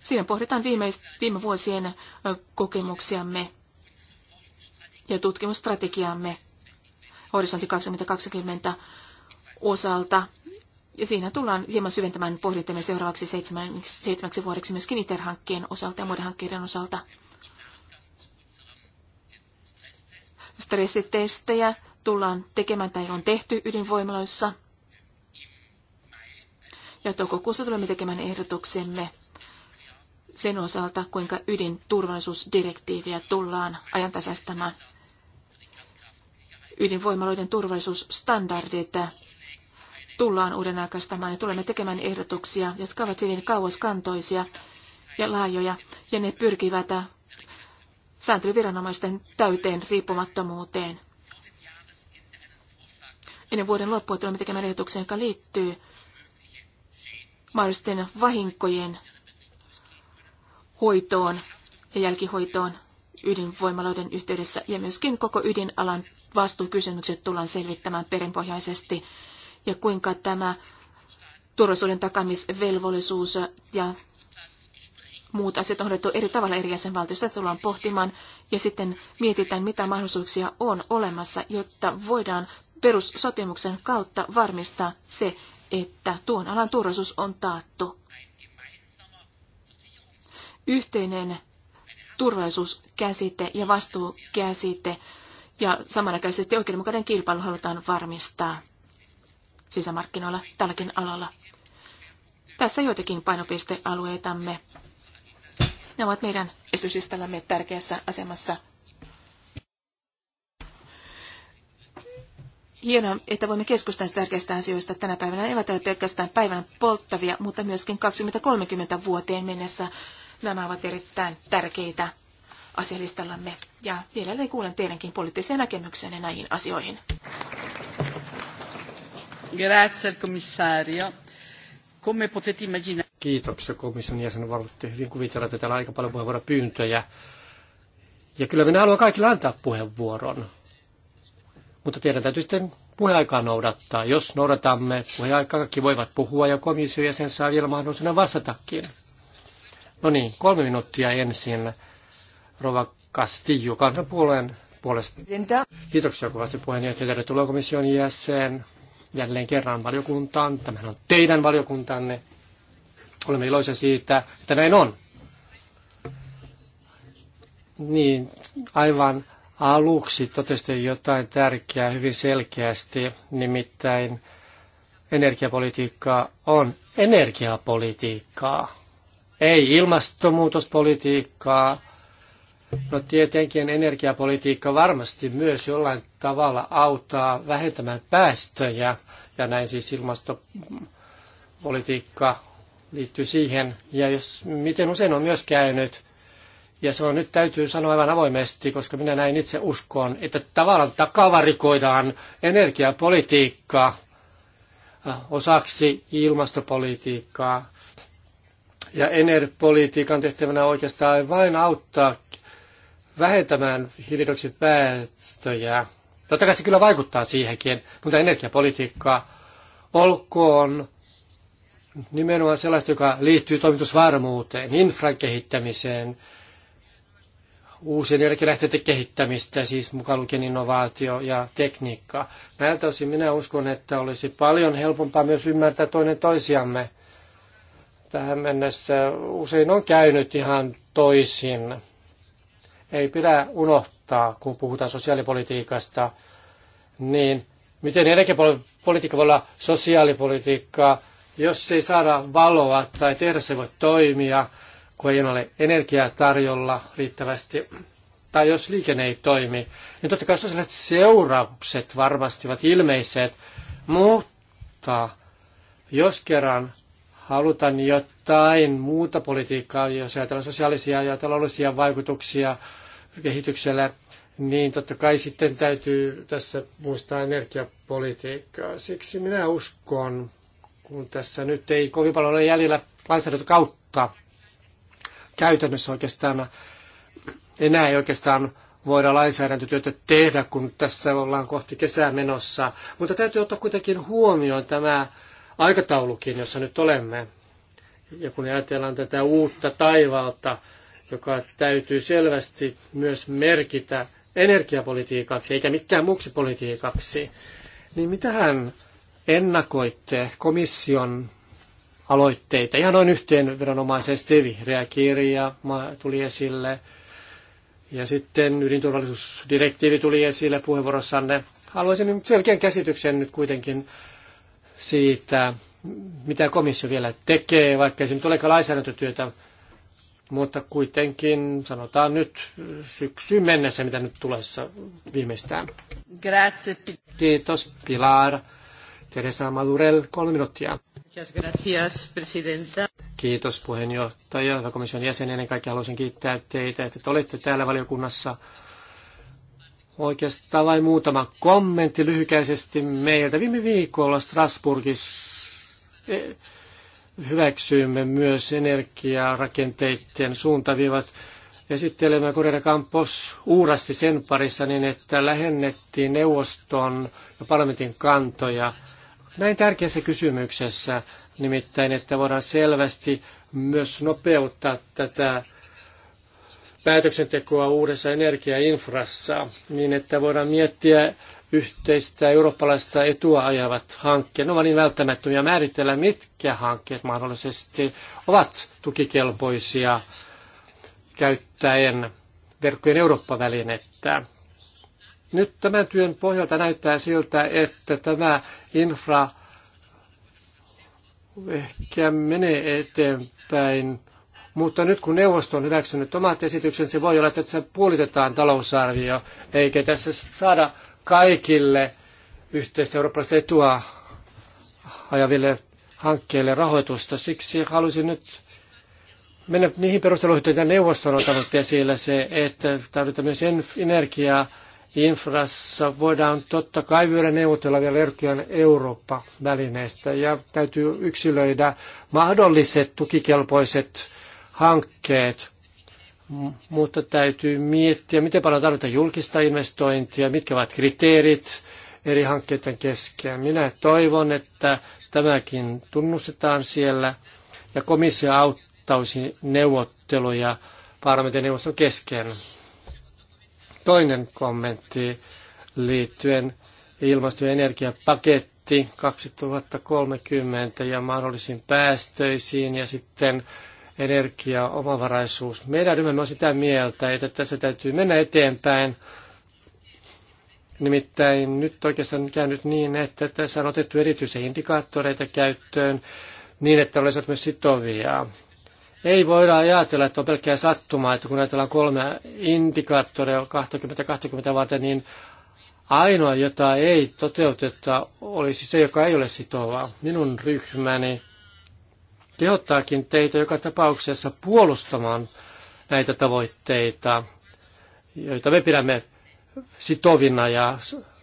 Siinä pohditaan viimeis, viime vuosien kokemuksiamme ja tutkimusstrategiamme horisontti 2020 osalta. Ja siinä tullaan hieman syventämään pohdintamme seuraavaksi seitsemäksi, seitsemäksi vuodeksi myöskin ITER-hankkeen osalta ja muiden hankkeiden osalta. Stressitestejä tullaan tekemään tai on tehty ydinvoimaloissa – ja toukokuussa tulemme tekemään ehdotuksemme sen osalta, kuinka ydinturvallisuusdirektiiviä tullaan ajantasaistamaan. Ydinvoimaloiden turvallisuusstandardit tullaan uuden aikaistamaan ja tulemme tekemään ehdotuksia, jotka ovat hyvin kauaskantoisia ja laajoja, ja ne pyrkivät sääntelyviranomaisten täyteen riippumattomuuteen. Ennen vuoden loppua tulemme tekemään ehdotuksen, joka liittyy mahdollisten vahinkojen hoitoon ja jälkihoitoon ydinvoimaloiden yhteydessä ja myöskin koko ydinalan vastuukysymykset tullaan selvittämään perinpohjaisesti ja kuinka tämä turvallisuuden takamisvelvollisuus ja muut asiat on hoidettu eri tavalla eri jäsenvaltioista tullaan pohtimaan ja sitten mietitään, mitä mahdollisuuksia on olemassa, jotta voidaan perussopimuksen kautta varmistaa se, että tuon alan turvallisuus on taattu. Yhteinen turvallisuuskäsite ja vastuukäsite ja samanaikaisesti oikeudenmukainen kilpailu halutaan varmistaa sisämarkkinoilla tälläkin alalla. Tässä joitakin painopistealueitamme. Ne ovat meidän esityslistallamme tärkeässä asemassa Hienoa, että voimme keskustella tärkeistä asioista tänä päivänä. Ne eivät ole pelkästään päivän polttavia, mutta myöskin 2030 vuoteen mennessä nämä ovat erittäin tärkeitä asialistallamme. Ja mielelläni kuulen teidänkin poliittisia näkemyksenne näihin asioihin. Grazie, commissario. Come potete immaginare... Kiitoksia komission jäsen. Varmasti hyvin kuvitella, että täällä on aika paljon puheenvuoropyyntöjä. Ja kyllä minä haluan kaikille antaa puheenvuoron mutta teidän täytyy sitten puheaikaa noudattaa. Jos noudatamme puheaikaa, kaikki voivat puhua ja komissio ja sen saa vielä mahdollisuuden vastatakin. No niin, kolme minuuttia ensin. Rova Castillo, kansanpuolueen puolesta. Kiitoksia kovasti puheenjohtaja. Tervetuloa komission jäsen jälleen kerran valiokuntaan. Tämähän on teidän valiokuntanne. Olemme iloisia siitä, että näin on. Niin, aivan aluksi totesitte jotain tärkeää hyvin selkeästi, nimittäin energiapolitiikkaa on energiapolitiikkaa, ei ilmastonmuutospolitiikkaa. No tietenkin energiapolitiikka varmasti myös jollain tavalla auttaa vähentämään päästöjä, ja näin siis ilmastopolitiikka liittyy siihen. Ja jos, miten usein on myös käynyt, ja se on nyt täytyy sanoa aivan avoimesti, koska minä näin itse uskoon, että tavallaan takavarikoidaan energiapolitiikkaa äh, osaksi ilmastopolitiikkaa. Ja energiapolitiikan tehtävänä oikeastaan vain auttaa vähentämään hiilidioksidipäästöjä. Totta kai se kyllä vaikuttaa siihenkin, mutta energiapolitiikka olkoon nimenomaan sellaista, joka liittyy toimitusvarmuuteen, infrakehittämiseen. kehittämiseen, uusien energialähteiden kehittämistä, siis mukaan lukien innovaatio ja tekniikka. Näiltä osin minä uskon, että olisi paljon helpompaa myös ymmärtää toinen toisiamme. Tähän mennessä usein on käynyt ihan toisin. Ei pidä unohtaa, kun puhutaan sosiaalipolitiikasta, niin miten energiapolitiikka voi olla sosiaalipolitiikkaa, jos ei saada valoa tai tehdä se voi toimia – kun ei ole energiaa tarjolla riittävästi, tai jos liikenne ei toimi, niin totta kai sosiaaliset seuraukset varmasti ovat ilmeiset, mutta jos kerran halutaan jotain muuta politiikkaa, jos ajatellaan sosiaalisia ja taloudellisia vaikutuksia kehitykselle, niin totta kai sitten täytyy tässä muistaa energiapolitiikkaa. Siksi minä uskon, kun tässä nyt ei kovin paljon ole jäljellä lainsäädäntökautta, käytännössä oikeastaan enää ei oikeastaan voida lainsäädäntötyötä tehdä, kun tässä ollaan kohti kesää menossa. Mutta täytyy ottaa kuitenkin huomioon tämä aikataulukin, jossa nyt olemme. Ja kun ajatellaan tätä uutta taivaalta, joka täytyy selvästi myös merkitä energiapolitiikaksi, eikä mitään muuksi politiikaksi, niin mitähän ennakoitte komission aloitteita. Ihan noin yhteen Stevi vihreä ja tuli esille. Ja sitten ydinturvallisuusdirektiivi tuli esille puheenvuorossanne. Haluaisin nyt selkeän käsityksen nyt kuitenkin siitä, mitä komissio vielä tekee, vaikka se nyt olekaan lainsäädäntötyötä, mutta kuitenkin sanotaan nyt syksyyn mennessä, mitä nyt tulessa viimeistään. Grazie. Kiitos Pilar. Teresa Madurel, kolme minuuttia. Kiitos puheenjohtaja, hyvä komission jäsen. Ennen kaikkea haluaisin kiittää teitä, että te olette täällä valiokunnassa. Oikeastaan vain muutama kommentti lyhykäisesti meiltä. Viime viikolla Strasbourgissa eh, hyväksyimme myös energiarakenteiden suuntaviivat esittelemme Correa Campos uurasti sen parissa niin, että lähennettiin neuvoston ja parlamentin kantoja – näin tärkeässä kysymyksessä, nimittäin että voidaan selvästi myös nopeuttaa tätä päätöksentekoa uudessa energiainfrassa, niin että voidaan miettiä yhteistä eurooppalaista etua ajavat hankkeet. Ne ovat niin välttämättömiä määritellä, mitkä hankkeet mahdollisesti ovat tukikelpoisia käyttäen verkkojen Eurooppa-välinettä. Nyt tämän työn pohjalta näyttää siltä, että tämä infra ehkä menee eteenpäin, mutta nyt kun neuvosto on hyväksynyt omat esityksensä, se voi olla, että se puolitetaan talousarvio, eikä tässä saada kaikille yhteistä eurooppalaista etua ajaville hankkeille rahoitusta. Siksi halusin nyt mennä niihin perusteluihin, joita neuvosto on ottanut esille, se, että tarvitaan myös energiaa infrassa voidaan totta kai vielä neuvotella vielä Erkian Eurooppa-välineestä ja täytyy yksilöidä mahdolliset tukikelpoiset hankkeet, mutta täytyy miettiä, miten paljon tarvitaan julkista investointia, mitkä ovat kriteerit eri hankkeiden kesken. Minä toivon, että tämäkin tunnustetaan siellä ja komissio auttaisi neuvotteluja parlamentin neuvoston kesken. Toinen kommentti liittyen ilmasto- ja energiapaketti 2030 ja mahdollisiin päästöisiin ja sitten energiaomavaraisuus. Meidän ryhmämme on sitä mieltä, että tässä täytyy mennä eteenpäin. Nimittäin nyt oikeastaan käynyt niin, että tässä on otettu erityisiä indikaattoreita käyttöön niin, että olisivat myös sitovia. Ei voida ajatella, että on pelkkää sattumaa, että kun ajatellaan kolme indikaattoria 20-20 varten, niin ainoa, jota ei toteuteta, olisi se, joka ei ole sitovaa. Minun ryhmäni kehottaakin teitä joka tapauksessa puolustamaan näitä tavoitteita, joita me pidämme sitovina ja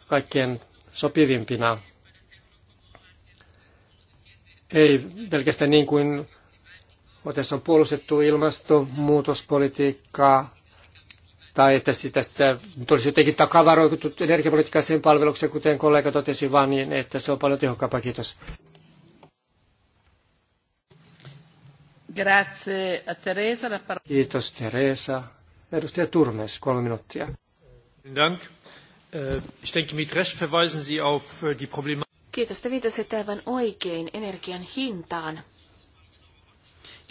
kaikkien sopivimpina. Ei pelkästään niin kuin tässä on puolustettu ilmastonmuutospolitiikkaa tai että tästä olisi jotenkin takavaroitettu energiapolitiikkaa sen palvelukseen, kuten kollega totesi, vaan niin, että se on paljon tehokkaampaa. Kiitos. Grazie Teresa. Kiitos Teresa. Edustaja Turmes, kolme minuuttia. Dank. Äh, ich denke, mit Recht verweisen Sie auf äh, die Problematik. Kiitos. Te viitasitte aivan oikein energian hintaan.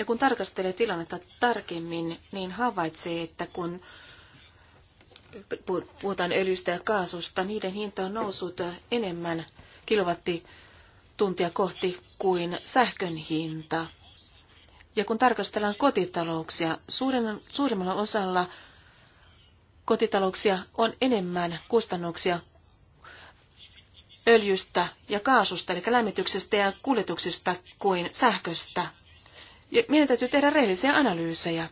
Ja kun tarkastelee tilannetta tarkemmin, niin havaitsee, että kun puhutaan öljystä ja kaasusta, niiden hinta on noussut enemmän kilowattituntia kohti kuin sähkön hinta. Ja kun tarkastellaan kotitalouksia, suurimmalla osalla kotitalouksia on enemmän kustannuksia öljystä ja kaasusta, eli lämmityksestä ja kuljetuksesta kuin sähköstä meidän täytyy tehdä rehellisiä analyysejä.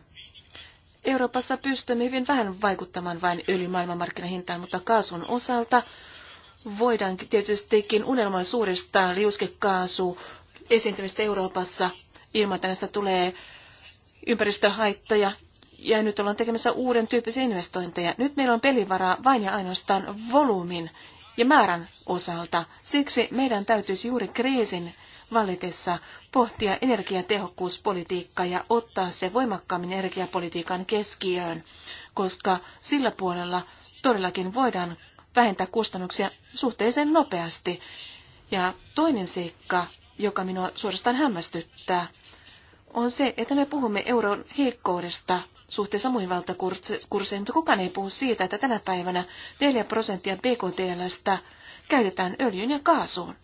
Euroopassa pystymme hyvin vähän vaikuttamaan vain öljymaailmanmarkkinahintaan, maailmanmarkkinahintaan, mutta kaasun osalta voidaan tietystikin unelman suurista liuskekaasu esiintymistä Euroopassa ilman, että näistä tulee ympäristöhaittoja. Ja nyt ollaan tekemässä uuden tyyppisiä investointeja. Nyt meillä on pelivaraa vain ja ainoastaan volyymin ja määrän osalta. Siksi meidän täytyisi juuri kriisin valitessa pohtia energiatehokkuuspolitiikkaa ja ottaa se voimakkaammin energiapolitiikan keskiöön, koska sillä puolella todellakin voidaan vähentää kustannuksia suhteellisen nopeasti. Ja toinen seikka, joka minua suorastaan hämmästyttää, on se, että me puhumme euron heikkoudesta suhteessa muihin valtakursseihin, mutta kukaan ei puhu siitä, että tänä päivänä 4 prosenttia BKTLstä käytetään öljyyn ja kaasuun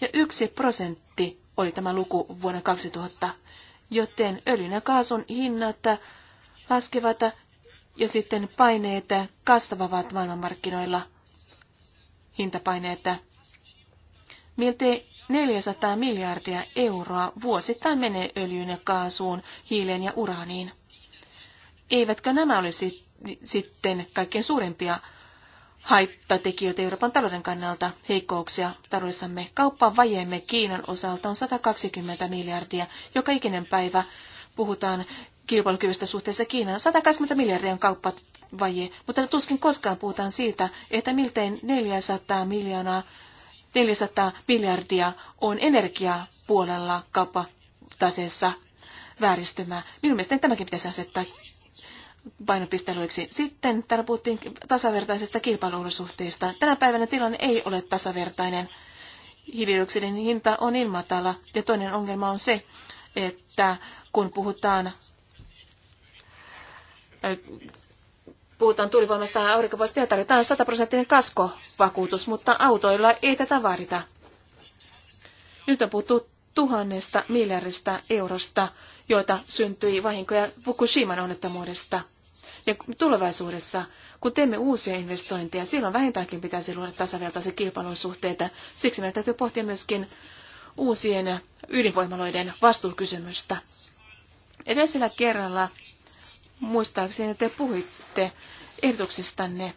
ja yksi prosentti oli tämä luku vuonna 2000, joten öljyn ja kaasun hinnat laskevat ja sitten paineet kasvavat maailmanmarkkinoilla, hintapaineet. Miltei 400 miljardia euroa vuosittain menee öljyyn ja kaasuun, hiileen ja uraaniin. Eivätkö nämä olisi sitten kaikkein suurempia? haittatekijöitä Euroopan talouden kannalta, heikkouksia taloudessamme. vajeemme Kiinan osalta on 120 miljardia. Joka ikinen päivä puhutaan kilpailukyvystä suhteessa Kiinaan. 120 miljardia on kauppavaje, mutta tuskin koskaan puhutaan siitä, että miltei 400 miljoonaa 400 miljardia on energiapuolella kauppataseessa vääristymää. Minun mielestäni tämäkin pitäisi asettaa painopistealueeksi. Sitten täällä puhuttiin tasavertaisesta kilpailuolosuhteista. Tänä päivänä tilanne ei ole tasavertainen. Hiilidioksidin hinta on ilmatala. Ja toinen ongelma on se, että kun puhutaan puhutaan tuulivoimasta ja aurinkovoimasta ja tarvitaan 100 prosenttinen kaskovakuutus, mutta autoilla ei tätä vaadita. Nyt on puhuttu tuhannesta miljardista eurosta, joita syntyi vahinkoja Fukushiman onnettomuudesta. Ja tulevaisuudessa, kun teemme uusia investointeja, silloin vähintäänkin pitäisi luoda tasavertaiset kilpailusuhteita. Siksi meidän täytyy pohtia myöskin uusien ydinvoimaloiden vastuukysymystä. Edellisellä kerralla muistaakseni te puhuitte ehdotuksestanne,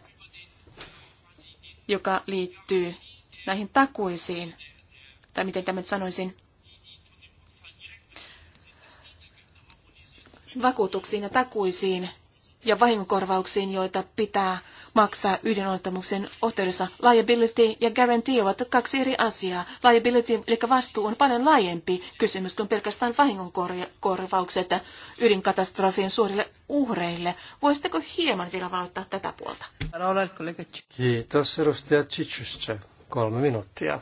joka liittyy näihin takuisiin, tai miten tämä nyt sanoisin, vakuutuksiin ja takuisiin ja vahingonkorvauksiin, joita pitää maksaa ydinonnettomuuksien ohteudessa. Liability ja guarantee ovat kaksi eri asiaa. Liability, eli vastuu, on paljon laajempi kysymys kuin pelkästään vahingonkorvaukset ydinkatastrofien suurille uhreille. Voisitteko hieman vielä valottaa tätä puolta? Kiitos, edustaja Chichusche. Kolme minuuttia.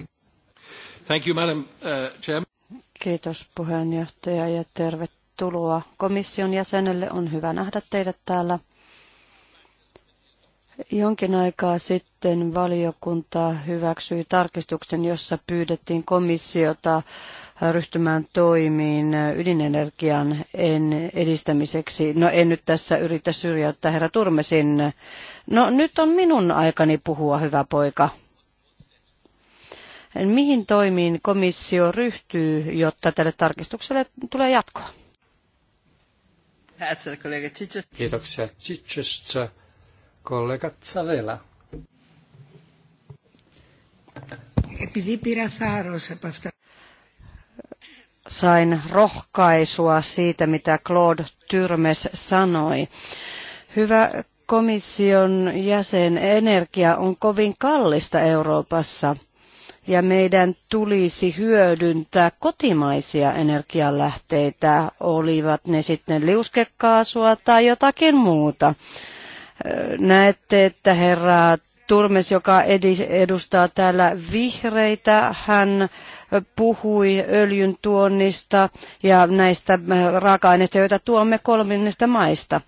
Thank you, Madam uh, Kiitos puheenjohtaja ja tervetuloa Tervetuloa komission jäsenelle. On hyvä nähdä teidät täällä. Jonkin aikaa sitten valiokunta hyväksyi tarkistuksen, jossa pyydettiin komissiota ryhtymään toimiin ydinenergian edistämiseksi. No en nyt tässä yritä syrjäyttää herra Turmesin. No nyt on minun aikani puhua, hyvä poika. Mihin toimiin komissio ryhtyy, jotta tälle tarkistukselle tulee jatkoa? Kiitoksia Chichester. kollega Savela. sain rohkaisua siitä, mitä Claude Tyrmes sanoi. Hyvä komission jäsen, energia on kovin kallista Euroopassa ja meidän tulisi hyödyntää kotimaisia energialähteitä, olivat ne sitten liuskekaasua tai jotakin muuta. Näette, että herra Turmes, joka edustaa täällä vihreitä, hän puhui öljyn tuonnista ja näistä raaka-aineista, joita tuomme kolmannesta maista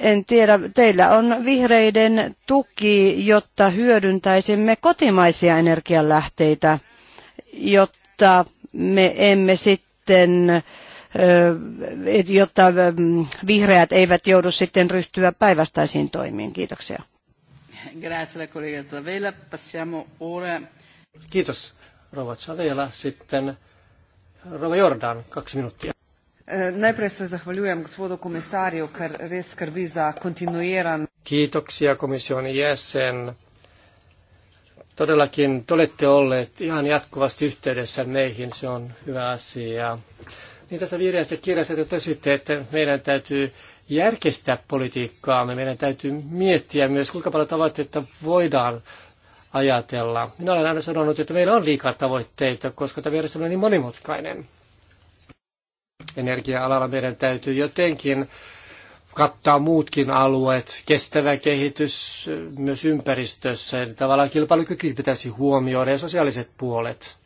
en tiedä, teillä on vihreiden tuki, jotta hyödyntäisimme kotimaisia energialähteitä, jotta me emme sitten jotta vihreät eivät joudu sitten ryhtyä päivästäisiin toimiin. Kiitoksia. Kiitos, rouva Savela. Sitten rouva Jordan, kaksi minuuttia. Najprej se zahvaljujem gospodu komisarju, ker res skrbi za kontinuiran. Kiitoksia komission jäsen. Todellakin te olette olleet ihan jatkuvasti yhteydessä meihin, se on hyvä asia. Niin tässä vihreästä kirjasta te totesitte, että meidän täytyy järkistää politiikkaa, meidän täytyy miettiä myös, kuinka paljon tavoitteita voidaan ajatella. Minä olen aina sanonut, että meillä on liikaa tavoitteita, koska tämä järjestelmä on niin monimutkainen. Energia-alalla meidän täytyy jotenkin kattaa muutkin alueet, kestävä kehitys myös ympäristössä. Eli tavallaan kilpailukyky pitäisi huomioida ja sosiaaliset puolet.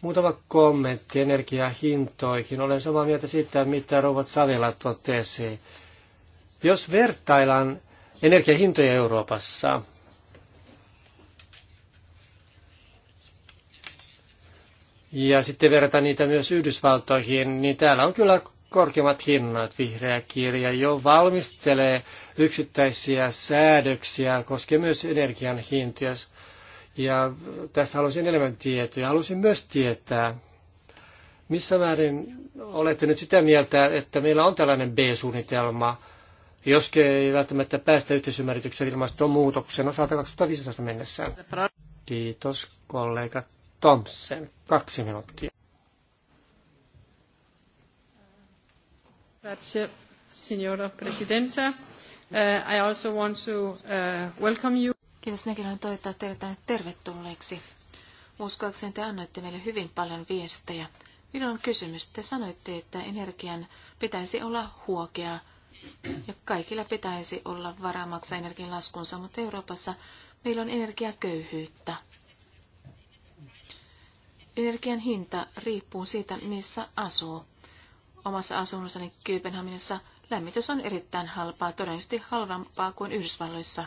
Muutama kommentti energiahintoihin. Olen samaa mieltä siitä, mitä Rovat Savila totesi. Jos vertaillaan energiahintoja Euroopassa, ja sitten verrata niitä myös Yhdysvaltoihin, niin täällä on kyllä korkeimmat hinnat. Vihreä kirja jo valmistelee yksittäisiä säädöksiä, koskee myös energian hintoja. Ja tästä haluaisin enemmän tietoja. Haluaisin myös tietää, missä määrin olette nyt sitä mieltä, että meillä on tällainen B-suunnitelma, jos ei välttämättä päästä yhteisymmärrykseen ilmastonmuutoksen osalta 2015 mennessä. Kiitos kollegat Thompson, kaksi minuuttia. Grazie, signora Presidenza. Uh, I also want to uh, welcome you. Kiitos, minäkin haluan toivottaa teille tänne tervetulleeksi. Uskoakseni te annoitte meille hyvin paljon viestejä. Minun on kysymys. Te sanoitte, että energian pitäisi olla huokea ja kaikilla pitäisi olla varaa maksaa energian laskunsa, mutta Euroopassa meillä on energiaköyhyyttä. Energian hinta riippuu siitä, missä asuu. Omassa asunnossani Kööpenhaminassa lämmitys on erittäin halpaa, todennäköisesti halvempaa kuin Yhdysvalloissa.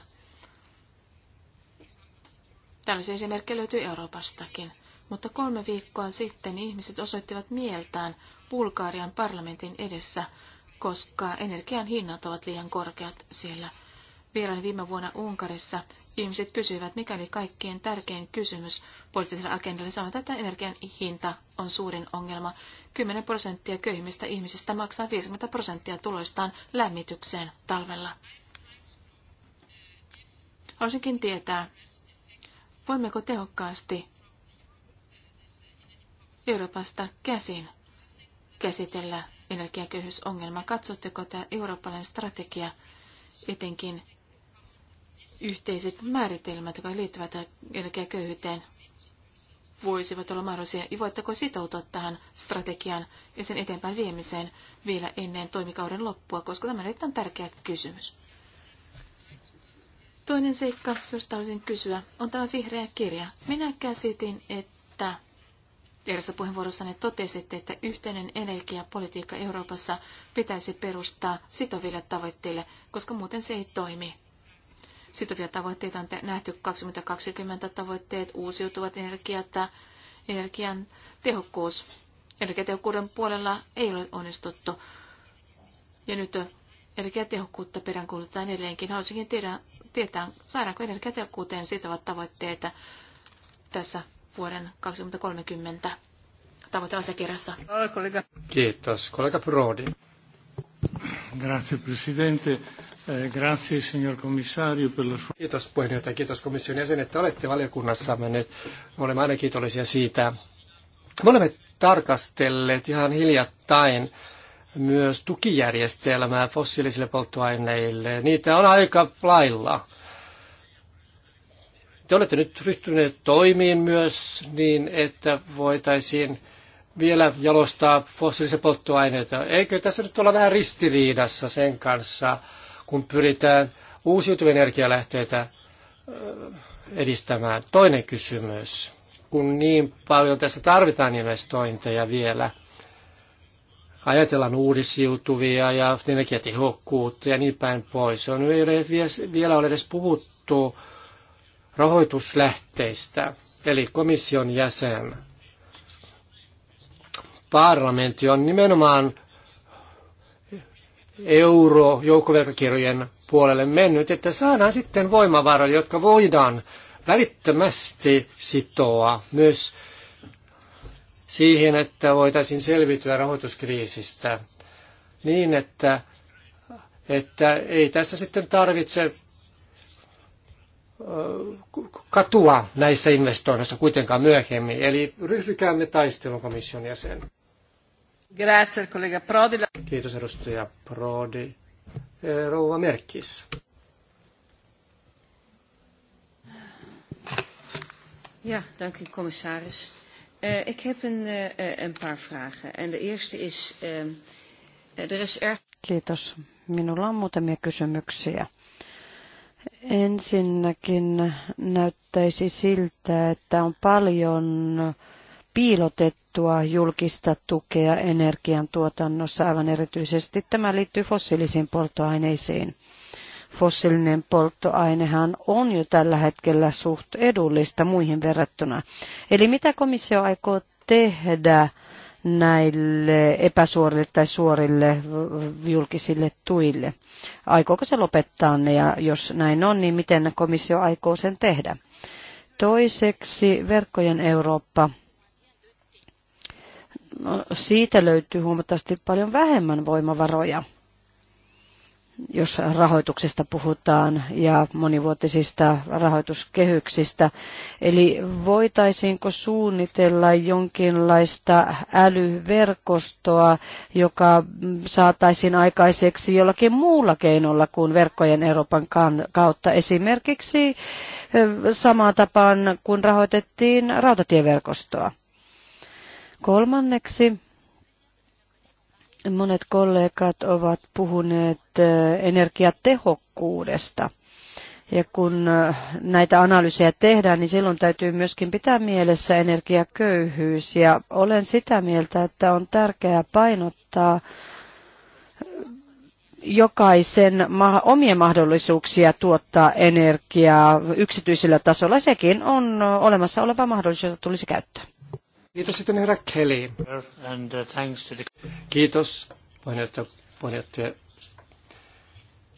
Tällaisia esimerkkejä löytyy Euroopastakin. Mutta kolme viikkoa sitten ihmiset osoittivat mieltään Bulgarian parlamentin edessä, koska energian hinnat ovat liian korkeat siellä. Vielä viime vuonna Unkarissa ihmiset kysyivät, mikä oli kaikkien tärkein kysymys poliittisella agendalle. Sanotaan, että energian hinta on suurin ongelma. 10 prosenttia köyhimmistä ihmisistä maksaa 50 prosenttia tuloistaan lämmitykseen talvella. Haluaisinkin tietää, voimmeko tehokkaasti Euroopasta käsin käsitellä energiaköyhyysongelma. Katsotteko tämä eurooppalainen strategia etenkin yhteiset määritelmät, jotka liittyvät energiaköyhyyteen, voisivat olla mahdollisia. Ja voitteko sitoutua tähän strategiaan ja sen eteenpäin viemiseen vielä ennen toimikauden loppua, koska tämä on erittäin tärkeä kysymys. Toinen seikka, josta haluaisin kysyä, on tämä vihreä kirja. Minä käsitin, että Erässä puheenvuorossanne totesitte, että yhteinen energiapolitiikka Euroopassa pitäisi perustaa sitoville tavoitteille, koska muuten se ei toimi sitovia tavoitteita on nähty 2020 tavoitteet, uusiutuvat energiat, energian tehokkuus. Energiatehokkuuden puolella ei ole onnistuttu. Ja nyt energiatehokkuutta peräänkuulutetaan edelleenkin. Haluaisinkin tiedä, tietää, saadaanko energiatehokkuuteen sitovat tavoitteet tässä vuoden 2030 tavoiteasiakirjassa. Kiitos. Kollega Prodi. Grazie, Presidente. Eh, grazie, signor commissario, per la... Kiitos puheenjohtaja, kiitos komission jäsen, että olette valiokunnassamme nyt. Me olemme aina kiitollisia siitä. Me olemme tarkastelleet ihan hiljattain myös tukijärjestelmää fossiilisille polttoaineille. Niitä on aika lailla. Te olette nyt ryhtyneet toimiin myös niin, että voitaisiin vielä jalostaa fossiilisia polttoaineita. Eikö tässä nyt olla vähän ristiriidassa sen kanssa, kun pyritään uusiutuvia energialähteitä edistämään. Toinen kysymys, kun niin paljon tässä tarvitaan investointeja vielä, ajatellaan uudisiutuvia ja energiatehokkuutta ja niin päin pois. On ei vielä ole edes puhuttu rahoituslähteistä, eli komission jäsen. Parlamentti on nimenomaan euro joukkovelkakirjojen puolelle mennyt, että saadaan sitten voimavaroja, jotka voidaan välittömästi sitoa myös siihen, että voitaisiin selviytyä rahoituskriisistä niin, että, että ei tässä sitten tarvitse katua näissä investoinnissa kuitenkaan myöhemmin. Eli ryhdykäämme taistelun komission jäsen. Grazie, kollega Prodi. Kiitos edustaja Prodi. Eh, rouva Merkis. Ja, dank u commissaris. Uh, ik heb een, uh, een paar vragen. En de eerste is, uh, er is erg... Kiitos. Minulla on muutamia kysymyksiä. Ensinnäkin näyttäisi siltä, että on paljon piilotettu kohdennettua julkista tukea energiantuotannossa, aivan erityisesti tämä liittyy fossiilisiin polttoaineisiin. Fossiilinen polttoainehan on jo tällä hetkellä suht edullista muihin verrattuna. Eli mitä komissio aikoo tehdä näille epäsuorille tai suorille julkisille tuille? Aikooko se lopettaa ne ja jos näin on, niin miten komissio aikoo sen tehdä? Toiseksi verkkojen Eurooppa no, siitä löytyy huomattavasti paljon vähemmän voimavaroja, jos rahoituksesta puhutaan ja monivuotisista rahoituskehyksistä. Eli voitaisiinko suunnitella jonkinlaista älyverkostoa, joka saataisiin aikaiseksi jollakin muulla keinolla kuin verkkojen Euroopan kautta, esimerkiksi samaan tapaan, kun rahoitettiin rautatieverkostoa? Kolmanneksi monet kollegat ovat puhuneet energiatehokkuudesta. Ja kun näitä analyysejä tehdään, niin silloin täytyy myöskin pitää mielessä energiaköyhyys. Ja olen sitä mieltä, että on tärkeää painottaa jokaisen omia mahdollisuuksia tuottaa energiaa yksityisellä tasolla. Sekin on olemassa oleva mahdollisuus, jota tulisi käyttää. Kiitos sitten herra Kelly. And, uh, the... Kiitos puheenjohtaja, puheenjohtaja.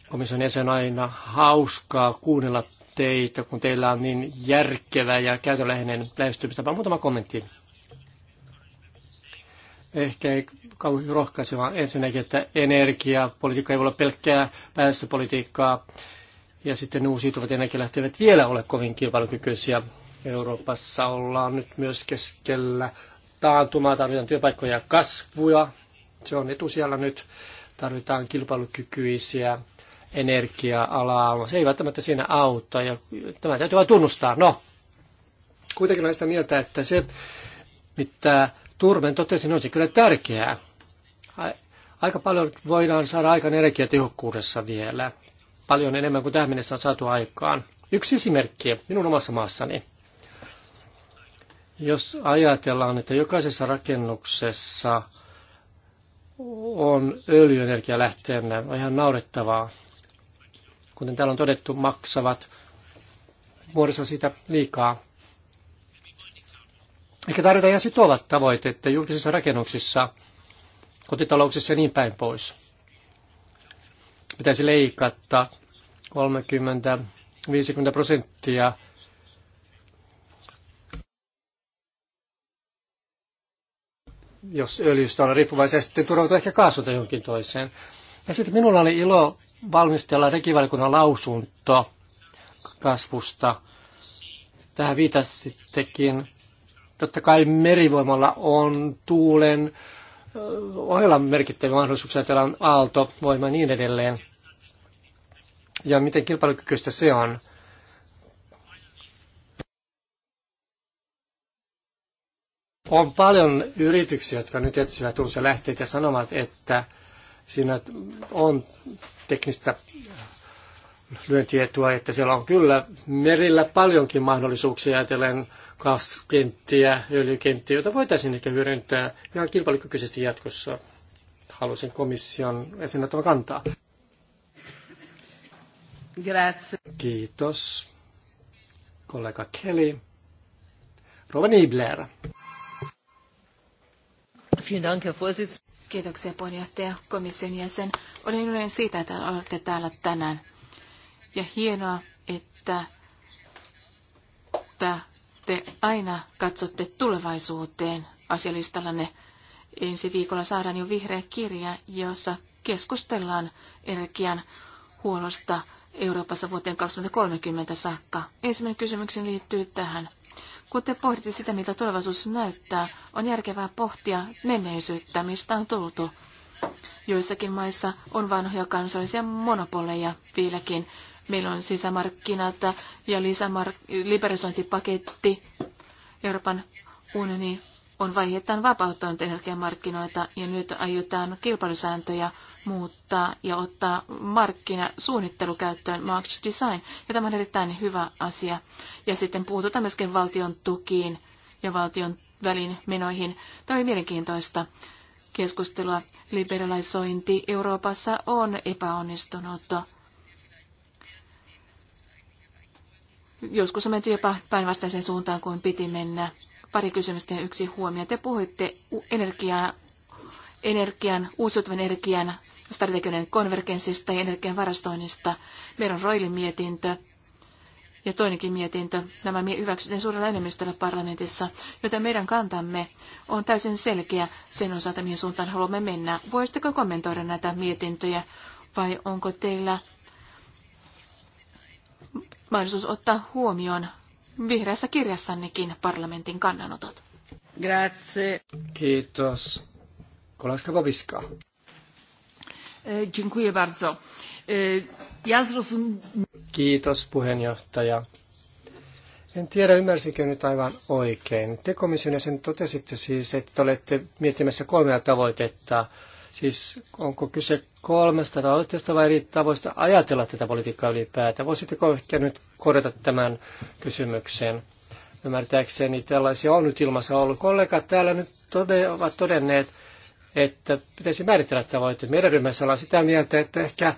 Komission jäsen aina hauskaa kuunnella teitä, kun teillä on niin järkevä ja käytöläheinen lähestymistapa. Muutama kommentti. Ehkä ei kauhean vaan ensinnäkin, että energiapolitiikka ei voi olla pelkkää päästöpolitiikkaa. Ja sitten uusiutuvat energialähteet vielä ole kovin kilpailukykyisiä Euroopassa ollaan nyt myös keskellä taantumaa, tarvitaan työpaikkoja ja kasvua. Se on etusijalla nyt. Tarvitaan kilpailukykyisiä energia-alaa. No, se ei välttämättä siinä auta ja tämä täytyy vain tunnustaa. No, kuitenkin olen sitä mieltä, että se, mitä Turmen totesin, no, on se kyllä tärkeää. Aika paljon voidaan saada aikaan energiatehokkuudessa vielä. Paljon enemmän kuin tähän mennessä on saatu aikaan. Yksi esimerkki minun omassa maassani. Jos ajatellaan, että jokaisessa rakennuksessa on öljyenergia lähteenä, on ihan naurettavaa. Kuten täällä on todettu, maksavat muodossa sitä liikaa. Ehkä tarvitaan ihan sitovat tavoitteet julkisissa rakennuksissa, kotitalouksissa ja niin päin pois. Pitäisi leikata 30-50 prosenttia jos öljystä on riippuvaisia, sitten turvautua ehkä kaasuta johonkin toiseen. Ja sitten minulla oli ilo valmistella rekivalikunnan lausunto kasvusta. Tähän viitasittekin. Totta kai merivoimalla on tuulen ohella merkittäviä mahdollisuuksia, että on aaltovoima ja niin edelleen. Ja miten kilpailukykyistä se on. On paljon yrityksiä, jotka nyt etsivät uusia lähteitä ja sanovat, että siinä on teknistä lyöntietoa, että siellä on kyllä merillä paljonkin mahdollisuuksia ajatellen kaskenttiä, öljykenttiä, joita voitaisiin ehkä hyödyntää ihan kilpailukykyisesti jatkossa. Haluaisin komission esiin kantaa. Grazie. Kiitos. Kollega Kelly. Rova Niblera. Kiitoksia puheenjohtaja, komission jäsen. Olen iloinen siitä, että olette täällä tänään. Ja hienoa, että, että te aina katsotte tulevaisuuteen asialistallanne. Ensi viikolla saadaan jo vihreä kirja, jossa keskustellaan energian huolosta Euroopassa vuoteen 2030 saakka. Ensimmäinen kysymykseni liittyy tähän. Kun te pohditte sitä, mitä tulevaisuus näyttää, on järkevää pohtia menneisyyttä, mistä on tultu. Joissakin maissa on vanhoja kansallisia monopoleja vieläkin. Meillä on sisämarkkinat ja lisämark- liberalisointipaketti. Euroopan unioni on vaiheittain vapauttanut energiamarkkinoita ja nyt aiotaan kilpailusääntöjä muuttaa ja ottaa markkinasuunnittelu käyttöön marks design. Ja tämä on erittäin hyvä asia. Ja sitten puututaan myöskin valtion tukiin ja valtion välin menoihin. Tämä oli mielenkiintoista keskustelua. Liberalisointi Euroopassa on epäonnistunut. Joskus on menty jopa päinvastaiseen suuntaan kuin piti mennä. Pari kysymystä ja yksi huomio. Te puhuitte energia, energian, uusiutuvan energian strateginen konvergenssista ja energian varastoinnista. Meillä on Roilin mietintö ja toinenkin mietintö. Nämä hyväksytään suurella enemmistöllä parlamentissa, joten meidän kantamme on täysin selkeä sen osalta, mihin suuntaan haluamme mennä. Voisitteko kommentoida näitä mietintöjä vai onko teillä mahdollisuus ottaa huomioon vihreässä kirjassannekin parlamentin kannanotot. Grazie. Kiitos. Kolaska Babiska. E, dziękuję bardzo. E, ja Kiitos puheenjohtaja. En tiedä, ymmärsikö nyt aivan oikein. Te komission jäsen totesitte siis, että olette miettimässä kolmea tavoitetta Siis onko kyse kolmesta tavoitteesta vai eri tavoista ajatella tätä politiikkaa ylipäätään? Voisitteko ehkä nyt korjata tämän kysymyksen? Ymmärtääkseni tällaisia on nyt ilmassa ollut. Kollegat täällä nyt tode, ovat todenneet, että pitäisi määritellä tavoitteet. Meidän ryhmässä ollaan sitä mieltä, että ehkä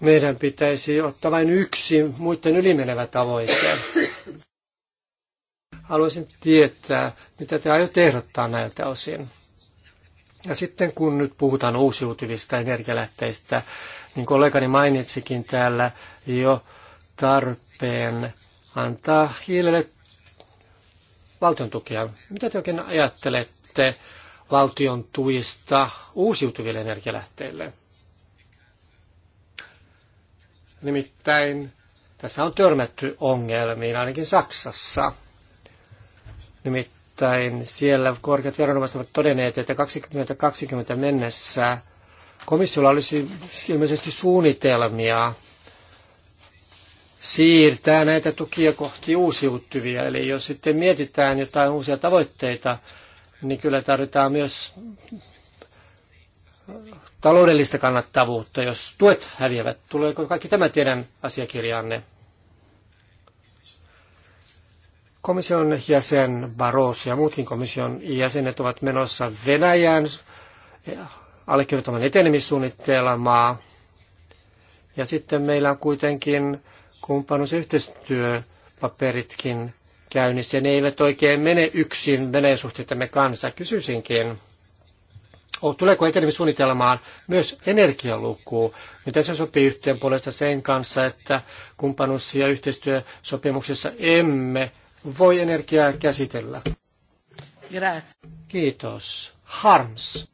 meidän pitäisi ottaa vain yksi muiden ylimenevä tavoite. Haluaisin tietää, mitä te aiotte ehdottaa näiltä osin. Ja sitten kun nyt puhutaan uusiutuvista energialähteistä, niin kollegani mainitsikin täällä jo tarpeen antaa hiilelle valtion tukia. Mitä te oikein ajattelette valtion tuista uusiutuville energialähteille? Nimittäin tässä on törmätty ongelmiin, ainakin Saksassa. Nimittäin Nimittäin siellä korkeat veronomaiset ovat todenneet, että 2020 mennessä komissiolla olisi ilmeisesti suunnitelmia siirtää näitä tukia kohti uusiutuvia. Eli jos sitten mietitään jotain uusia tavoitteita, niin kyllä tarvitaan myös taloudellista kannattavuutta. Jos tuet häviävät, tuleeko kaikki tämä teidän asiakirjaanne? Komission jäsen Barros ja muutkin komission jäsenet ovat menossa Venäjään allekirjoittamaan etenemissuunnitelmaa. Ja sitten meillä on kuitenkin kumppanuus- ja yhteistyöpaperitkin käynnissä, ne eivät oikein mene yksin Venäjän suhteittemme kanssa. Kysyisinkin, tuleeko etenemissuunnitelmaan myös energialuku? Miten se sopii yhteen puolesta sen kanssa, että kumppanuus- ja yhteistyösopimuksessa emme voi energiaa käsitellä. Grazie. Kiitos. Harms.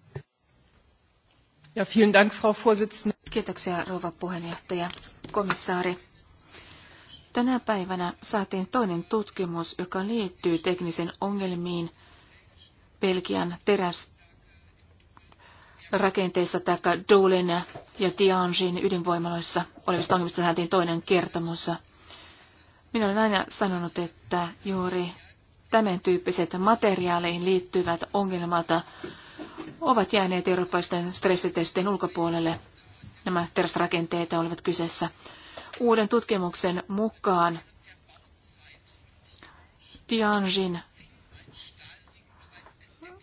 Ja vielen Dank, Frau Vorsitzende. Kiitoksia, rouva puheenjohtaja, komissaari. Tänä päivänä saatiin toinen tutkimus, joka liittyy teknisen ongelmiin Belgian teräs rakenteissa tai Doulin ja Tianjin ydinvoimaloissa olevista ongelmista saatiin toinen kertomus. Minä olen aina sanonut, että juuri tämän tyyppiset materiaaleihin liittyvät ongelmat ovat jääneet eurooppalaisten stressitestien ulkopuolelle. Nämä terästrakenteet olivat kyseessä. Uuden tutkimuksen mukaan Tianjin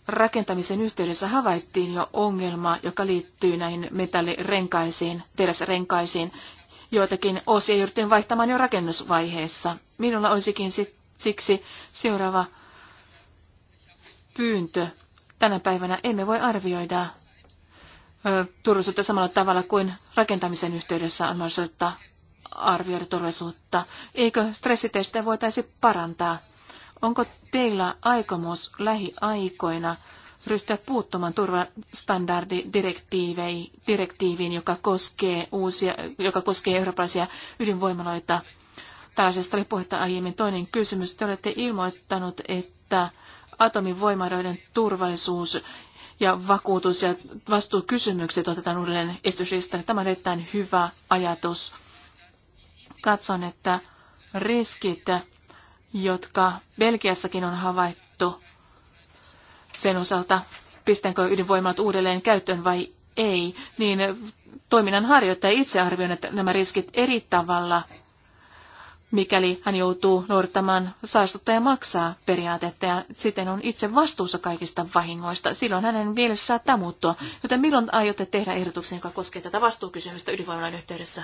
rakentamisen yhteydessä havaittiin jo ongelma, joka liittyy näihin metallirenkaisiin, teräsrenkaisiin, joitakin osia jouduttiin vaihtamaan jo rakennusvaiheessa. Minulla olisikin siksi seuraava pyyntö. Tänä päivänä emme voi arvioida turvallisuutta samalla tavalla kuin rakentamisen yhteydessä on mahdollista arvioida turvallisuutta. Eikö stressitestejä voitaisi parantaa? Onko teillä aikomus lähiaikoina – ryhtyä puuttumaan turvastandardidirektiiviin, joka koskee, uusia, joka koskee eurooppalaisia ydinvoimaloita. Tällaisesta oli puhetta aiemmin. Toinen kysymys. Te olette ilmoittanut, että atomivoimaroiden turvallisuus ja vakuutus- ja vastuukysymykset otetaan uudelleen esityslistalle. Tämä on erittäin hyvä ajatus. Katson, että riskit, jotka Belgiassakin on havaittu, sen osalta, pistänkö ydinvoimat uudelleen käyttöön vai ei, niin toiminnan harjoittaja itse arvioi nämä riskit eri tavalla, mikäli hän joutuu noudattamaan saastuttaja maksaa periaatetta ja siten on itse vastuussa kaikista vahingoista. Silloin hänen mielessä saattaa muuttua. Joten milloin aiotte tehdä ehdotuksen, joka koskee tätä vastuukysymystä ydinvoimalan yhteydessä?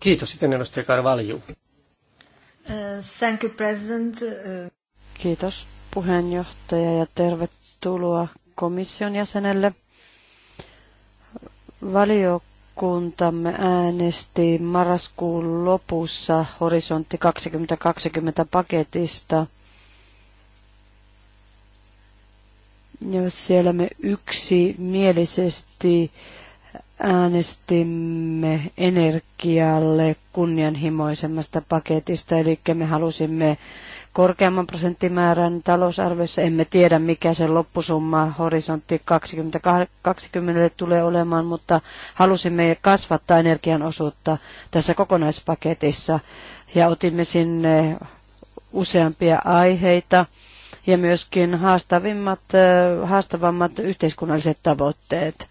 Kiitos. Sitten edustaja Karvalju. Uh, thank you, President. Uh... Kiitos puheenjohtaja ja tervetuloa komission jäsenelle. Valiokuntamme äänesti marraskuun lopussa Horisontti 2020 paketista. Ja siellä me yksimielisesti äänestimme energialle kunnianhimoisemmasta paketista, eli me halusimme korkeamman prosenttimäärän talousarviossa. Emme tiedä, mikä se loppusumma horisontti 2020 tulee olemaan, mutta halusimme kasvattaa energian osuutta tässä kokonaispaketissa ja otimme sinne useampia aiheita ja myöskin haastavimmat, äh, haastavammat yhteiskunnalliset tavoitteet.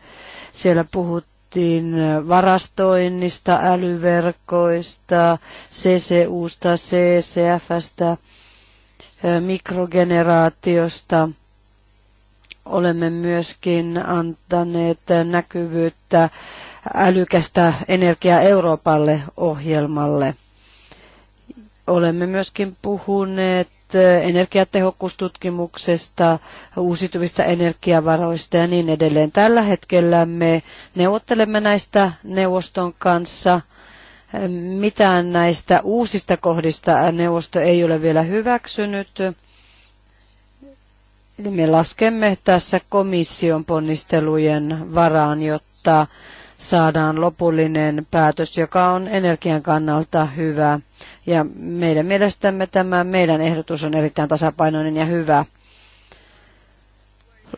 Siellä puhuttiin varastoinnista, älyverkoista, CCUsta, CCFstä mikrogeneraatiosta. Olemme myöskin antaneet näkyvyyttä älykästä energia Euroopalle ohjelmalle. Olemme myöskin puhuneet energiatehokkuustutkimuksesta, uusiutuvista energiavaroista ja niin edelleen. Tällä hetkellä me neuvottelemme näistä neuvoston kanssa – mitään näistä uusista kohdista neuvosto ei ole vielä hyväksynyt. Eli me laskemme tässä komission ponnistelujen varaan, jotta saadaan lopullinen päätös, joka on energian kannalta hyvä. Ja meidän mielestämme tämä meidän ehdotus on erittäin tasapainoinen ja hyvä.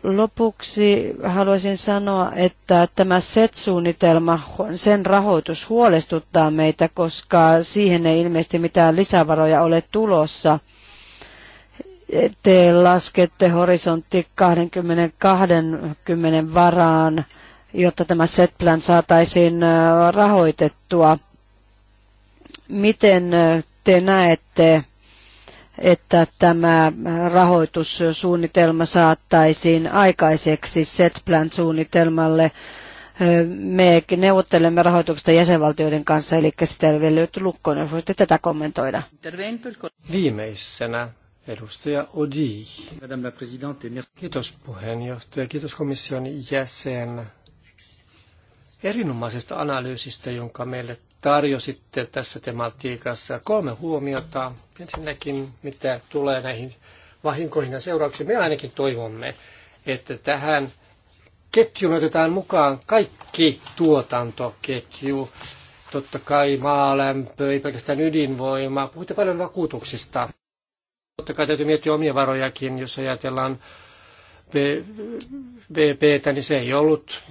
Lopuksi haluaisin sanoa, että tämä SET-suunnitelma, sen rahoitus huolestuttaa meitä, koska siihen ei ilmeisesti mitään lisävaroja ole tulossa. Te laskette horisontti 20-20 varaan, jotta tämä SET-plan saataisiin rahoitettua. Miten te näette että tämä rahoitussuunnitelma saattaisiin aikaiseksi SETPLAN-suunnitelmalle. Me neuvottelemme rahoituksesta jäsenvaltioiden kanssa, eli sitä ei vielä löyty lukkoon, jos voisitte tätä kommentoida. Viimeisenä edustaja Odi. Kiitos puheenjohtaja, kiitos komission jäsen erinomaisesta analyysistä, jonka meille tarjositte tässä tematiikassa. Kolme huomiota. Ensinnäkin, mitä tulee näihin vahinkoihin ja seurauksiin. Me ainakin toivomme, että tähän ketjun otetaan mukaan kaikki tuotantoketju. Totta kai maalämpö, ei pelkästään ydinvoima. Puhutte paljon vakuutuksista. Totta kai täytyy miettiä omia varojakin, jos ajatellaan BPtä, niin se ei ollut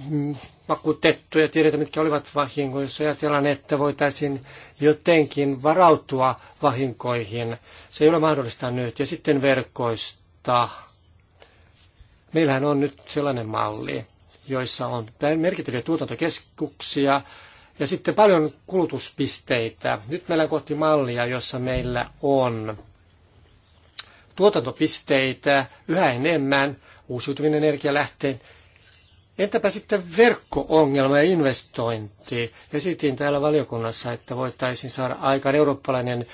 vakuutettu ja tiedetä, mitkä olivat vahinkoja. Jos ajatellaan, että voitaisiin jotenkin varautua vahinkoihin, se ei ole mahdollista nyt. Ja sitten verkoista. Meillähän on nyt sellainen malli, joissa on merkittäviä tuotantokeskuksia ja sitten paljon kulutuspisteitä. Nyt meillä on kohti mallia, jossa meillä on tuotantopisteitä yhä enemmän uusiutuvien energialähteen Entäpä sitten verkko-ongelma ja investointi? Esitin täällä valiokunnassa, että voitaisiin saada aikaan eurooppalainen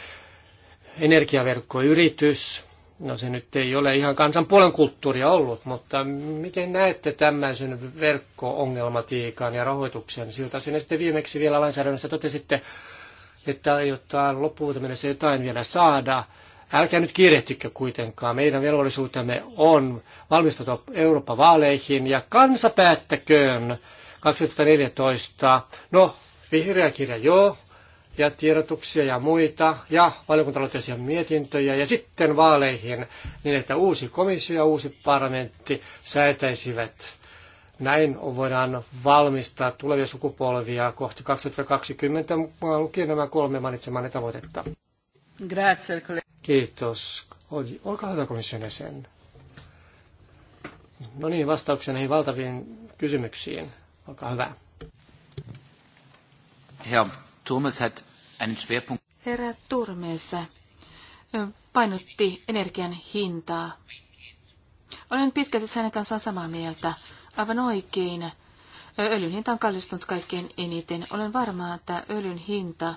energiaverkkoyritys. No se nyt ei ole ihan kansan puolen kulttuuria ollut, mutta miten näette tämmöisen verkko-ongelmatiikan ja rahoituksen? Siltä osin sitten viimeksi vielä lainsäädännössä totesitte, että aiotaan loppuvuoteen mennessä jotain vielä saada – Älkää nyt kiirehtikö kuitenkaan. Meidän velvollisuutemme on valmistautua Eurooppa-vaaleihin ja kansa päättäköön 2014. No, vihreä kirja joo, ja tiedotuksia ja muita, ja valiokuntaloitteisia mietintöjä, ja sitten vaaleihin, niin että uusi komissio ja uusi parlamentti säätäisivät. Näin voidaan valmistaa tulevia sukupolvia kohti 2020, mukaan lukien nämä kolme mainitsemani tavoitetta. Grazie. Kiitos. Olkaa hyvä komission jäsen. No niin, vastauksia näihin valtaviin kysymyksiin. Olkaa hyvä. Herr Turmes hat einen Schwerpunkt. Herra Turmes painotti energian hintaa. Olen pitkälti hänen kanssaan samaa mieltä. Aivan oikein. Öljyn hinta on kallistunut kaikkein eniten. Olen varma, että öljyn hinta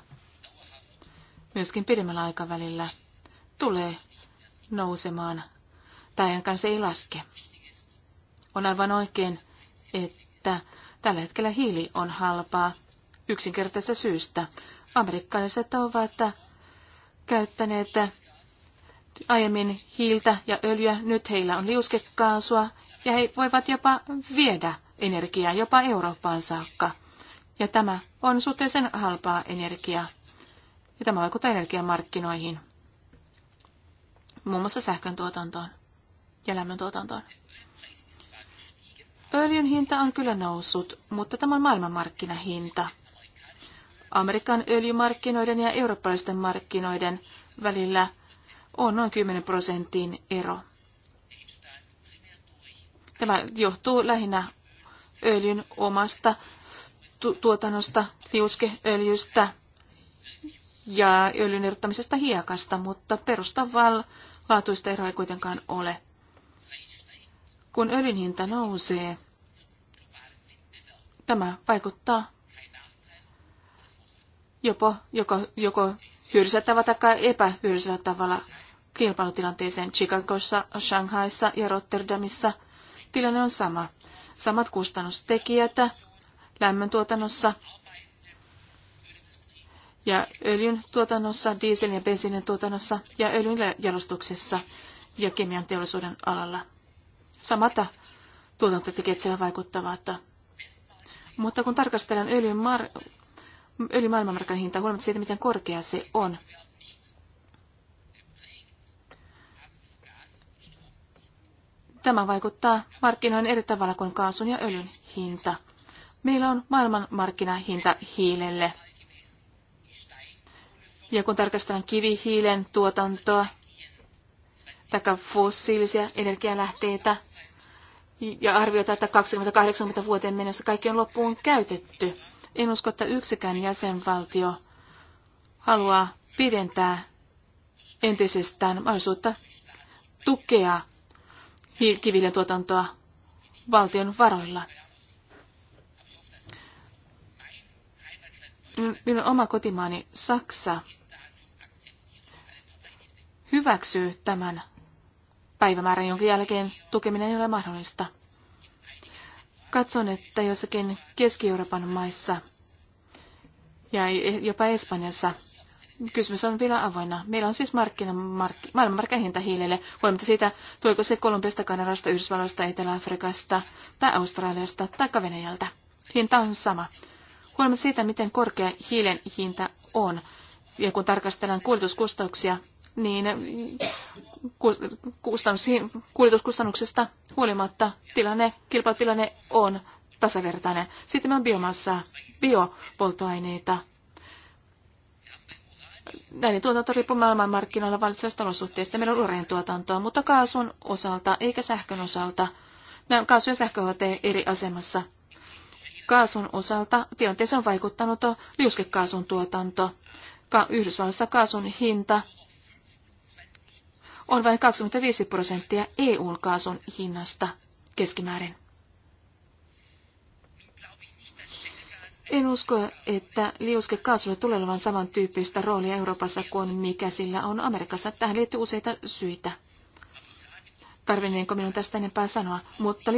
myöskin pidemmällä aikavälillä tulee nousemaan tai ainakaan se ei laske. On aivan oikein, että tällä hetkellä hiili on halpaa yksinkertaista syystä. Amerikkalaiset ovat käyttäneet aiemmin hiiltä ja öljyä, nyt heillä on liuskekaasua ja he voivat jopa viedä energiaa jopa Eurooppaan saakka. Ja tämä on suhteellisen halpaa energiaa ja tämä vaikuttaa energiamarkkinoihin, muun muassa sähkön tuotantoon ja lämmön tuotantoon. Öljyn hinta on kyllä noussut, mutta tämä on maailmanmarkkinahinta. Amerikan öljymarkkinoiden ja eurooppalaisten markkinoiden välillä on noin 10 prosentin ero. Tämä johtuu lähinnä öljyn omasta tuotannosta, liuskeöljystä ja öljyn irrottamisesta hiekasta, mutta perustavalla laatuista eroa ei kuitenkaan ole. Kun öljyn hinta nousee, tämä vaikuttaa jopa, joko, joko hyödyllisellä tavalla tai epähyödyllisellä tavalla kilpailutilanteeseen Chicagossa, Shanghaissa ja Rotterdamissa. Tilanne on sama. Samat kustannustekijät lämmöntuotannossa ja öljyn tuotannossa, dieselin ja bensiinin tuotannossa ja öljyn jalostuksessa ja kemian teollisuuden alalla. Samata tuotantotekijät siellä vaikuttavat. Mutta kun tarkastellaan öljyn, mar- maailmanmarkkinan hintaa, huolimatta siitä, miten korkea se on, Tämä vaikuttaa markkinoihin eri tavalla kuin kaasun ja öljyn hinta. Meillä on maailmanmarkkinahinta hiilelle – ja kun tarkastellaan kivihiilen tuotantoa tai fossiilisia energialähteitä ja arvioita, että 20-80 vuoteen mennessä kaikki on loppuun käytetty, en usko, että yksikään jäsenvaltio haluaa pidentää entisestään mahdollisuutta tukea kivihiilen tuotantoa valtion varoilla. Minun oma kotimaani Saksa hyväksyy tämän päivämäärän, jonka jälkeen tukeminen ei ole mahdollista. Katson, että jossakin Keski-Euroopan maissa ja jopa Espanjassa kysymys on vielä avoinna. Meillä on siis markkina, mark, maailmanmarkkinahinta hiilelle, huolimatta siitä, tuliko se Kolumbiasta, Kanadasta, Yhdysvalloista, Etelä-Afrikasta tai Australiasta tai Venäjältä. Hinta on sama. Huolimatta siitä, miten korkea hiilen hinta on, ja kun tarkastellaan kuljetuskustauksia, niin kuljetuskustannuksesta huolimatta tilanne, kilpailutilanne on tasavertainen. Sitten on biomassa, biopolttoaineita. Näiden tuotanto riippuu maailmanmarkkinoilla valitsevasta olosuhteista. Meillä on ureen tuotantoa, mutta kaasun osalta eikä sähkön osalta. Nämä kaasu ja sähkö ovat eri asemassa. Kaasun osalta tilanteeseen on vaikuttanut liuskekaasun tuotanto. Yhdysvalloissa kaasun hinta on vain 25 prosenttia eu kaasun hinnasta keskimäärin. En usko, että liuskekaasulla tulee olevan samantyyppistä roolia Euroopassa kuin mikä sillä on Amerikassa. Tähän liittyy useita syitä. Tarvinneenko minun tästä enempää sanoa, mutta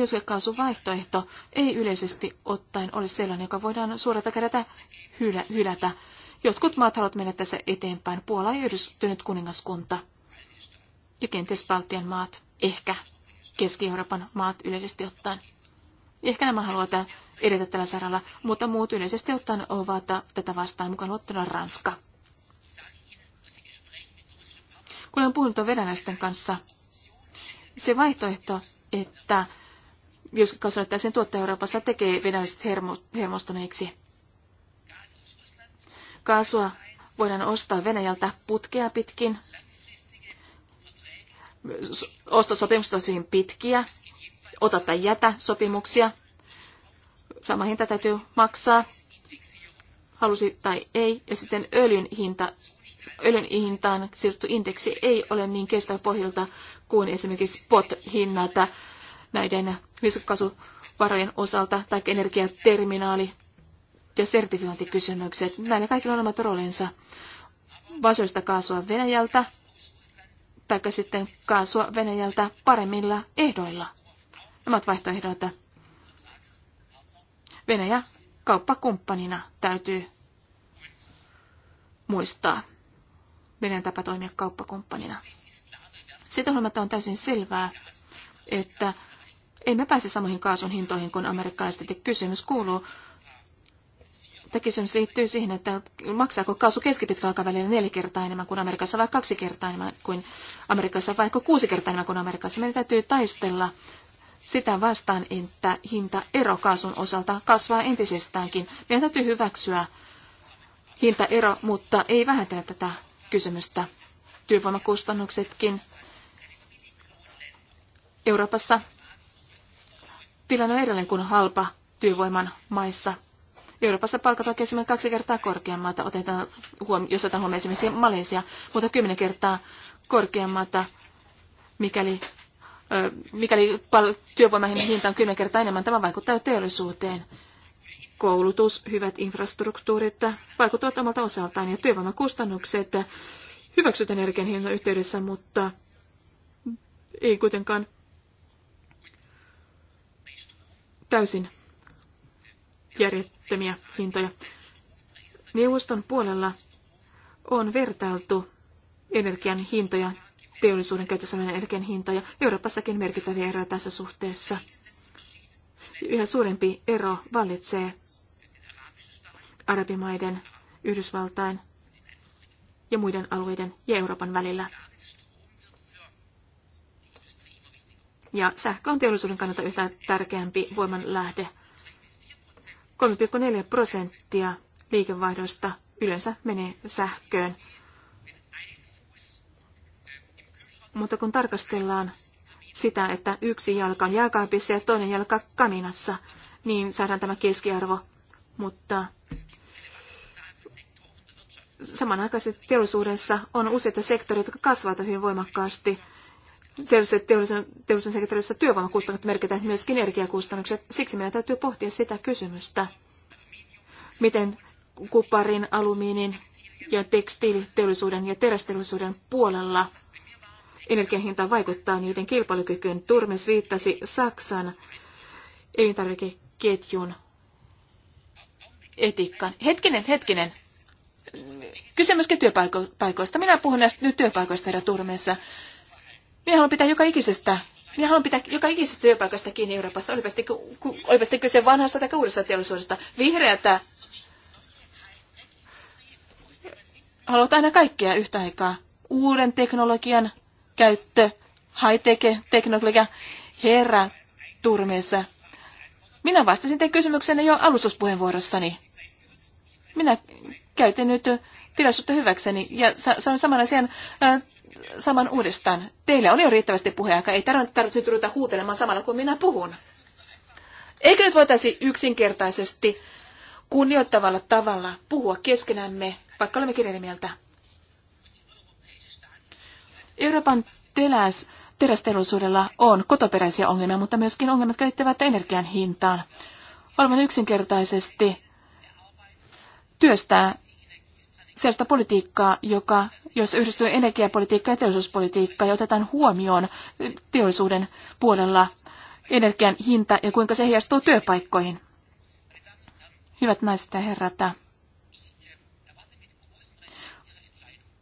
vaihtoehto ei yleisesti ottaen ole sellainen, joka voidaan suorata kädetä hylätä. Jotkut maat haluavat mennä tässä eteenpäin, Puola ja yhdistynyt kuningaskunta – ja kenties Baltian maat, ehkä Keski-Euroopan maat yleisesti ottaen. Ehkä nämä haluavat edetä tällä saralla, mutta muut yleisesti ottaen ovat tätä vastaan mukaan luottuna Ranska. Kun olen puhunut venäläisten kanssa, se vaihtoehto, että jos kasvattaisiin tuottaja Euroopassa, tekee venäläiset hermo, hermostuneiksi. Kaasua voidaan ostaa Venäjältä putkea pitkin ostosopimukset ovat hyvin pitkiä, ota tai jätä sopimuksia. Sama hinta täytyy maksaa, halusi tai ei. Ja sitten öljyn hinta öljyn hintaan siirretty indeksi ei ole niin kestävä pohjalta kuin esimerkiksi spot-hinnat näiden lisäkaasuvarojen osalta tai energiaterminaali ja sertifiointikysymykset. Näillä kaikilla on omat roolinsa. Vasoista kaasua Venäjältä tai sitten kaasua Venäjältä paremmilla ehdoilla. Nämä ovat vaihtoehdoita. Venäjä kauppakumppanina täytyy muistaa. Venäjän tapa toimia kauppakumppanina. Sitten huolimatta on täysin selvää, että emme pääse samoihin kaasun hintoihin kuin amerikkalaiset. Kysymys kuuluu, Tämä kysymys liittyy siihen, että maksaako kaasu keskipitkällä aikavälillä neljä kertaa enemmän kuin Amerikassa vai kaksi kertaa enemmän kuin Amerikassa vai kuusi kertaa enemmän kuin Amerikassa. Meidän täytyy taistella sitä vastaan, että hinta ero kaasun osalta kasvaa entisestäänkin. Meidän täytyy hyväksyä hintaero, mutta ei vähätellä tätä kysymystä. Työvoimakustannuksetkin Euroopassa tilanne on edelleen kuin halpa työvoiman maissa – Euroopassa palkat ovat esimerkiksi kaksi kertaa korkeammat, otetaan huom- jos otetaan huomioon esimerkiksi Malesia, mutta kymmenen kertaa korkeammat, mikäli, ö, mikäli pal- työvoiman hinta on kymmenen kertaa enemmän. Tämä vaikuttaa teollisuuteen. Koulutus, hyvät infrastruktuurit vaikuttavat omalta osaltaan ja työvoimakustannukset hyväksytään energian hinnan yhteydessä, mutta ei kuitenkaan täysin järjettä älyttömiä hintoja. Neuvoston puolella on vertailtu energian hintoja, teollisuuden käytössä olevan energian hintoja, Euroopassakin merkittäviä eroja tässä suhteessa. Yhä suurempi ero vallitsee arabimaiden, Yhdysvaltain ja muiden alueiden ja Euroopan välillä. Ja sähkö on teollisuuden kannalta yhtä tärkeämpi voiman lähde 3,4 prosenttia liikevaihdosta yleensä menee sähköön. Mutta kun tarkastellaan sitä, että yksi jalka on jääkaapissa ja toinen jalka kaminassa, niin saadaan tämä keskiarvo. Mutta samanaikaisesti teollisuudessa on useita sektoreita, jotka kasvavat hyvin voimakkaasti teollisen, teollisen sektorissa työvoimakustannukset merkitään myöskin energiakustannukset. Siksi meidän täytyy pohtia sitä kysymystä, miten kuparin, alumiinin ja tekstiiliteollisuuden ja terästeollisuuden puolella energiahinta vaikuttaa niiden kilpailukykyyn. Turmes viittasi Saksan elintarvikeketjun etiikkaan. Hetkinen, hetkinen. Kyse myöskin työpaikoista. Minä puhun näistä nyt työpaikoista herra Turmeessa. Minä haluan pitää joka ikisestä minä haluan pitää joka ikisestä työpaikasta kiinni Euroopassa, olipa sitten, kyse vanhasta tai uudesta teollisuudesta. Vihreätä äh, haluat aina kaikkea yhtä aikaa. Uuden teknologian käyttö, high-tech-teknologia, herra turmeessa. Minä vastasin teidän kysymyksenne jo alustuspuheenvuorossani. Minä käytin nyt tilaisuutta hyväkseni ja sanon saman asian ää, saman uudestaan. Teillä on jo riittävästi puheaikaa, ei tarvitse ruveta huutelemaan samalla kun minä puhun. Eikö nyt voitaisi yksinkertaisesti kunnioittavalla tavalla puhua keskenämme, vaikka olemme mieltä? Euroopan teläs, terästeollisuudella on kotoperäisiä ongelmia, mutta myöskin ongelmat käyttävät energian hintaan. Olemme yksinkertaisesti työstää sellaista politiikkaa, joka, jos yhdistyy energiapolitiikka ja teollisuuspolitiikka ja otetaan huomioon teollisuuden puolella energian hinta ja kuinka se heijastuu työpaikkoihin. Hyvät naiset ja herrat,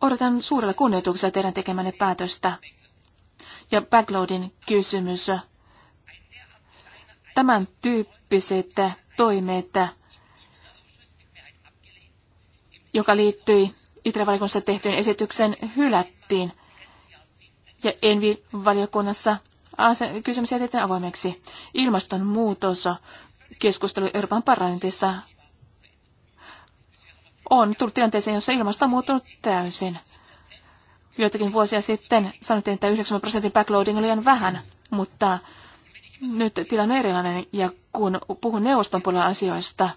odotan suurella kunnioituksella teidän tekemänne päätöstä. Ja backloadin kysymys. Tämän tyyppiset toimet joka liittyi Itävalikossa tehtyyn esityksen, hylättiin. Ja Envi-valiokunnassa kysymys jätetään avoimeksi. Ilmastonmuutos keskustelu Euroopan parlamentissa on tullut tilanteeseen, jossa ilmasto on muuttunut täysin. Joitakin vuosia sitten sanottiin, että 9 prosentin backloading oli liian vähän, mutta nyt tilanne on erilainen ja kun puhun neuvoston puolella asioista –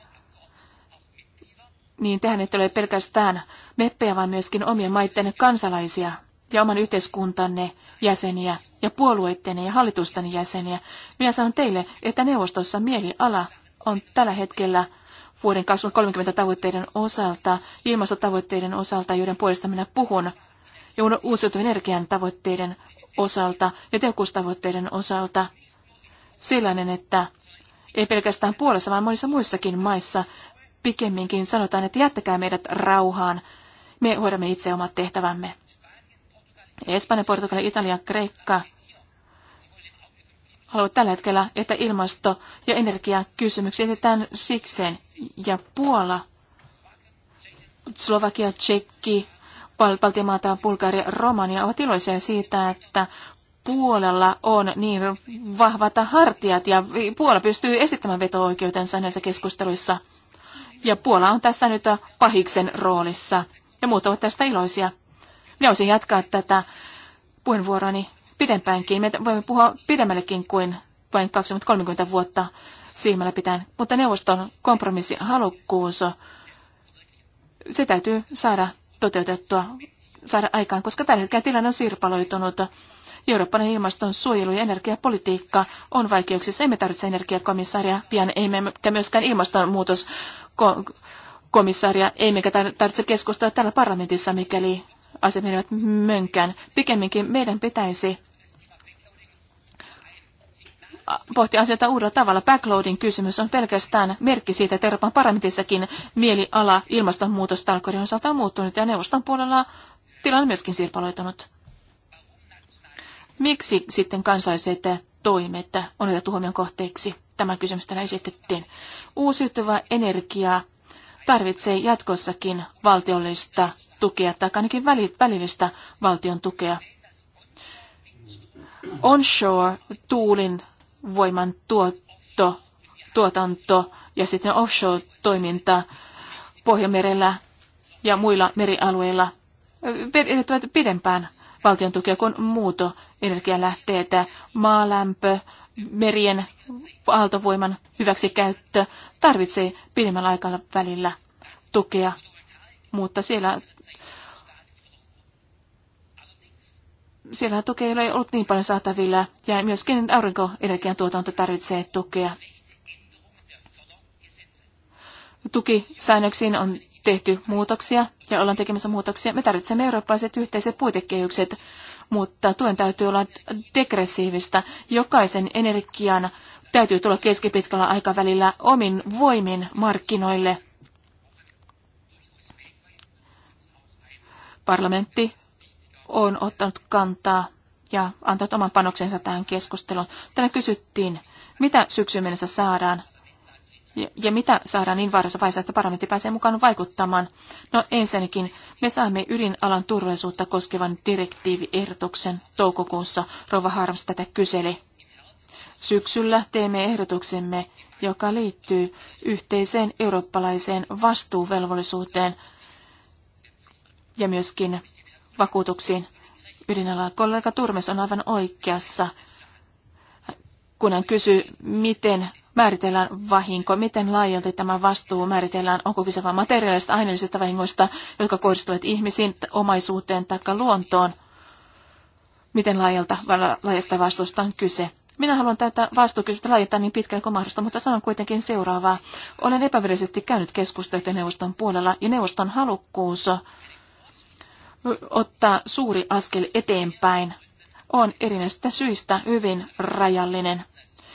niin tehän ette ole pelkästään meppejä, vaan myöskin omien maitten kansalaisia ja oman yhteiskuntanne jäseniä ja puolueittenne ja hallitustenne jäseniä. Minä sanon teille, että neuvostossa mieliala on tällä hetkellä vuoden 2030 tavoitteiden osalta, ilmastotavoitteiden osalta, joiden puolesta minä puhun, ja uusiutuvan energian tavoitteiden osalta ja tehokkuustavoitteiden osalta sellainen, että ei pelkästään puolessa, vaan monissa muissakin maissa pikemminkin sanotaan, että jättäkää meidät rauhaan. Me hoidamme itse omat tehtävämme. Espanja, Portugali, Italia, Kreikka haluavat tällä hetkellä, että ilmasto- ja energiakysymyksiä jätetään sikseen. Ja Puola, Slovakia, Tsekki, Baltian Bulgaria, Romania ovat iloisia siitä, että Puolella on niin vahvat hartiat ja Puola pystyy esittämään veto-oikeutensa näissä keskusteluissa. Ja Puola on tässä nyt pahiksen roolissa. Ja muut ovat tästä iloisia. Minä voisin jatkaa tätä puheenvuoroani pidempäänkin. Me voimme puhua pidemmällekin kuin vain 20-30 vuotta silmällä pitäen. Mutta neuvoston kompromissihalukkuus, se täytyy saada toteutettua saada aikaan, koska tällä hetkellä tilanne on sirpaloitunut. Eurooppalainen ilmaston suojelu ja energiapolitiikka on vaikeuksissa. Emme tarvitse energiakomissaaria, pian emmekä myöskään ilmastonmuutoskomissaaria, emmekä tarvitse keskustella täällä parlamentissa, mikäli asiat menevät mönkään. Pikemminkin meidän pitäisi pohtia asioita uudella tavalla. Backloadin kysymys on pelkästään merkki siitä, että Euroopan parlamentissakin mieliala ilmastonmuutostalkoiden osalta on muuttunut ja neuvoston puolella tilanne myöskin sirpaloitunut. Miksi sitten kansalaiset toimet on otettu huomion kohteeksi? Tämä kysymys tänään esitettiin. Uusiutuva energia tarvitsee jatkossakin valtiollista tukea tai ainakin välillistä valtion tukea. Onshore tuulin voiman tuotto, tuotanto ja sitten offshore-toiminta Pohjanmerellä ja muilla merialueilla edellyttävät pidempään valtion tukea kuin muuto energialähteitä, maalämpö, merien aaltovoiman hyväksikäyttö tarvitsee pidemmällä aikavälillä tukea, mutta siellä siellä tukea ei ole ollut niin paljon saatavilla ja myöskin aurinkoenergian tuotanto tarvitsee tukea. Tukisäännöksiin on tehty muutoksia ja ollaan tekemässä muutoksia. Me tarvitsemme eurooppalaiset yhteiset puitekehykset, mutta tuen täytyy olla degressiivistä. Jokaisen energian täytyy tulla keskipitkällä aikavälillä omin voimin markkinoille. Parlamentti on ottanut kantaa ja antanut oman panoksensa tähän keskusteluun. Tänä kysyttiin, mitä syksyn mennessä saadaan ja, ja mitä saadaan niin varassa vaiheessa, että parlamentti pääsee mukaan vaikuttamaan? No ensinnäkin me saamme ydinalan turvallisuutta koskevan direktiiviehdotuksen toukokuussa. Rova Harms tätä kyseli. Syksyllä teemme ehdotuksemme, joka liittyy yhteiseen eurooppalaiseen vastuuvelvollisuuteen ja myöskin vakuutuksiin. Ydinalan kollega Turmes on aivan oikeassa, kun hän kysyy, miten määritellään vahinko, miten laajalti tämä vastuu määritellään, onko kyse vain materiaalisista aineellisista vahingoista, jotka kohdistuvat ihmisiin, omaisuuteen tai luontoon, miten laajalta, laajasta vastuusta on kyse. Minä haluan tätä vastuukysymystä laajentaa niin pitkälle kuin mahdollista, mutta sanon kuitenkin seuraavaa. Olen epävirallisesti käynyt keskusteluja neuvoston puolella ja neuvoston halukkuus ottaa suuri askel eteenpäin on erinäisistä syistä hyvin rajallinen.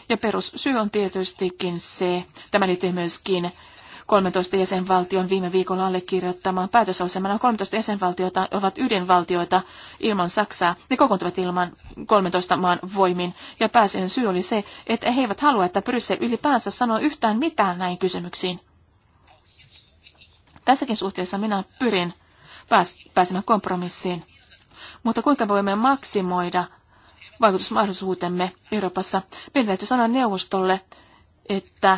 Ja perussyy on tietystikin se, tämä liittyy myöskin 13 jäsenvaltion viime viikolla allekirjoittamaan päätösasemana 13 jäsenvaltiota ovat ydinvaltioita ilman Saksaa. Ne kokoontuvat ilman 13 maan voimin. Ja pääsen syy oli se, että he eivät halua, että Bryssel ylipäänsä sanoo yhtään mitään näin kysymyksiin. Tässäkin suhteessa minä pyrin pääs- pääsemään kompromissiin. Mutta kuinka voimme maksimoida vaikutusmahdollisuutemme Euroopassa. Meidän täytyy sanoa neuvostolle, että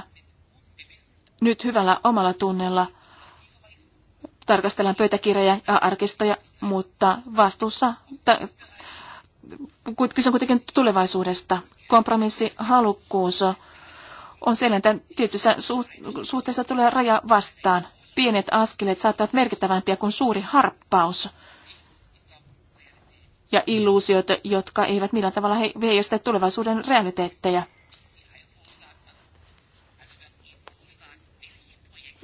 nyt hyvällä omalla tunnella tarkastellaan pöytäkirjoja ja arkistoja, mutta vastuussa, kyse on kuitenkin tulevaisuudesta. kompromissi halukkuus on sellainen, että tietyssä suhteessa tulee raja vastaan. Pienet askeleet saattavat merkittävämpiä kuin suuri harppaus ja illuusioita, jotka eivät millään tavalla heijasta tulevaisuuden realiteetteja.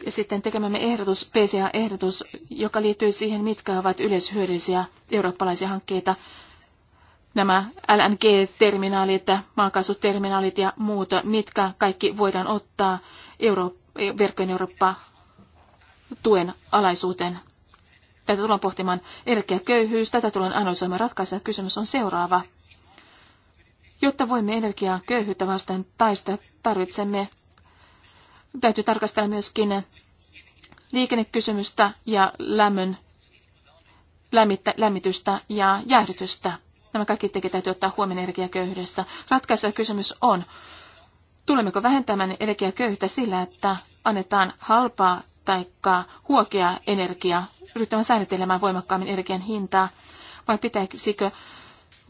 Ja sitten tekemämme ehdotus, PCA-ehdotus, joka liittyy siihen, mitkä ovat yleishyödyllisiä eurooppalaisia hankkeita. Nämä LNG-terminaalit, maakaasuterminaalit ja muut, mitkä kaikki voidaan ottaa Euroop- verkkojen Eurooppa-tuen alaisuuteen. Tätä tullaan pohtimaan energiaköyhyys, tätä tullaan analysoimaan ratkaiseva kysymys on seuraava. Jotta voimme energiaa köyhyyttä vastaan taista, tarvitsemme, täytyy tarkastella myöskin liikennekysymystä ja lämmön lämmittä, lämmitystä ja jäähdytystä. Nämä kaikki tekijät täytyy ottaa huomioon energiaköyhyydessä. Ratkaiseva kysymys on, tulemmeko vähentämään energiaköyhyyttä sillä, että annetaan halpaa tai huokea energiaa, yrittämään säännötelemään voimakkaammin energian hintaa, vai pitäisikö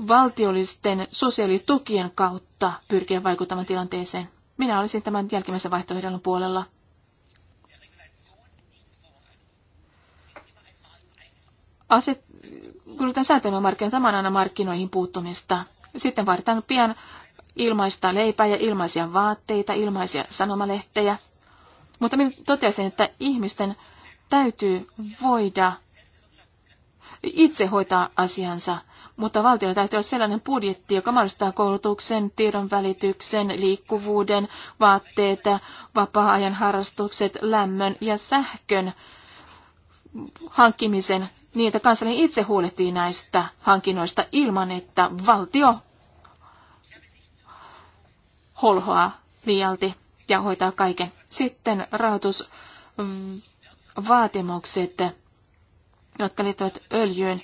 valtiollisten sosiaalitukien kautta pyrkiä vaikuttamaan tilanteeseen? Minä olisin tämän jälkimmäisen vaihtoehdon puolella. Aset, kulutan säätelmän markkinoita, tämä on aina markkinoihin puuttumista. Sitten vaaditaan pian ilmaista leipää ja ilmaisia vaatteita, ilmaisia sanomalehtejä. Mutta minä totesin, että ihmisten täytyy voida itse hoitaa asiansa, mutta valtiolla täytyy olla sellainen budjetti, joka mahdollistaa koulutuksen, tiedon välityksen, liikkuvuuden, vaatteet, vapaa-ajan harrastukset, lämmön ja sähkön hankkimisen niin, että kansallinen itse huolehtii näistä hankinnoista ilman, että valtio holhoaa liialti ja hoitaa kaiken. Sitten rahoitusvaatimukset, jotka liittyvät öljyyn.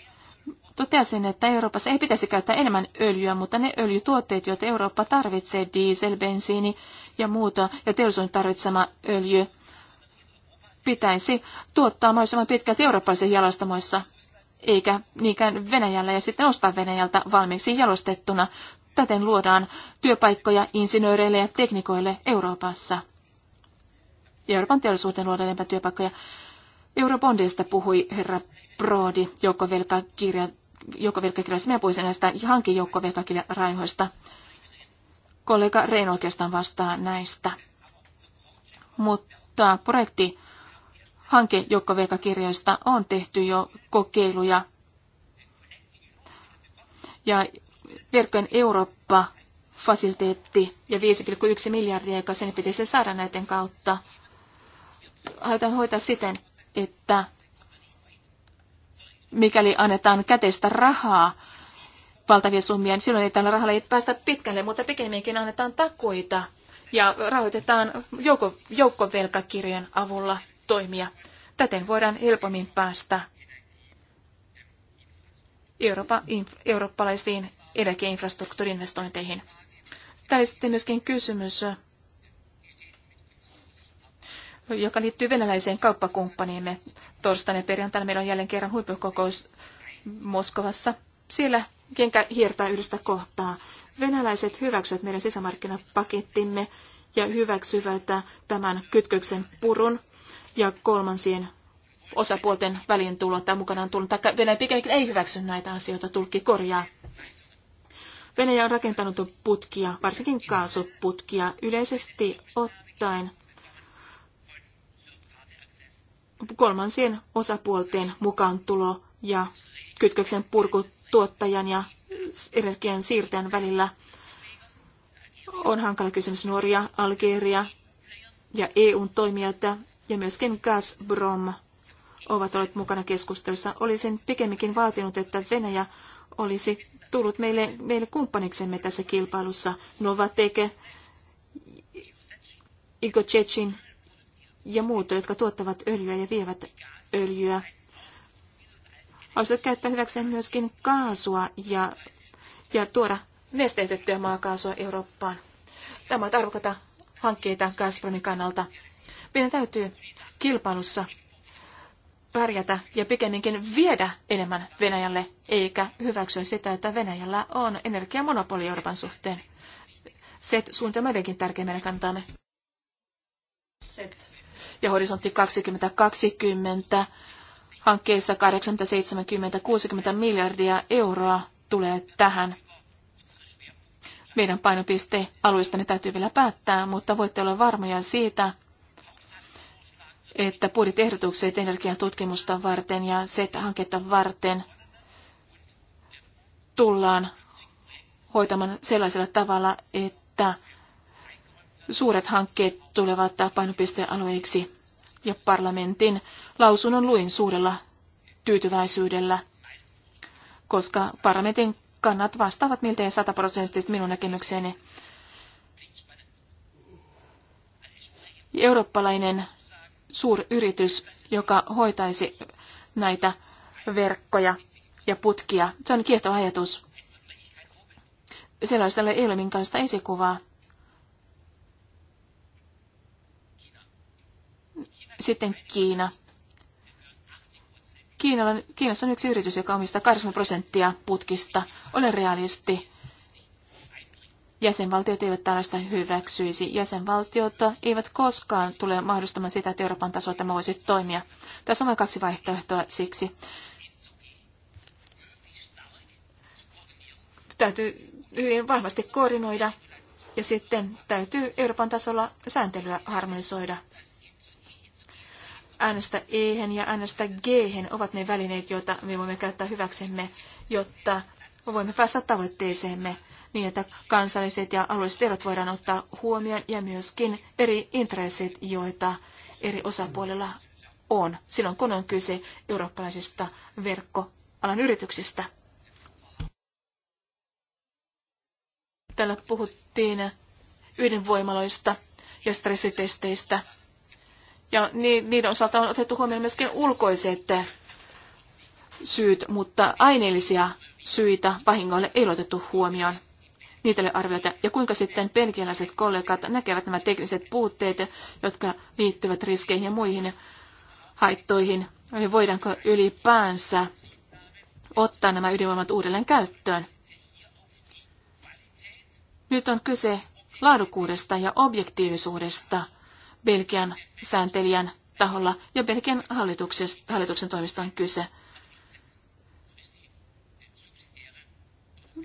Toteasin, että Euroopassa ei pitäisi käyttää enemmän öljyä, mutta ne öljytuotteet, joita Eurooppa tarvitsee, diesel, bensiini ja muuta, ja teollisuuden tarvitsema öljy, pitäisi tuottaa mahdollisimman pitkälti eurooppalaisen jalostamoissa, eikä niinkään Venäjällä ja sitten ostaa Venäjältä valmiiksi jalostettuna. Täten luodaan työpaikkoja insinööreille ja teknikoille Euroopassa. Euroopan teollisuuteen luoda enemmän työpaikkoja. Eurobondista puhui herra Brody joukkovelkakirja, joukkovelkakirjassa. Minä puhuisin näistä hankin joukkovelkakirjaraihoista. Kollega Rein oikeastaan vastaa näistä. Mutta projekti hanke joukkovelkakirjoista on tehty jo kokeiluja. Ja verkkojen Eurooppa fasiliteetti ja 5,1 miljardia, joka sen pitäisi saada näiden kautta – halutaan hoitaa siten, että mikäli annetaan käteistä rahaa valtavia summia, niin silloin ei tällä rahalla ei päästä pitkälle, mutta pikemminkin annetaan takuita ja rahoitetaan joukko, joukkovelkakirjan avulla toimia. Täten voidaan helpommin päästä Eurooppa, in, eurooppalaisiin energiainfrastruktuurinvestointeihin. Täällä sitten myöskin kysymys joka liittyy venäläiseen kauppakumppaniimme. Torstaina ja perjantaina meillä on jälleen kerran huippukokous Moskovassa. Siellä kenkä hiertää yhdestä kohtaa. Venäläiset hyväksyvät meidän sisämarkkinapakettimme ja hyväksyvät tämän kytköksen purun ja kolmansien osapuolten väliin tulo tai mukanaan tullut, Taikka Venäjä pikemminkin ei hyväksy näitä asioita, tulkki korjaa. Venäjä on rakentanut putkia, varsinkin kaasuputkia, yleisesti ottaen kolmansien osapuolten mukaan tulo ja kytköksen purku tuottajan ja energian siirtäjän välillä on hankala kysymys Norja, Algeria ja EUn toimijat ja myöskin Gazprom ovat olleet mukana keskustelussa. Olisin pikemminkin vaatinut, että Venäjä olisi tullut meille, meille kumppaniksemme tässä kilpailussa. Novatek, Igo Chechin ja muut, jotka tuottavat öljyä ja vievät öljyä, haluaisivat käyttää hyväkseen myöskin kaasua ja, ja tuoda nesteytettyä maakaasua Eurooppaan. Tämä on arvokata hankkeita Gazpromin kannalta. Meidän täytyy kilpailussa pärjätä ja pikemminkin viedä enemmän Venäjälle, eikä hyväksyä sitä, että Venäjällä on energiamonopoli Euroopan suhteen. Se suunta meidänkin tärkeimmänä kantamme. Set ja horisontti 2020 hankkeessa 870 60 miljardia euroa tulee tähän. Meidän painopiste alueestamme täytyy vielä päättää, mutta voitte olla varmoja siitä, että budjettiehdotukset tutkimusta varten ja SET-hanketta varten tullaan hoitamaan sellaisella tavalla, että Suuret hankkeet tulevat painopistealueiksi ja parlamentin lausunnon luin suurella tyytyväisyydellä, koska parlamentin kannat vastaavat miltei sataprosenttisesti minun näkemykseeni. Eurooppalainen suuryritys, joka hoitaisi näitä verkkoja ja putkia. Se on kiehtova ajatus. Sellaiselle ei ole minkäänlaista esikuvaa. Sitten Kiina. Kiinalla, Kiinassa on yksi yritys, joka omistaa 80 prosenttia putkista. Olen realisti. Jäsenvaltiot eivät tällaista hyväksyisi. Jäsenvaltiot eivät koskaan tule mahdollistamaan sitä, että Euroopan tasolla tämä voisi toimia. Tässä on vain kaksi vaihtoehtoa siksi. Täytyy hyvin vahvasti koordinoida ja sitten täytyy Euroopan tasolla sääntelyä harmonisoida äänestä e ja äänestä g ovat ne välineet, joita me voimme käyttää hyväksemme, jotta voimme päästä tavoitteeseemme niin, että kansalliset ja alueelliset erot voidaan ottaa huomioon ja myöskin eri intressit, joita eri osapuolilla on silloin, kun on kyse eurooppalaisista verkkoalan yrityksistä. Täällä puhuttiin ydinvoimaloista ja stressitesteistä. Ja niiden osalta on otettu huomioon myöskin ulkoiset syyt, mutta aineellisia syitä vahingoille ei ole otettu huomioon. Niitä oli arvioita. Ja kuinka sitten belgialaiset kollegat näkevät nämä tekniset puutteet, jotka liittyvät riskeihin ja muihin haittoihin. Eli voidaanko ylipäänsä ottaa nämä ydinvoimat uudelleen käyttöön? Nyt on kyse laadukkuudesta ja objektiivisuudesta – Belgian sääntelijän taholla ja Belgian hallituksen toimesta on kyse.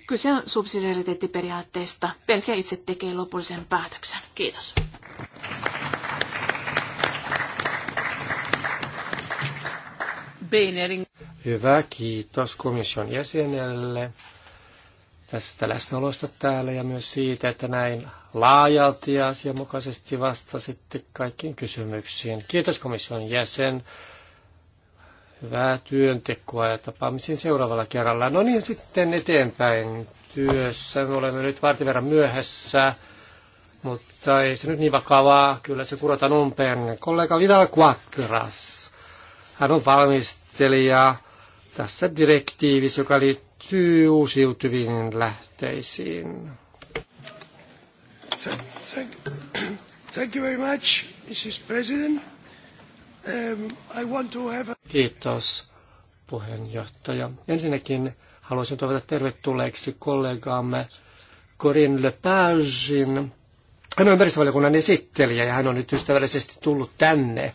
Kyse on subsidiariteettiperiaatteesta. Belgia itse tekee lopullisen päätöksen. Kiitos. Hyvä, kiitos komission jäsenelle tästä läsnäolosta täällä ja myös siitä, että näin laajalti ja asianmukaisesti vastasitte kaikkiin kysymyksiin. Kiitos komission jäsen. Hyvää työntekoa ja tapaamisiin seuraavalla kerralla. No niin, sitten eteenpäin työssä. Me olemme nyt vartin verran myöhässä, mutta ei se nyt niin vakavaa. Kyllä se kurotaan umpeen. Kollega Vidal Quattras. Hän on valmistelija tässä direktiivissä, joka liittyy uusiutuviin lähteisiin. Kiitos, puheenjohtaja. Ensinnäkin haluaisin toivota tervetulleeksi kollegaamme Corinne Lepagin. Hän on ympäristövaliokunnan esittelijä ja hän on nyt ystävällisesti tullut tänne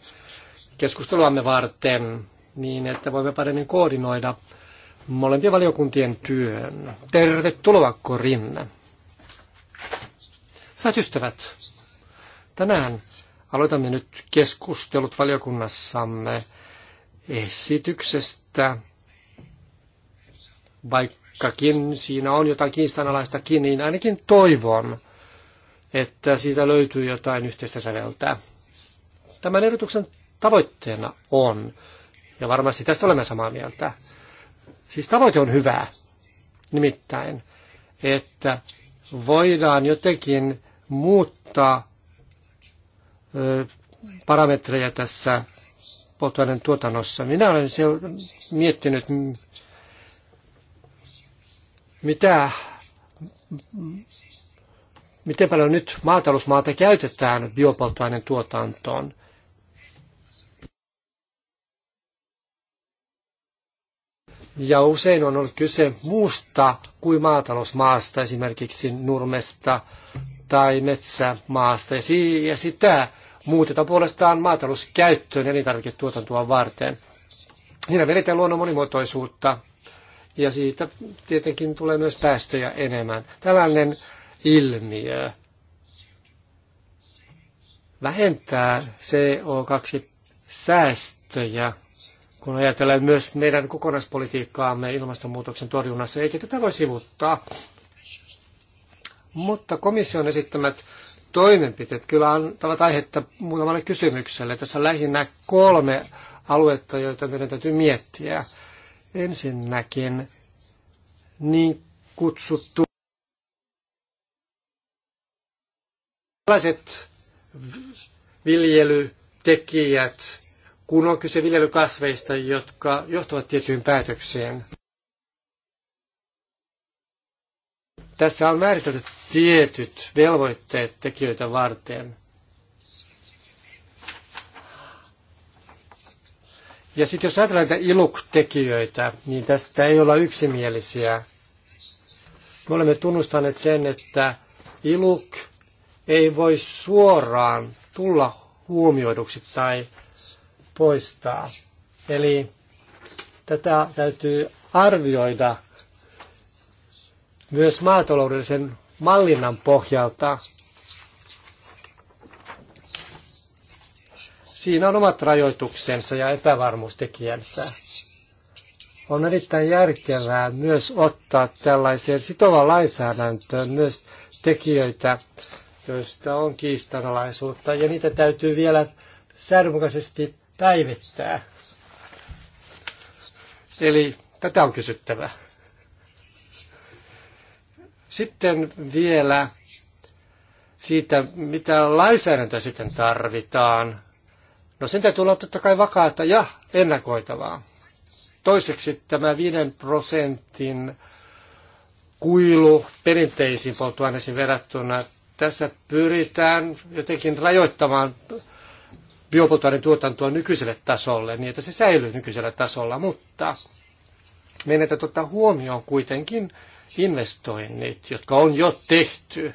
keskusteluamme varten niin, että voimme paremmin koordinoida molempien valiokuntien työn. Tervetuloa Corinne. Hyvät ystävät, tänään aloitamme nyt keskustelut valiokunnassamme esityksestä, vaikkakin siinä on jotain kiistanalaistakin, niin ainakin toivon, että siitä löytyy jotain yhteistä säveltä. Tämän ehdotuksen tavoitteena on, ja varmasti tästä olemme samaa mieltä, siis tavoite on hyvä, nimittäin, että voidaan jotenkin muuttaa parametreja tässä polttoaineen tuotannossa. Minä olen se miettinyt, mitä, miten paljon nyt maatalousmaata käytetään biopolttoaineen tuotantoon. Ja usein on ollut kyse muusta kuin maatalousmaasta, esimerkiksi nurmesta tai metsämaasta ja, si- ja sitä muutetaan puolestaan maatalouskäyttöön elintarviketuotantoa varten. Siinä vedetään luonnon monimuotoisuutta ja siitä tietenkin tulee myös päästöjä enemmän. Tällainen ilmiö vähentää CO2-säästöjä, kun ajatellaan myös meidän kokonaispolitiikkaamme ilmastonmuutoksen torjunnassa, eikä tätä voi sivuttaa mutta komission esittämät toimenpiteet kyllä antavat aihetta muutamalle kysymykselle. Tässä on lähinnä kolme aluetta, joita meidän täytyy miettiä. Ensinnäkin niin kutsuttu tällaiset viljelytekijät, kun on kyse viljelykasveista, jotka johtavat tiettyyn päätökseen. Tässä on määritelty tietyt velvoitteet tekijöitä varten. Ja sitten jos ajatellaan näitä iluktekijöitä, niin tästä ei olla yksimielisiä. Me olemme tunnustaneet sen, että iluk ei voi suoraan tulla huomioiduksi tai poistaa. Eli tätä täytyy arvioida myös maataloudellisen mallinnan pohjalta. Siinä on omat rajoituksensa ja epävarmuustekijänsä. On erittäin järkevää myös ottaa tällaiseen sitovaan lainsäädäntöön myös tekijöitä, joista on kiistanalaisuutta, ja niitä täytyy vielä säädönmukaisesti päivittää. Eli tätä on kysyttävä. Sitten vielä siitä, mitä lainsäädäntöä sitten tarvitaan. No sen täytyy olla totta kai vakaata ja ennakoitavaa. Toiseksi tämä 5 prosentin kuilu perinteisiin polttoaineisiin verrattuna. Tässä pyritään jotenkin rajoittamaan biopolttoaineen tuotantoa nykyiselle tasolle, niin että se säilyy nykyisellä tasolla, mutta meidän täytyy ottaa huomioon kuitenkin investoinnit, jotka on jo tehty,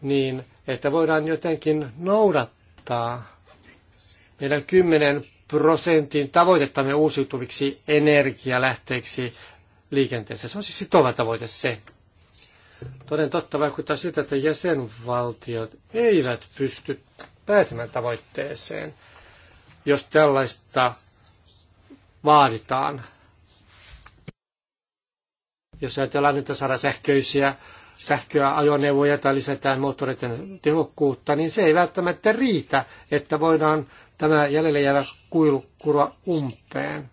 niin että voidaan jotenkin noudattaa meidän 10 prosentin tavoitettamme uusiutuviksi energialähteiksi liikenteessä. Se on siis sitova tavoite se. Toden totta vaikuttaa siltä, että jäsenvaltiot eivät pysty pääsemään tavoitteeseen, jos tällaista vaaditaan jos ajatellaan, että saadaan sähköisiä sähköä ajoneuvoja tai lisätään moottoreiden tehokkuutta, niin se ei välttämättä riitä, että voidaan tämä jäljellä jäävä kuilu kurva umpeen.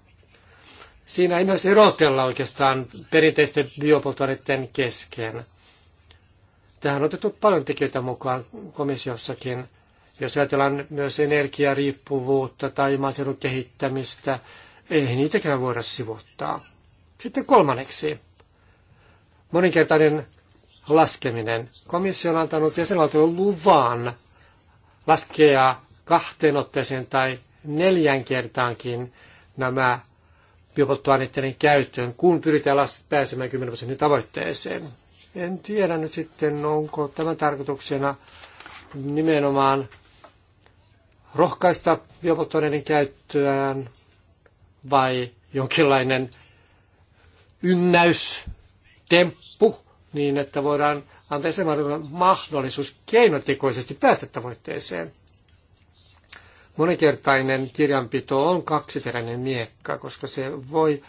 Siinä ei myös erotella oikeastaan perinteisten biopolttoaineiden kesken. Tähän on otettu paljon tekijöitä mukaan komissiossakin. Jos ajatellaan myös energiariippuvuutta tai maaseudun kehittämistä, ei niitäkään voida sivuttaa. Sitten kolmanneksi moninkertainen laskeminen. Komissio on antanut jäsenvaltion luvan laskea kahteen otteeseen tai neljän kertaankin nämä biopolttoaineiden käyttöön, kun pyritään pääsemään 10 prosentin tavoitteeseen. En tiedä nyt sitten, onko tämän tarkoituksena nimenomaan rohkaista biopolttoaineiden käyttöään vai jonkinlainen ynnäys temppu niin, että voidaan antaa jäsenvaltioille mahdollisuus keinotekoisesti päästä tavoitteeseen. Monikertainen kirjanpito on kaksiteräinen miekka, koska se voi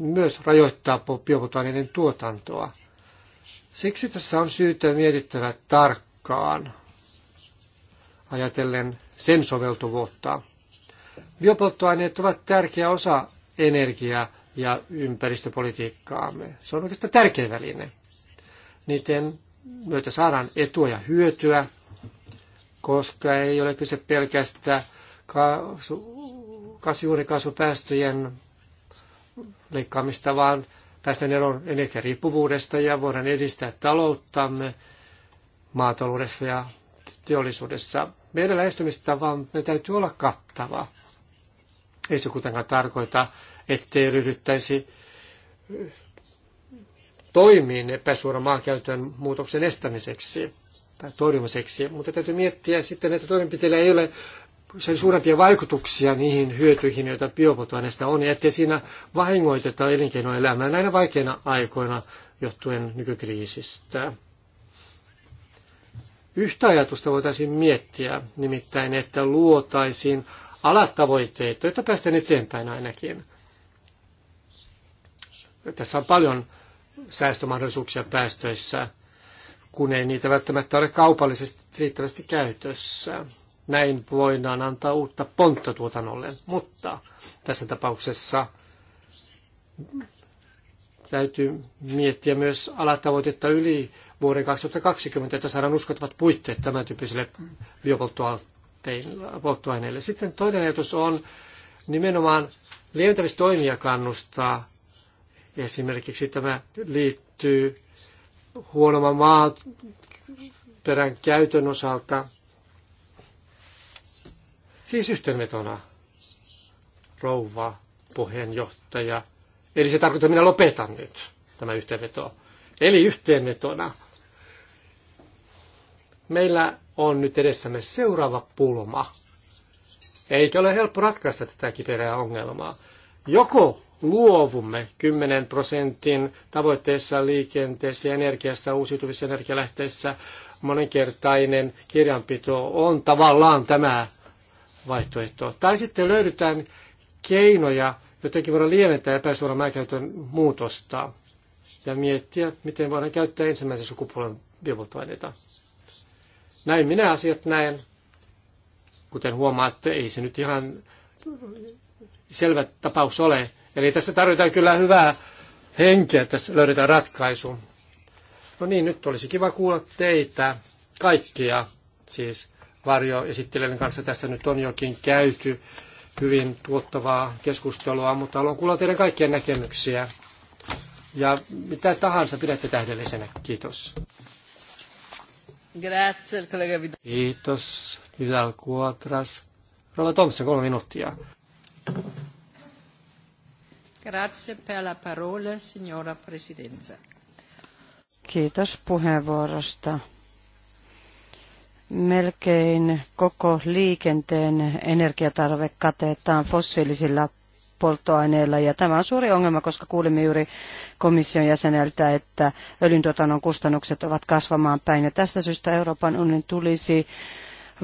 myös rajoittaa biopolttoaineiden tuotantoa. Siksi tässä on syytä mietittävä tarkkaan, ajatellen sen soveltuvuutta. Biopolttoaineet ovat tärkeä osa energiaa ja ympäristöpolitiikkaamme. Se on oikeastaan tärkeä väline. Niiden myötä saadaan etua ja hyötyä, koska ei ole kyse pelkästään kasvihuonekaasupäästöjen leikkaamista, vaan päästään eroon energiariippuvuudesta ja voidaan edistää talouttamme maataloudessa ja teollisuudessa. Meidän lähestymistavan me täytyy olla kattava. Ei se kuitenkaan tarkoita, ettei ryhdyttäisi toimiin epäsuoran maankäytön muutoksen estämiseksi tai torjumiseksi. Mutta täytyy miettiä sitten, että toimenpiteillä ei ole sen suurempia vaikutuksia niihin hyötyihin, joita biopolttoaineista on, ja ettei siinä vahingoiteta elinkeinoelämää näinä vaikeina aikoina johtuen nykykriisistä. Yhtä ajatusta voitaisiin miettiä, nimittäin, että luotaisiin alatavoitteita, joita päästään eteenpäin ainakin. Tässä on paljon säästömahdollisuuksia päästöissä, kun ei niitä välttämättä ole kaupallisesti riittävästi käytössä. Näin voidaan antaa uutta pontta tuotannolle, mutta tässä tapauksessa täytyy miettiä myös alatavoitetta yli vuoden 2020, että saadaan uskottavat puitteet tämän tyyppiselle biopolttoaineelle. Sitten toinen ajatus on nimenomaan toimia kannustaa Esimerkiksi tämä liittyy huonomman maaperän käytön osalta. Siis yhteenvetona, rouva puheenjohtaja. Eli se tarkoittaa, että minä lopetan nyt tämä yhteenveto. Eli yhteenvetona. Meillä on nyt edessämme seuraava pulma. Eikä ole helppo ratkaista tätä kiperää ongelmaa. Joko luovumme 10 prosentin tavoitteessa liikenteessä ja energiassa, uusiutuvissa energialähteissä, moninkertainen kirjanpito on tavallaan tämä vaihtoehto. Tai sitten löydetään keinoja, jotenkin voidaan lieventää epäsuoran maankäytön muutosta ja miettiä, miten voidaan käyttää ensimmäisen sukupuolen biopolttoaineita. Näin minä asiat näen. Kuten huomaatte, ei se nyt ihan selvä tapaus ole, Eli tässä tarvitaan kyllä hyvää henkeä, että tässä löydetään ratkaisu. No niin, nyt olisi kiva kuulla teitä kaikkia, siis varjoesittelijöiden kanssa tässä nyt on jokin käyty hyvin tuottavaa keskustelua, mutta haluan kuulla teidän kaikkien näkemyksiä. Ja mitä tahansa pidätte tähdellisenä. Kiitos. Grazie, kollega Vidal. Kiitos, Vidal Kuotras. Rova Thompson, kolme minuuttia. Grazie per la parola, signora presidenza. Kiitos puheenvuorosta. Melkein koko liikenteen energiatarve katetaan fossiilisilla polttoaineilla. Ja tämä on suuri ongelma, koska kuulimme juuri komission jäseneltä, että öljyntuotannon kustannukset ovat kasvamaan päin. Ja tästä syystä Euroopan unionin tulisi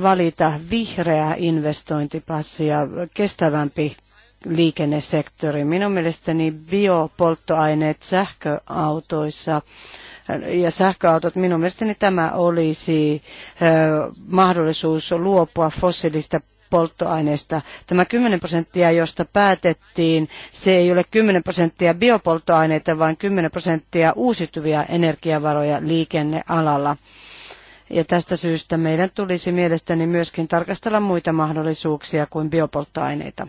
valita vihreä investointipassi ja kestävämpi liikennesektori. Minun mielestäni biopolttoaineet sähköautoissa ja sähköautot, minun mielestäni tämä olisi mahdollisuus luopua fossiilista polttoaineista. Tämä 10 prosenttia, josta päätettiin, se ei ole 10 prosenttia biopolttoaineita, vaan 10 prosenttia uusiutuvia energiavaroja liikennealalla. Ja tästä syystä meidän tulisi mielestäni myöskin tarkastella muita mahdollisuuksia kuin biopolttoaineita.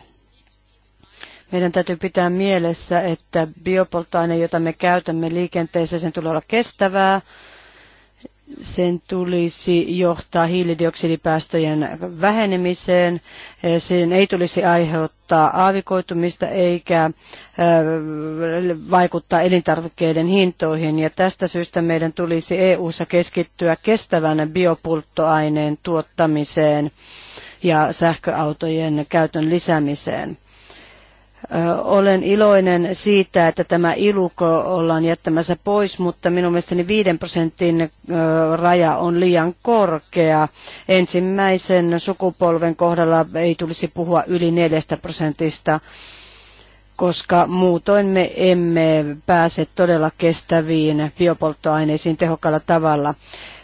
Meidän täytyy pitää mielessä, että biopolttoaine, jota me käytämme liikenteessä, sen tulee olla kestävää. Sen tulisi johtaa hiilidioksidipäästöjen vähenemiseen. Eh, sen ei tulisi aiheuttaa aavikoitumista eikä eh, vaikuttaa elintarvikkeiden hintoihin. Ja tästä syystä meidän tulisi EU-ssa keskittyä kestävän biopolttoaineen tuottamiseen ja sähköautojen käytön lisäämiseen. Olen iloinen siitä, että tämä iluko ollaan jättämässä pois, mutta minun mielestäni 5 prosentin raja on liian korkea. Ensimmäisen sukupolven kohdalla ei tulisi puhua yli 4 prosentista koska muutoin me emme pääse todella kestäviin biopolttoaineisiin tehokkaalla tavalla.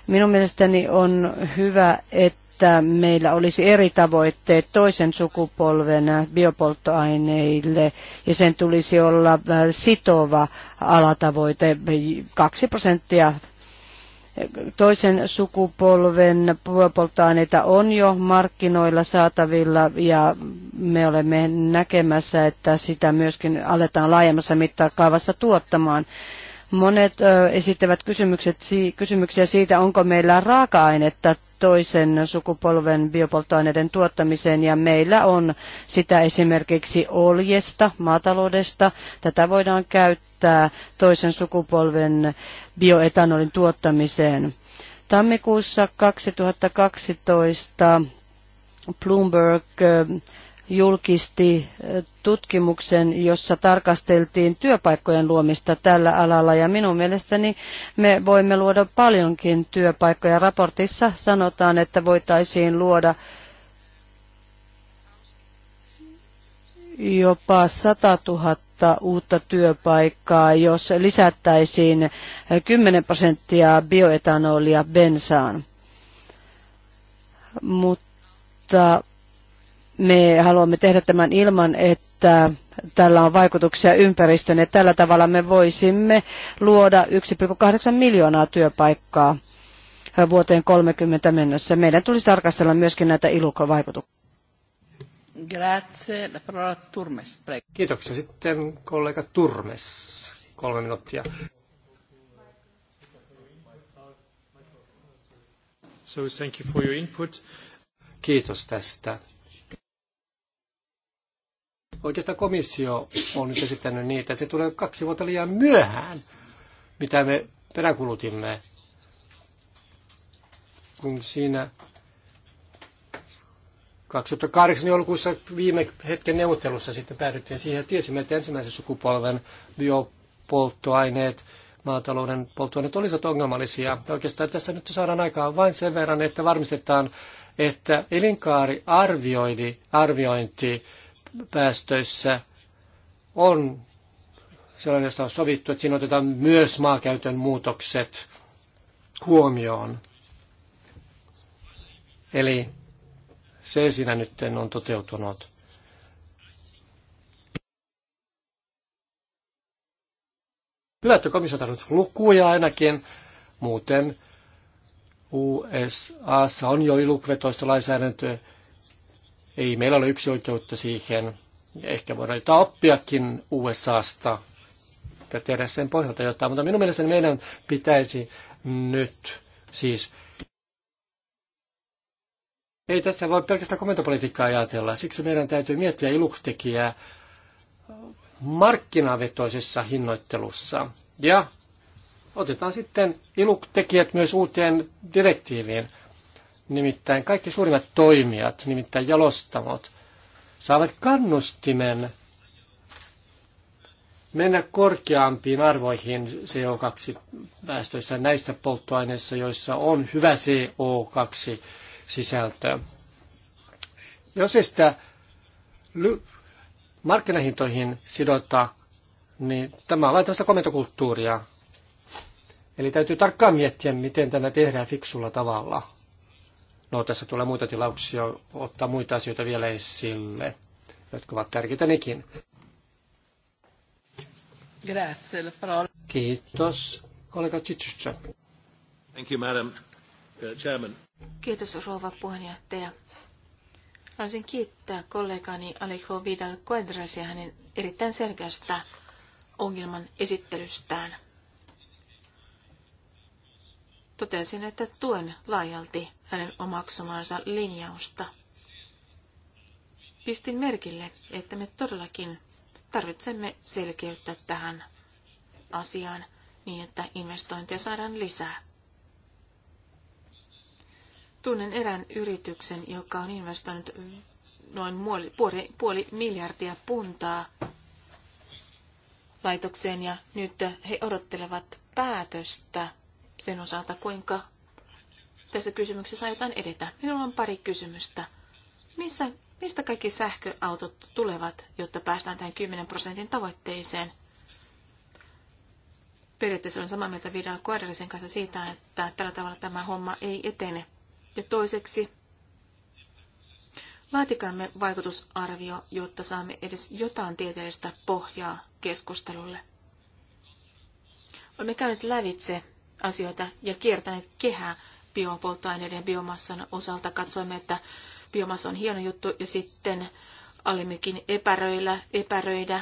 Minun mielestäni on hyvä, että että meillä olisi eri tavoitteet toisen sukupolven biopolttoaineille ja sen tulisi olla äh, sitova alatavoite 2 prosenttia toisen sukupolven polttoaineita on jo markkinoilla saatavilla ja me olemme näkemässä, että sitä myöskin aletaan laajemmassa mittakaavassa tuottamaan. Monet ö, äh, esittävät kysymykset, kysymyksiä siitä, onko meillä raaka-ainetta toisen sukupolven biopolttoaineiden tuottamiseen ja meillä on sitä esimerkiksi oljesta, maataloudesta. Tätä voidaan käyttää toisen sukupolven bioetanolin tuottamiseen. Tammikuussa 2012 Bloomberg eh, julkisti eh, tutkimuksen, jossa tarkasteltiin työpaikkojen luomista tällä alalla. Ja minun mielestäni me voimme luoda paljonkin työpaikkoja. Raportissa sanotaan, että voitaisiin luoda jopa 100 000 uutta työpaikkaa, jos lisättäisiin 10 prosenttia bioetanolia bensaan. Mutta me haluamme tehdä tämän ilman, että tällä on vaikutuksia ympäristöön ja tällä tavalla me voisimme luoda 1,8 miljoonaa työpaikkaa vuoteen 30 mennessä. Meidän tulisi tarkastella myöskin näitä ilukovaikutuksia. Grazie. La Kiitoksia. Sitten kollega Turmes, kolme minuuttia. So thank you for your input. Kiitos tästä Oikeastaan komissio on nyt esittänyt niitä. Se tulee kaksi vuotta liian myöhään, mitä me peräkulutimme. Kun siinä 2008 joulukuussa viime hetken neuvottelussa sitten päädyttiin siihen, että tiesimme, että ensimmäisen sukupolven biopolttoaineet, maatalouden polttoaineet olisivat ongelmallisia. Ja oikeastaan tässä nyt saadaan aikaan vain sen verran, että varmistetaan, että elinkaari arviointi arviointi päästöissä on sellainen, josta on sovittu, että siinä otetaan myös maakäytön muutokset huomioon. Eli se siinä nyt on toteutunut. Hyvä, että komissio on lukuja ainakin. Muuten USAssa on jo ilukvetoista lainsäädäntöä ei meillä ole yksi oikeutta siihen. Ja ehkä voidaan jotain oppiakin USAsta ja tehdä sen pohjalta jotain. Mutta minun mielestäni meidän pitäisi nyt siis ei tässä voi pelkästään komentopolitiikkaa ajatella. Siksi meidän täytyy miettiä iluktekijää markkinavetoisessa hinnoittelussa. Ja otetaan sitten iluktekijät myös uuteen direktiiviin. Nimittäin kaikki suurimmat toimijat, nimittäin jalostamot, saavat kannustimen mennä korkeampiin arvoihin CO2-päästöissä näissä polttoaineissa, joissa on hyvä CO2-sisältö. Jos ei sitä markkinahintoihin sidota, niin tämä on laitoista komentokulttuuria. Eli täytyy tarkkaan miettiä, miten tämä tehdään fiksulla tavalla. No tässä tulee muita tilauksia ottaa muita asioita vielä esille, jotka ovat tärkeitä nekin. Kiitos. Kollega Tsitsutsa. Thank you, Madam uh, Chairman. Kiitos, rouva puheenjohtaja. Haluaisin kiittää kollegani Alejo Vidal Quadrasia hänen erittäin selkeästä ongelman esittelystään. Totesin, että tuen laajalti hänen omaksumansa linjausta. Pistin merkille, että me todellakin tarvitsemme selkeyttä tähän asiaan niin, että investointeja saadaan lisää. Tunnen erään yrityksen, joka on investoinut noin puoli, puoli miljardia puntaa laitokseen ja nyt he odottelevat päätöstä sen osalta, kuinka tässä kysymyksessä aiotaan edetä. Minulla on pari kysymystä. Missä, mistä kaikki sähköautot tulevat, jotta päästään tähän 10 prosentin tavoitteeseen? Periaatteessa olen samaa mieltä Vidal Quadralisen kanssa siitä, että tällä tavalla tämä homma ei etene. Ja toiseksi, laatikaamme vaikutusarvio, jotta saamme edes jotain tieteellistä pohjaa keskustelulle. Olemme käyneet lävitse asioita ja kiertäneet kehää biopolttoaineiden ja biomassan osalta katsoimme, että biomassa on hieno juttu ja sitten alimmekin epäröillä, epäröidä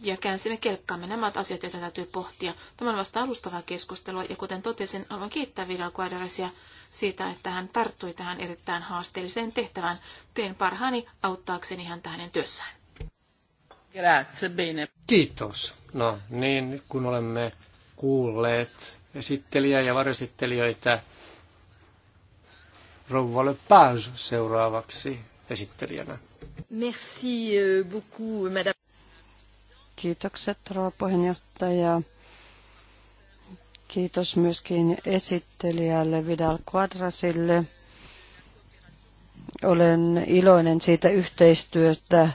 ja käänsimme kelkkaamme. Nämä ovat asiat, joita täytyy pohtia. Tämä on vasta alustavaa keskustelua ja kuten totesin, haluan kiittää Vidal Quadrasia siitä, että hän tarttui tähän erittäin haasteelliseen tehtävään. Teen parhaani auttaakseni häntä hänen työssään. Grazie bene. Kiitos. No niin, kun olemme kuulleet esittelijä ja varjoesittelijöitä, Rouva Lepage seuraavaksi esittelijänä. Merci euh, beaucoup, madame. Kiitokset, rouva puheenjohtaja. Kiitos myöskin esittelijälle Vidal Quadrasille. Olen iloinen siitä yhteistyöstä,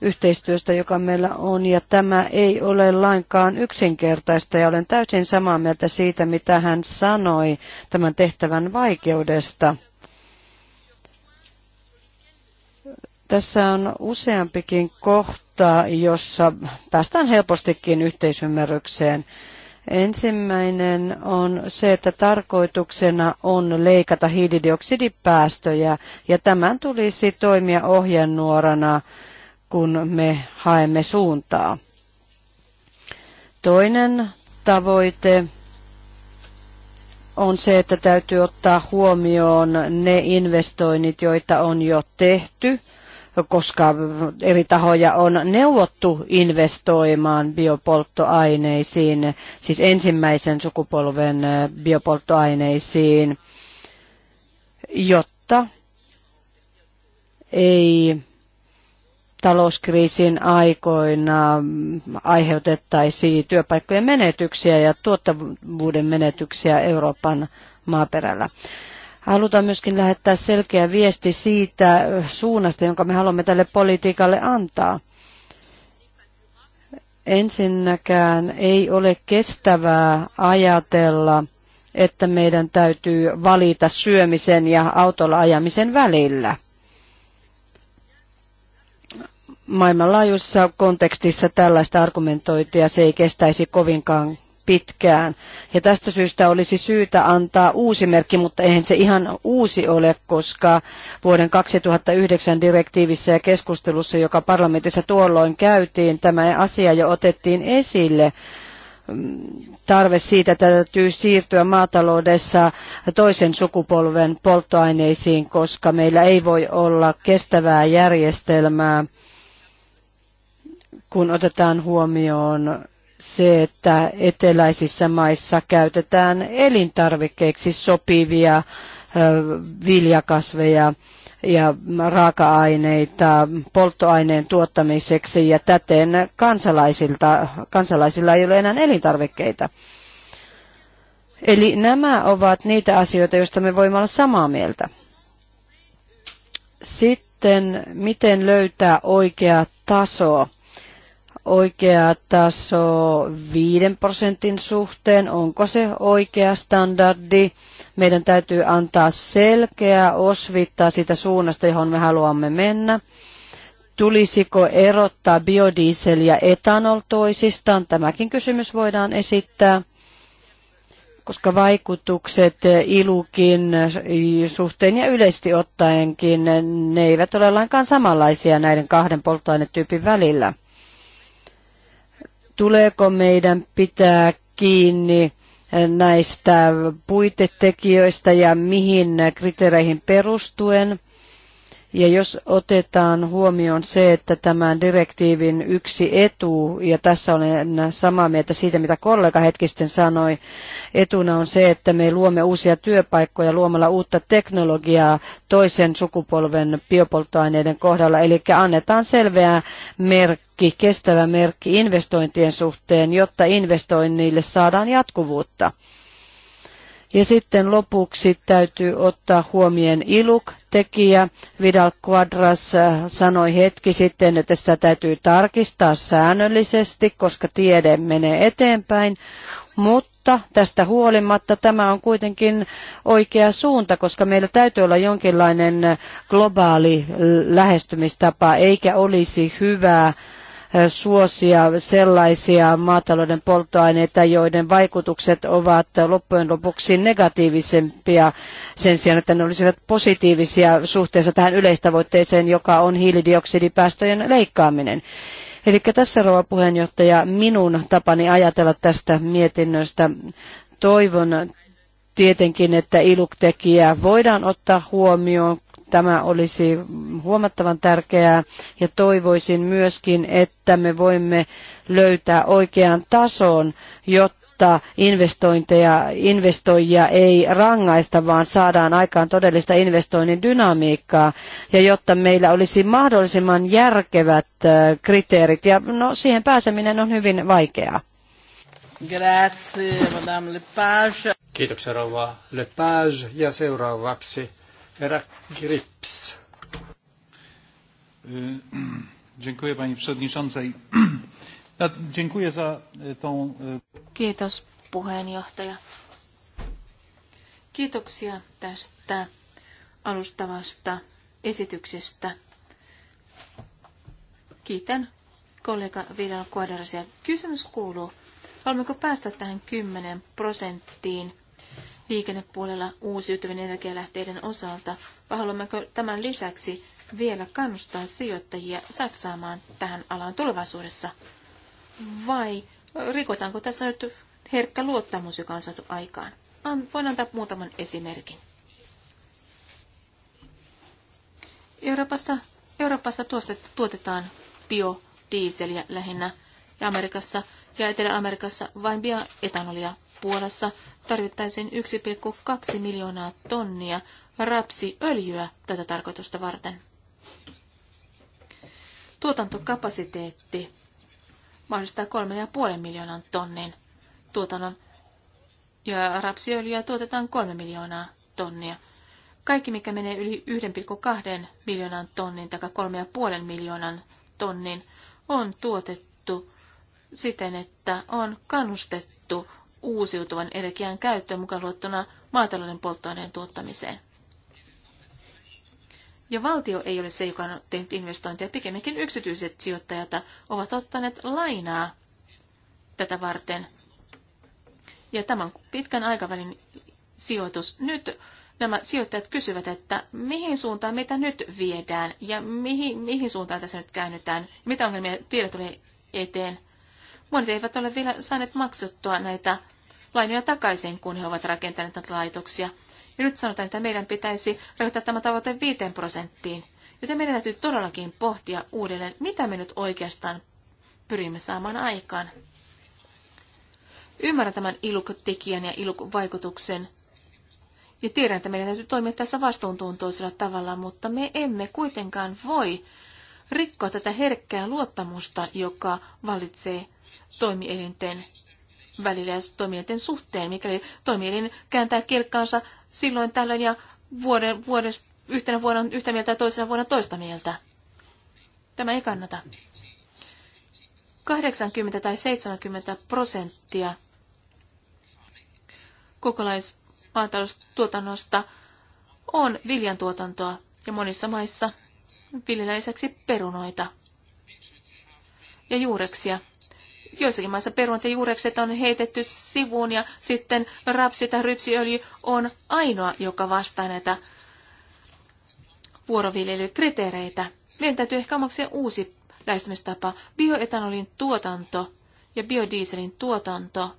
yhteistyöstä, joka meillä on, ja tämä ei ole lainkaan yksinkertaista, ja olen täysin samaa mieltä siitä, mitä hän sanoi tämän tehtävän vaikeudesta. Tässä on useampikin kohta, jossa päästään helpostikin yhteisymmärrykseen. Ensimmäinen on se, että tarkoituksena on leikata hiilidioksidipäästöjä, ja tämän tulisi toimia ohjenuorana, kun me haemme suuntaa. Toinen tavoite on se, että täytyy ottaa huomioon ne investoinnit, joita on jo tehty – koska eri tahoja on neuvottu investoimaan biopolttoaineisiin, siis ensimmäisen sukupolven äh, biopolttoaineisiin, jotta ei talouskriisin aikoina aiheutettaisi työpaikkojen menetyksiä ja tuottavuuden menetyksiä Euroopan maaperällä. Halutaan myöskin lähettää selkeä viesti siitä suunnasta, jonka me haluamme tälle politiikalle antaa. Ensinnäkään ei ole kestävää ajatella, että meidän täytyy valita syömisen ja autolla ajamisen välillä maailmanlaajuisessa kontekstissa tällaista argumentointia se ei kestäisi kovinkaan pitkään. Ja tästä syystä olisi syytä antaa uusi merkki, mutta eihän se ihan uusi ole, koska vuoden 2009 direktiivissä ja keskustelussa, joka parlamentissa tuolloin käytiin, tämä asia jo otettiin esille mm, tarve siitä, täytyy siirtyä maataloudessa toisen sukupolven polttoaineisiin, koska meillä ei voi olla kestävää järjestelmää, kun otetaan huomioon se, että eteläisissä maissa käytetään elintarvikkeiksi sopivia viljakasveja ja raaka-aineita polttoaineen tuottamiseksi ja täten kansalaisilta, kansalaisilla ei ole enää elintarvikkeita. Eli nämä ovat niitä asioita, joista me voimme olla samaa mieltä. Sitten, miten löytää oikea taso oikea taso 5 prosentin suhteen, onko se oikea standardi. Meidän täytyy antaa selkeä osvittaa sitä suunnasta, johon me haluamme mennä. Tulisiko erottaa biodiesel ja etanol toisistaan? Tämäkin kysymys voidaan esittää koska vaikutukset ilukin suhteen ja yleisesti ottaenkin, ne eivät ole lainkaan samanlaisia näiden kahden polttoainetyypin välillä. Tuleeko meidän pitää kiinni näistä puitetekijöistä ja mihin kriteereihin perustuen? Ja jos otetaan huomioon se, että tämän direktiivin yksi etu, ja tässä olen samaa mieltä siitä, mitä kollega hetkisten sanoi, etuna on se, että me luomme uusia työpaikkoja luomalla uutta teknologiaa toisen sukupolven biopolttoaineiden kohdalla, eli annetaan selveä merkki merkki, kestävä merkki investointien suhteen, jotta investoinnille saadaan jatkuvuutta. Ja sitten lopuksi täytyy ottaa huomioon ILUK-tekijä. Vidal Quadras äh, sanoi hetki sitten, että sitä täytyy tarkistaa säännöllisesti, koska tiede menee eteenpäin. Mutta tästä huolimatta tämä on kuitenkin oikea suunta, koska meillä täytyy olla jonkinlainen globaali äh, lähestymistapa, eikä olisi hyvää suosia sellaisia maatalouden polttoaineita, joiden vaikutukset ovat loppujen lopuksi negatiivisempia sen sijaan, että ne olisivat positiivisia suhteessa tähän yleistavoitteeseen, joka on hiilidioksidipäästöjen leikkaaminen. Eli tässä rouva puheenjohtaja minun tapani ajatella tästä mietinnöstä. Toivon tietenkin, että iluktekijä voidaan ottaa huomioon, Tämä olisi huomattavan tärkeää ja toivoisin myöskin, että me voimme löytää oikean tason, jotta investointeja, investoijia ei rangaista, vaan saadaan aikaan todellista investoinnin dynamiikkaa ja jotta meillä olisi mahdollisimman järkevät kriteerit. Ja no, siihen pääseminen on hyvin vaikeaa. Grazie, Madame Lepage. Kiitoksia rouva Lepage ja seuraavaksi Herra Grips. [clears throat] Dziękuję pani przewodniczącej. [clears throat] Dziękuję za tą... Kiitos puheenjohtaja. Kiitoksia tästä alustavasta esityksestä. Kiitän kollega Vidal Quadrasia. Kysymys kuuluu, haluammeko päästä tähän 10 prosenttiin liikennepuolella uusiutuvien energialähteiden osalta, vai haluammeko tämän lisäksi vielä kannustaa sijoittajia satsaamaan tähän alaan tulevaisuudessa? Vai rikotaanko tässä nyt herkkä luottamus, joka on saatu aikaan? Voin antaa muutaman esimerkin. Euroopassa Euroopassa tuotetaan biodieseliä lähinnä ja Amerikassa ja Etelä-Amerikassa vain bioetanolia vuodessa tarvittaisiin 1,2 miljoonaa tonnia rapsiöljyä tätä tarkoitusta varten. Tuotantokapasiteetti mahdollistaa 3,5 miljoonan tonnin tuotannon ja rapsiöljyä tuotetaan 3 miljoonaa tonnia. Kaikki, mikä menee yli 1,2 miljoonan tonnin tai 3,5 miljoonan tonnin, on tuotettu siten, että on kannustettu uusiutuvan energian käyttöön mukaan luettuna maatalouden polttoaineen tuottamiseen. Ja valtio ei ole se, joka on tehnyt investointeja. Pikemminkin yksityiset sijoittajat ovat ottaneet lainaa tätä varten. Ja tämän pitkän aikavälin sijoitus. Nyt nämä sijoittajat kysyvät, että mihin suuntaan meitä nyt viedään ja mihin, mihin suuntaan tässä nyt käännytään. Mitä ongelmia vielä tulee eteen? Monet eivät ole vielä saaneet maksuttua näitä lainoja takaisin, kun he ovat rakentaneet näitä laitoksia. Ja nyt sanotaan, että meidän pitäisi rajoittaa tämä tavoite 5 prosenttiin. Joten meidän täytyy todellakin pohtia uudelleen, mitä me nyt oikeastaan pyrimme saamaan aikaan. Ymmärrän tämän ilukotekijän ja ilukovaikutuksen. Ja tiedän, että meidän täytyy toimia tässä vastuuntuntoisella tavalla, mutta me emme kuitenkaan voi rikkoa tätä herkkää luottamusta, joka valitsee toimielinten välillä ja toimijoiden suhteen, mikäli toimielin kääntää kelkkaansa silloin tällöin ja vuoden, vuoden yhtenä vuonna yhtä mieltä ja toisena vuonna toista mieltä. Tämä ei kannata. 80 tai 70 prosenttia kokonaismaataloustuotannosta on viljantuotantoa ja monissa maissa viljellään lisäksi perunoita ja juureksia. Joissakin maissa perunat ja juurekset on heitetty sivuun ja sitten rapsi tai rypsiöljy on ainoa, joka vastaa näitä vuoroviljelykriteereitä. Meidän täytyy ehkä omaksi uusi lähestymistapa. Bioetanolin tuotanto ja biodieselin tuotanto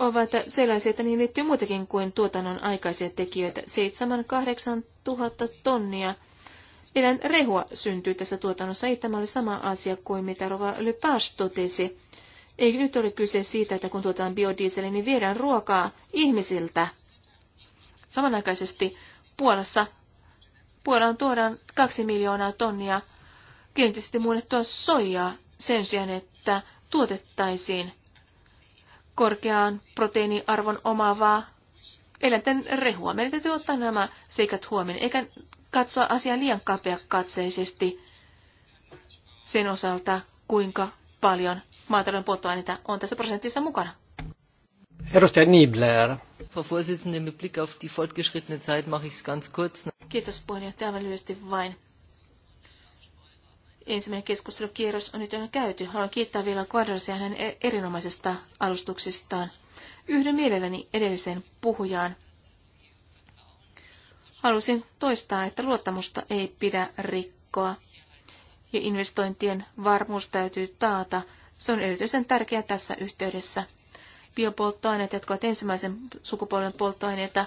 ovat sellaisia, että niihin liittyy muutakin kuin tuotannon aikaisia tekijöitä. 7-8 tuhatta tonnia Eläin rehua syntyy tässä tuotannossa. Ei tämä ole sama asia kuin mitä Rova Lepage totesi. Ei nyt ole kyse siitä, että kun tuotetaan biodieseliä, niin viedään ruokaa ihmisiltä. Samanaikaisesti Puolassa Puolaan tuodaan kaksi miljoonaa tonnia geneettisesti muunnettua soijaa sen sijaan, että tuotettaisiin korkean proteiiniarvon omaavaa eläinten rehua. Meidän täytyy ottaa nämä seikat huomioon, eikä katsoa asiaa liian kapeakatseisesti sen osalta, kuinka paljon maatalouden polttoaineita on tässä prosentissa mukana. Edustaja Niebler. Frau Vorsitzende, mit Blick auf die fortgeschrittene Zeit mache ich es ganz kurz. Kiitos puheenjohtaja, aivan lyhyesti vain ensimmäinen keskustelukierros on nyt jo käyty. Haluan kiittää vielä Quadrasia hänen e- erinomaisesta alustuksestaan. Yhden mielelläni edelliseen puhujaan. Halusin toistaa, että luottamusta ei pidä rikkoa ja investointien varmuus täytyy taata. Se on erityisen tärkeää tässä yhteydessä. Biopolttoaineet, jotka ovat ensimmäisen sukupolven polttoaineita,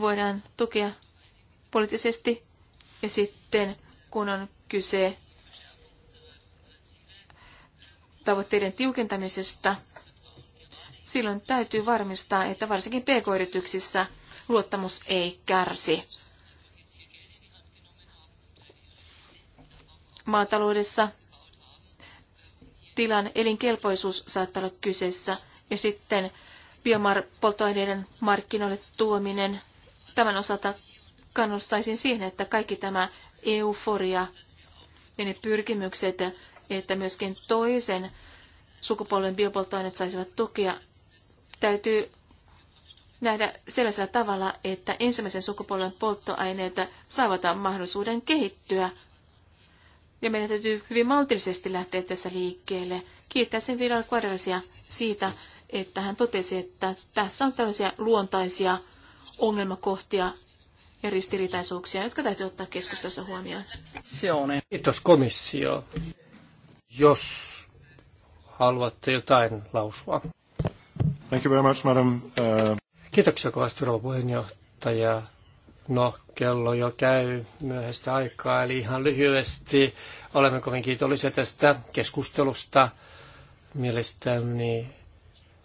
voidaan tukea poliittisesti ja sitten kun on kyse tavoitteiden tiukentamisesta, silloin täytyy varmistaa, että varsinkin pk-yrityksissä luottamus ei kärsi. Maataloudessa tilan elinkelpoisuus saattaa olla kyseessä ja sitten biopolttoaineiden markkinoille tuominen. Tämän osalta kannustaisin siihen, että kaikki tämä euforia ja niin ne pyrkimykset, että myöskin toisen sukupolven biopolttoaineet saisivat tukea, täytyy nähdä sellaisella tavalla, että ensimmäisen sukupolven polttoaineet saavat mahdollisuuden kehittyä. Ja meidän täytyy hyvin maltillisesti lähteä tässä liikkeelle. Kiittäisin Vidal Quadrasia siitä, että hän totesi, että tässä on tällaisia luontaisia ongelmakohtia, ja ristiriitaisuuksia, jotka täytyy ottaa keskustelussa huomioon. Kiitos komissio. Jos haluatte jotain lausua. Thank you very much, madam. Uh... Kiitoksia kovasti, rouva puheenjohtaja. No, kello jo käy myöhäistä aikaa, eli ihan lyhyesti olemme kovin kiitollisia tästä keskustelusta. Mielestäni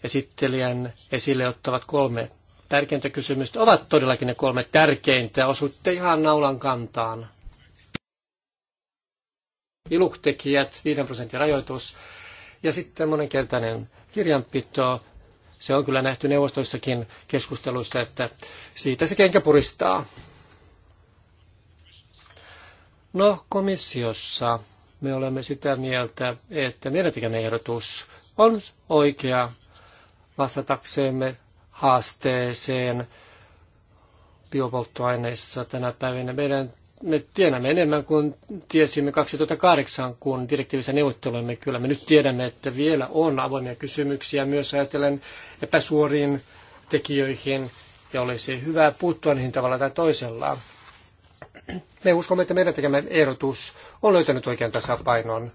esittelijän esille ottavat kolme tärkeintä kysymystä ovat todellakin ne kolme tärkeintä. Osuitte ihan naulan kantaan. Iluktekijät, 5 prosentin rajoitus ja sitten monenkertainen kirjanpito. Se on kyllä nähty neuvostoissakin keskusteluissa, että siitä se kenkä puristaa. No, komissiossa me olemme sitä mieltä, että meidän tekemä ehdotus on oikea vastataksemme haasteeseen biopolttoaineissa tänä päivänä. Meidän, me tiedämme enemmän kuin tiesimme 2008, kun direktiivissä neuvotteluimme. Kyllä me nyt tiedämme, että vielä on avoimia kysymyksiä myös ajatellen epäsuoriin tekijöihin, ja olisi hyvä puuttua niihin tavalla tai toisella. Me uskomme, että meidän tekemä ehdotus on löytänyt oikean tasapainon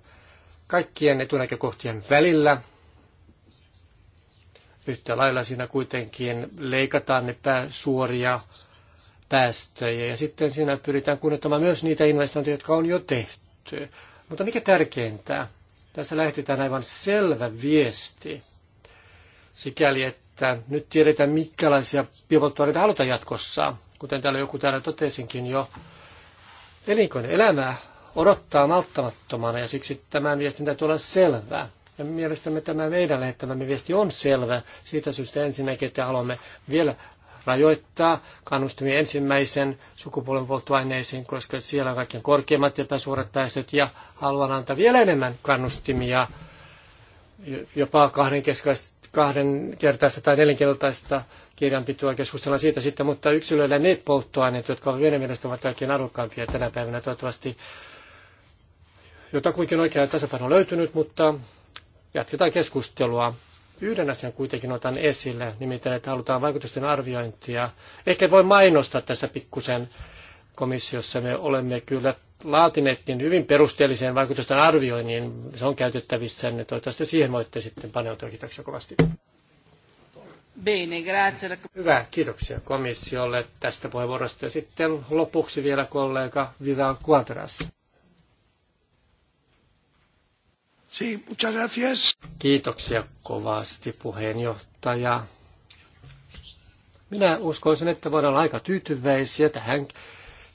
kaikkien etunäkökohtien välillä, Yhtä lailla siinä kuitenkin leikataan ne suoria päästöjä ja sitten siinä pyritään kunnioittamaan myös niitä investointeja, jotka on jo tehty. Mutta mikä tärkeintä, tässä lähetetään aivan selvä viesti sikäli, että nyt tiedetään, mikälaisia biopolttoaineita halutaan jatkossa. Kuten täällä joku täällä totesinkin jo, elinkoinen elämää odottaa malttamattomana ja siksi tämän viestin täytyy olla selvää. Ja mielestämme tämä meidän lähettämämme viesti on selvä siitä syystä ensinnäkin, että haluamme vielä rajoittaa kannustumia ensimmäisen sukupuolen polttoaineisiin, koska siellä on kaikkein korkeimmat epäsuorat päästöt ja haluan antaa vielä enemmän kannustimia jopa kahden, keskeistä, kahden kertaista tai nelinkertaista kirjanpitoa keskustellaan siitä sitten, mutta yksilöillä ne polttoaineet, jotka vielä mielestä ovat kaikkein arvokkaampia tänä päivänä toivottavasti jotakuinkin oikea tasapaino löytynyt, mutta Jatketaan keskustelua. Yhden asian kuitenkin otan esille, nimittäin, että halutaan vaikutusten arviointia. Ehkä voi mainostaa tässä pikkusen komissiossa. Me olemme kyllä laatineetkin niin hyvin perusteelliseen vaikutusten arvioinnin. Se on käytettävissä, niin toivottavasti siihen voitte sitten paneutua. Kiitoksia kovasti. Bene, grazie. Hyvä, kiitoksia komissiolle tästä puheenvuorosta. Ja sitten lopuksi vielä kollega Vidal Quadras. Kiitoksia kovasti puheenjohtaja. Minä uskoisin, että voidaan olla aika tyytyväisiä tähän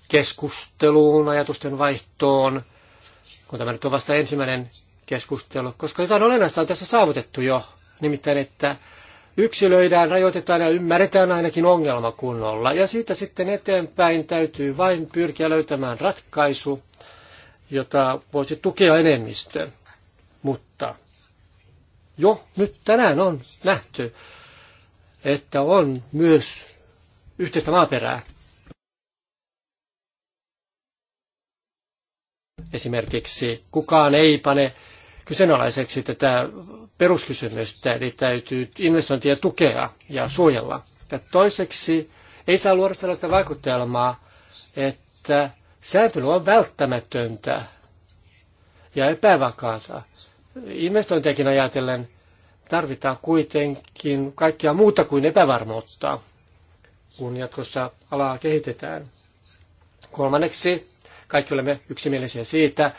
keskusteluun, ajatusten vaihtoon, kun tämä nyt on vasta ensimmäinen keskustelu, koska jotain olennaista on tässä saavutettu jo, nimittäin että yksilöidään, rajoitetaan ja ymmärretään ainakin ongelma kunnolla. Ja siitä sitten eteenpäin täytyy vain pyrkiä löytämään ratkaisu, jota voisi tukea enemmistö jo nyt tänään on nähty, että on myös yhteistä maaperää. Esimerkiksi kukaan ei pane kyseenalaiseksi tätä peruskysymystä, eli täytyy investointia tukea ja suojella. Ja toiseksi ei saa luoda sellaista vaikutelmaa, että sääntely on välttämätöntä ja epävakaata investointejakin ajatellen tarvitaan kuitenkin kaikkea muuta kuin epävarmuutta, kun jatkossa alaa kehitetään. Kolmanneksi, kaikki olemme yksimielisiä siitä,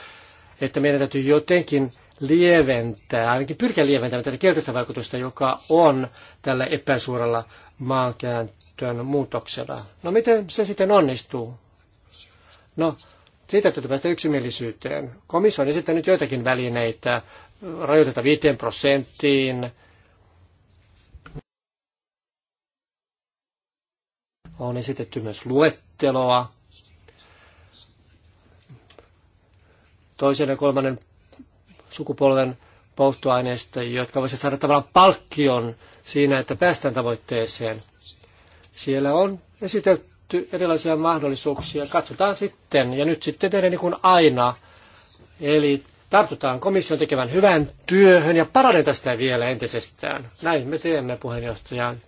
että meidän täytyy jotenkin lieventää, ainakin pyrkiä lieventämään tätä kielteistä vaikutusta, joka on tällä epäsuoralla maankäyttöön muutoksella. No miten se sitten onnistuu? No, siitä täytyy päästä yksimielisyyteen. Komissio on esittänyt joitakin välineitä, rajoiteta 5 prosenttiin. On esitetty myös luetteloa. Toisen ja kolmannen sukupolven polttoaineista, jotka voisivat saada tavallaan palkkion siinä, että päästään tavoitteeseen. Siellä on esitetty erilaisia mahdollisuuksia. Katsotaan sitten, ja nyt sitten tehdään niin kuin aina. Eli tartutaan komission tekevän hyvän työhön ja parannetaan sitä vielä entisestään. Näin me teemme puheenjohtajan.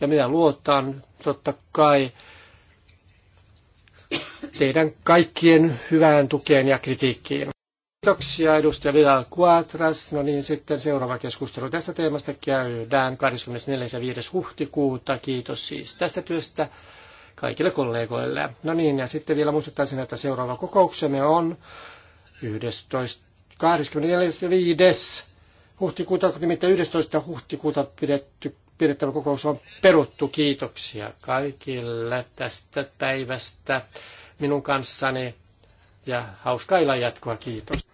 Ja minä luotan totta kai teidän kaikkien hyvään tukeen ja kritiikkiin. Kiitoksia edustaja Vidal Quatras. No niin, sitten seuraava keskustelu tästä teemasta käydään 24. ja 5. huhtikuuta. Kiitos siis tästä työstä kaikille kollegoille. No niin, ja sitten vielä muistuttaisin, että seuraava kokouksemme on 11. 25. huhtikuuta, nimittäin 11. huhtikuuta pidetty, pidettävä kokous on peruttu. Kiitoksia kaikille tästä päivästä minun kanssani ja hauskaa illan jatkoa. Kiitos.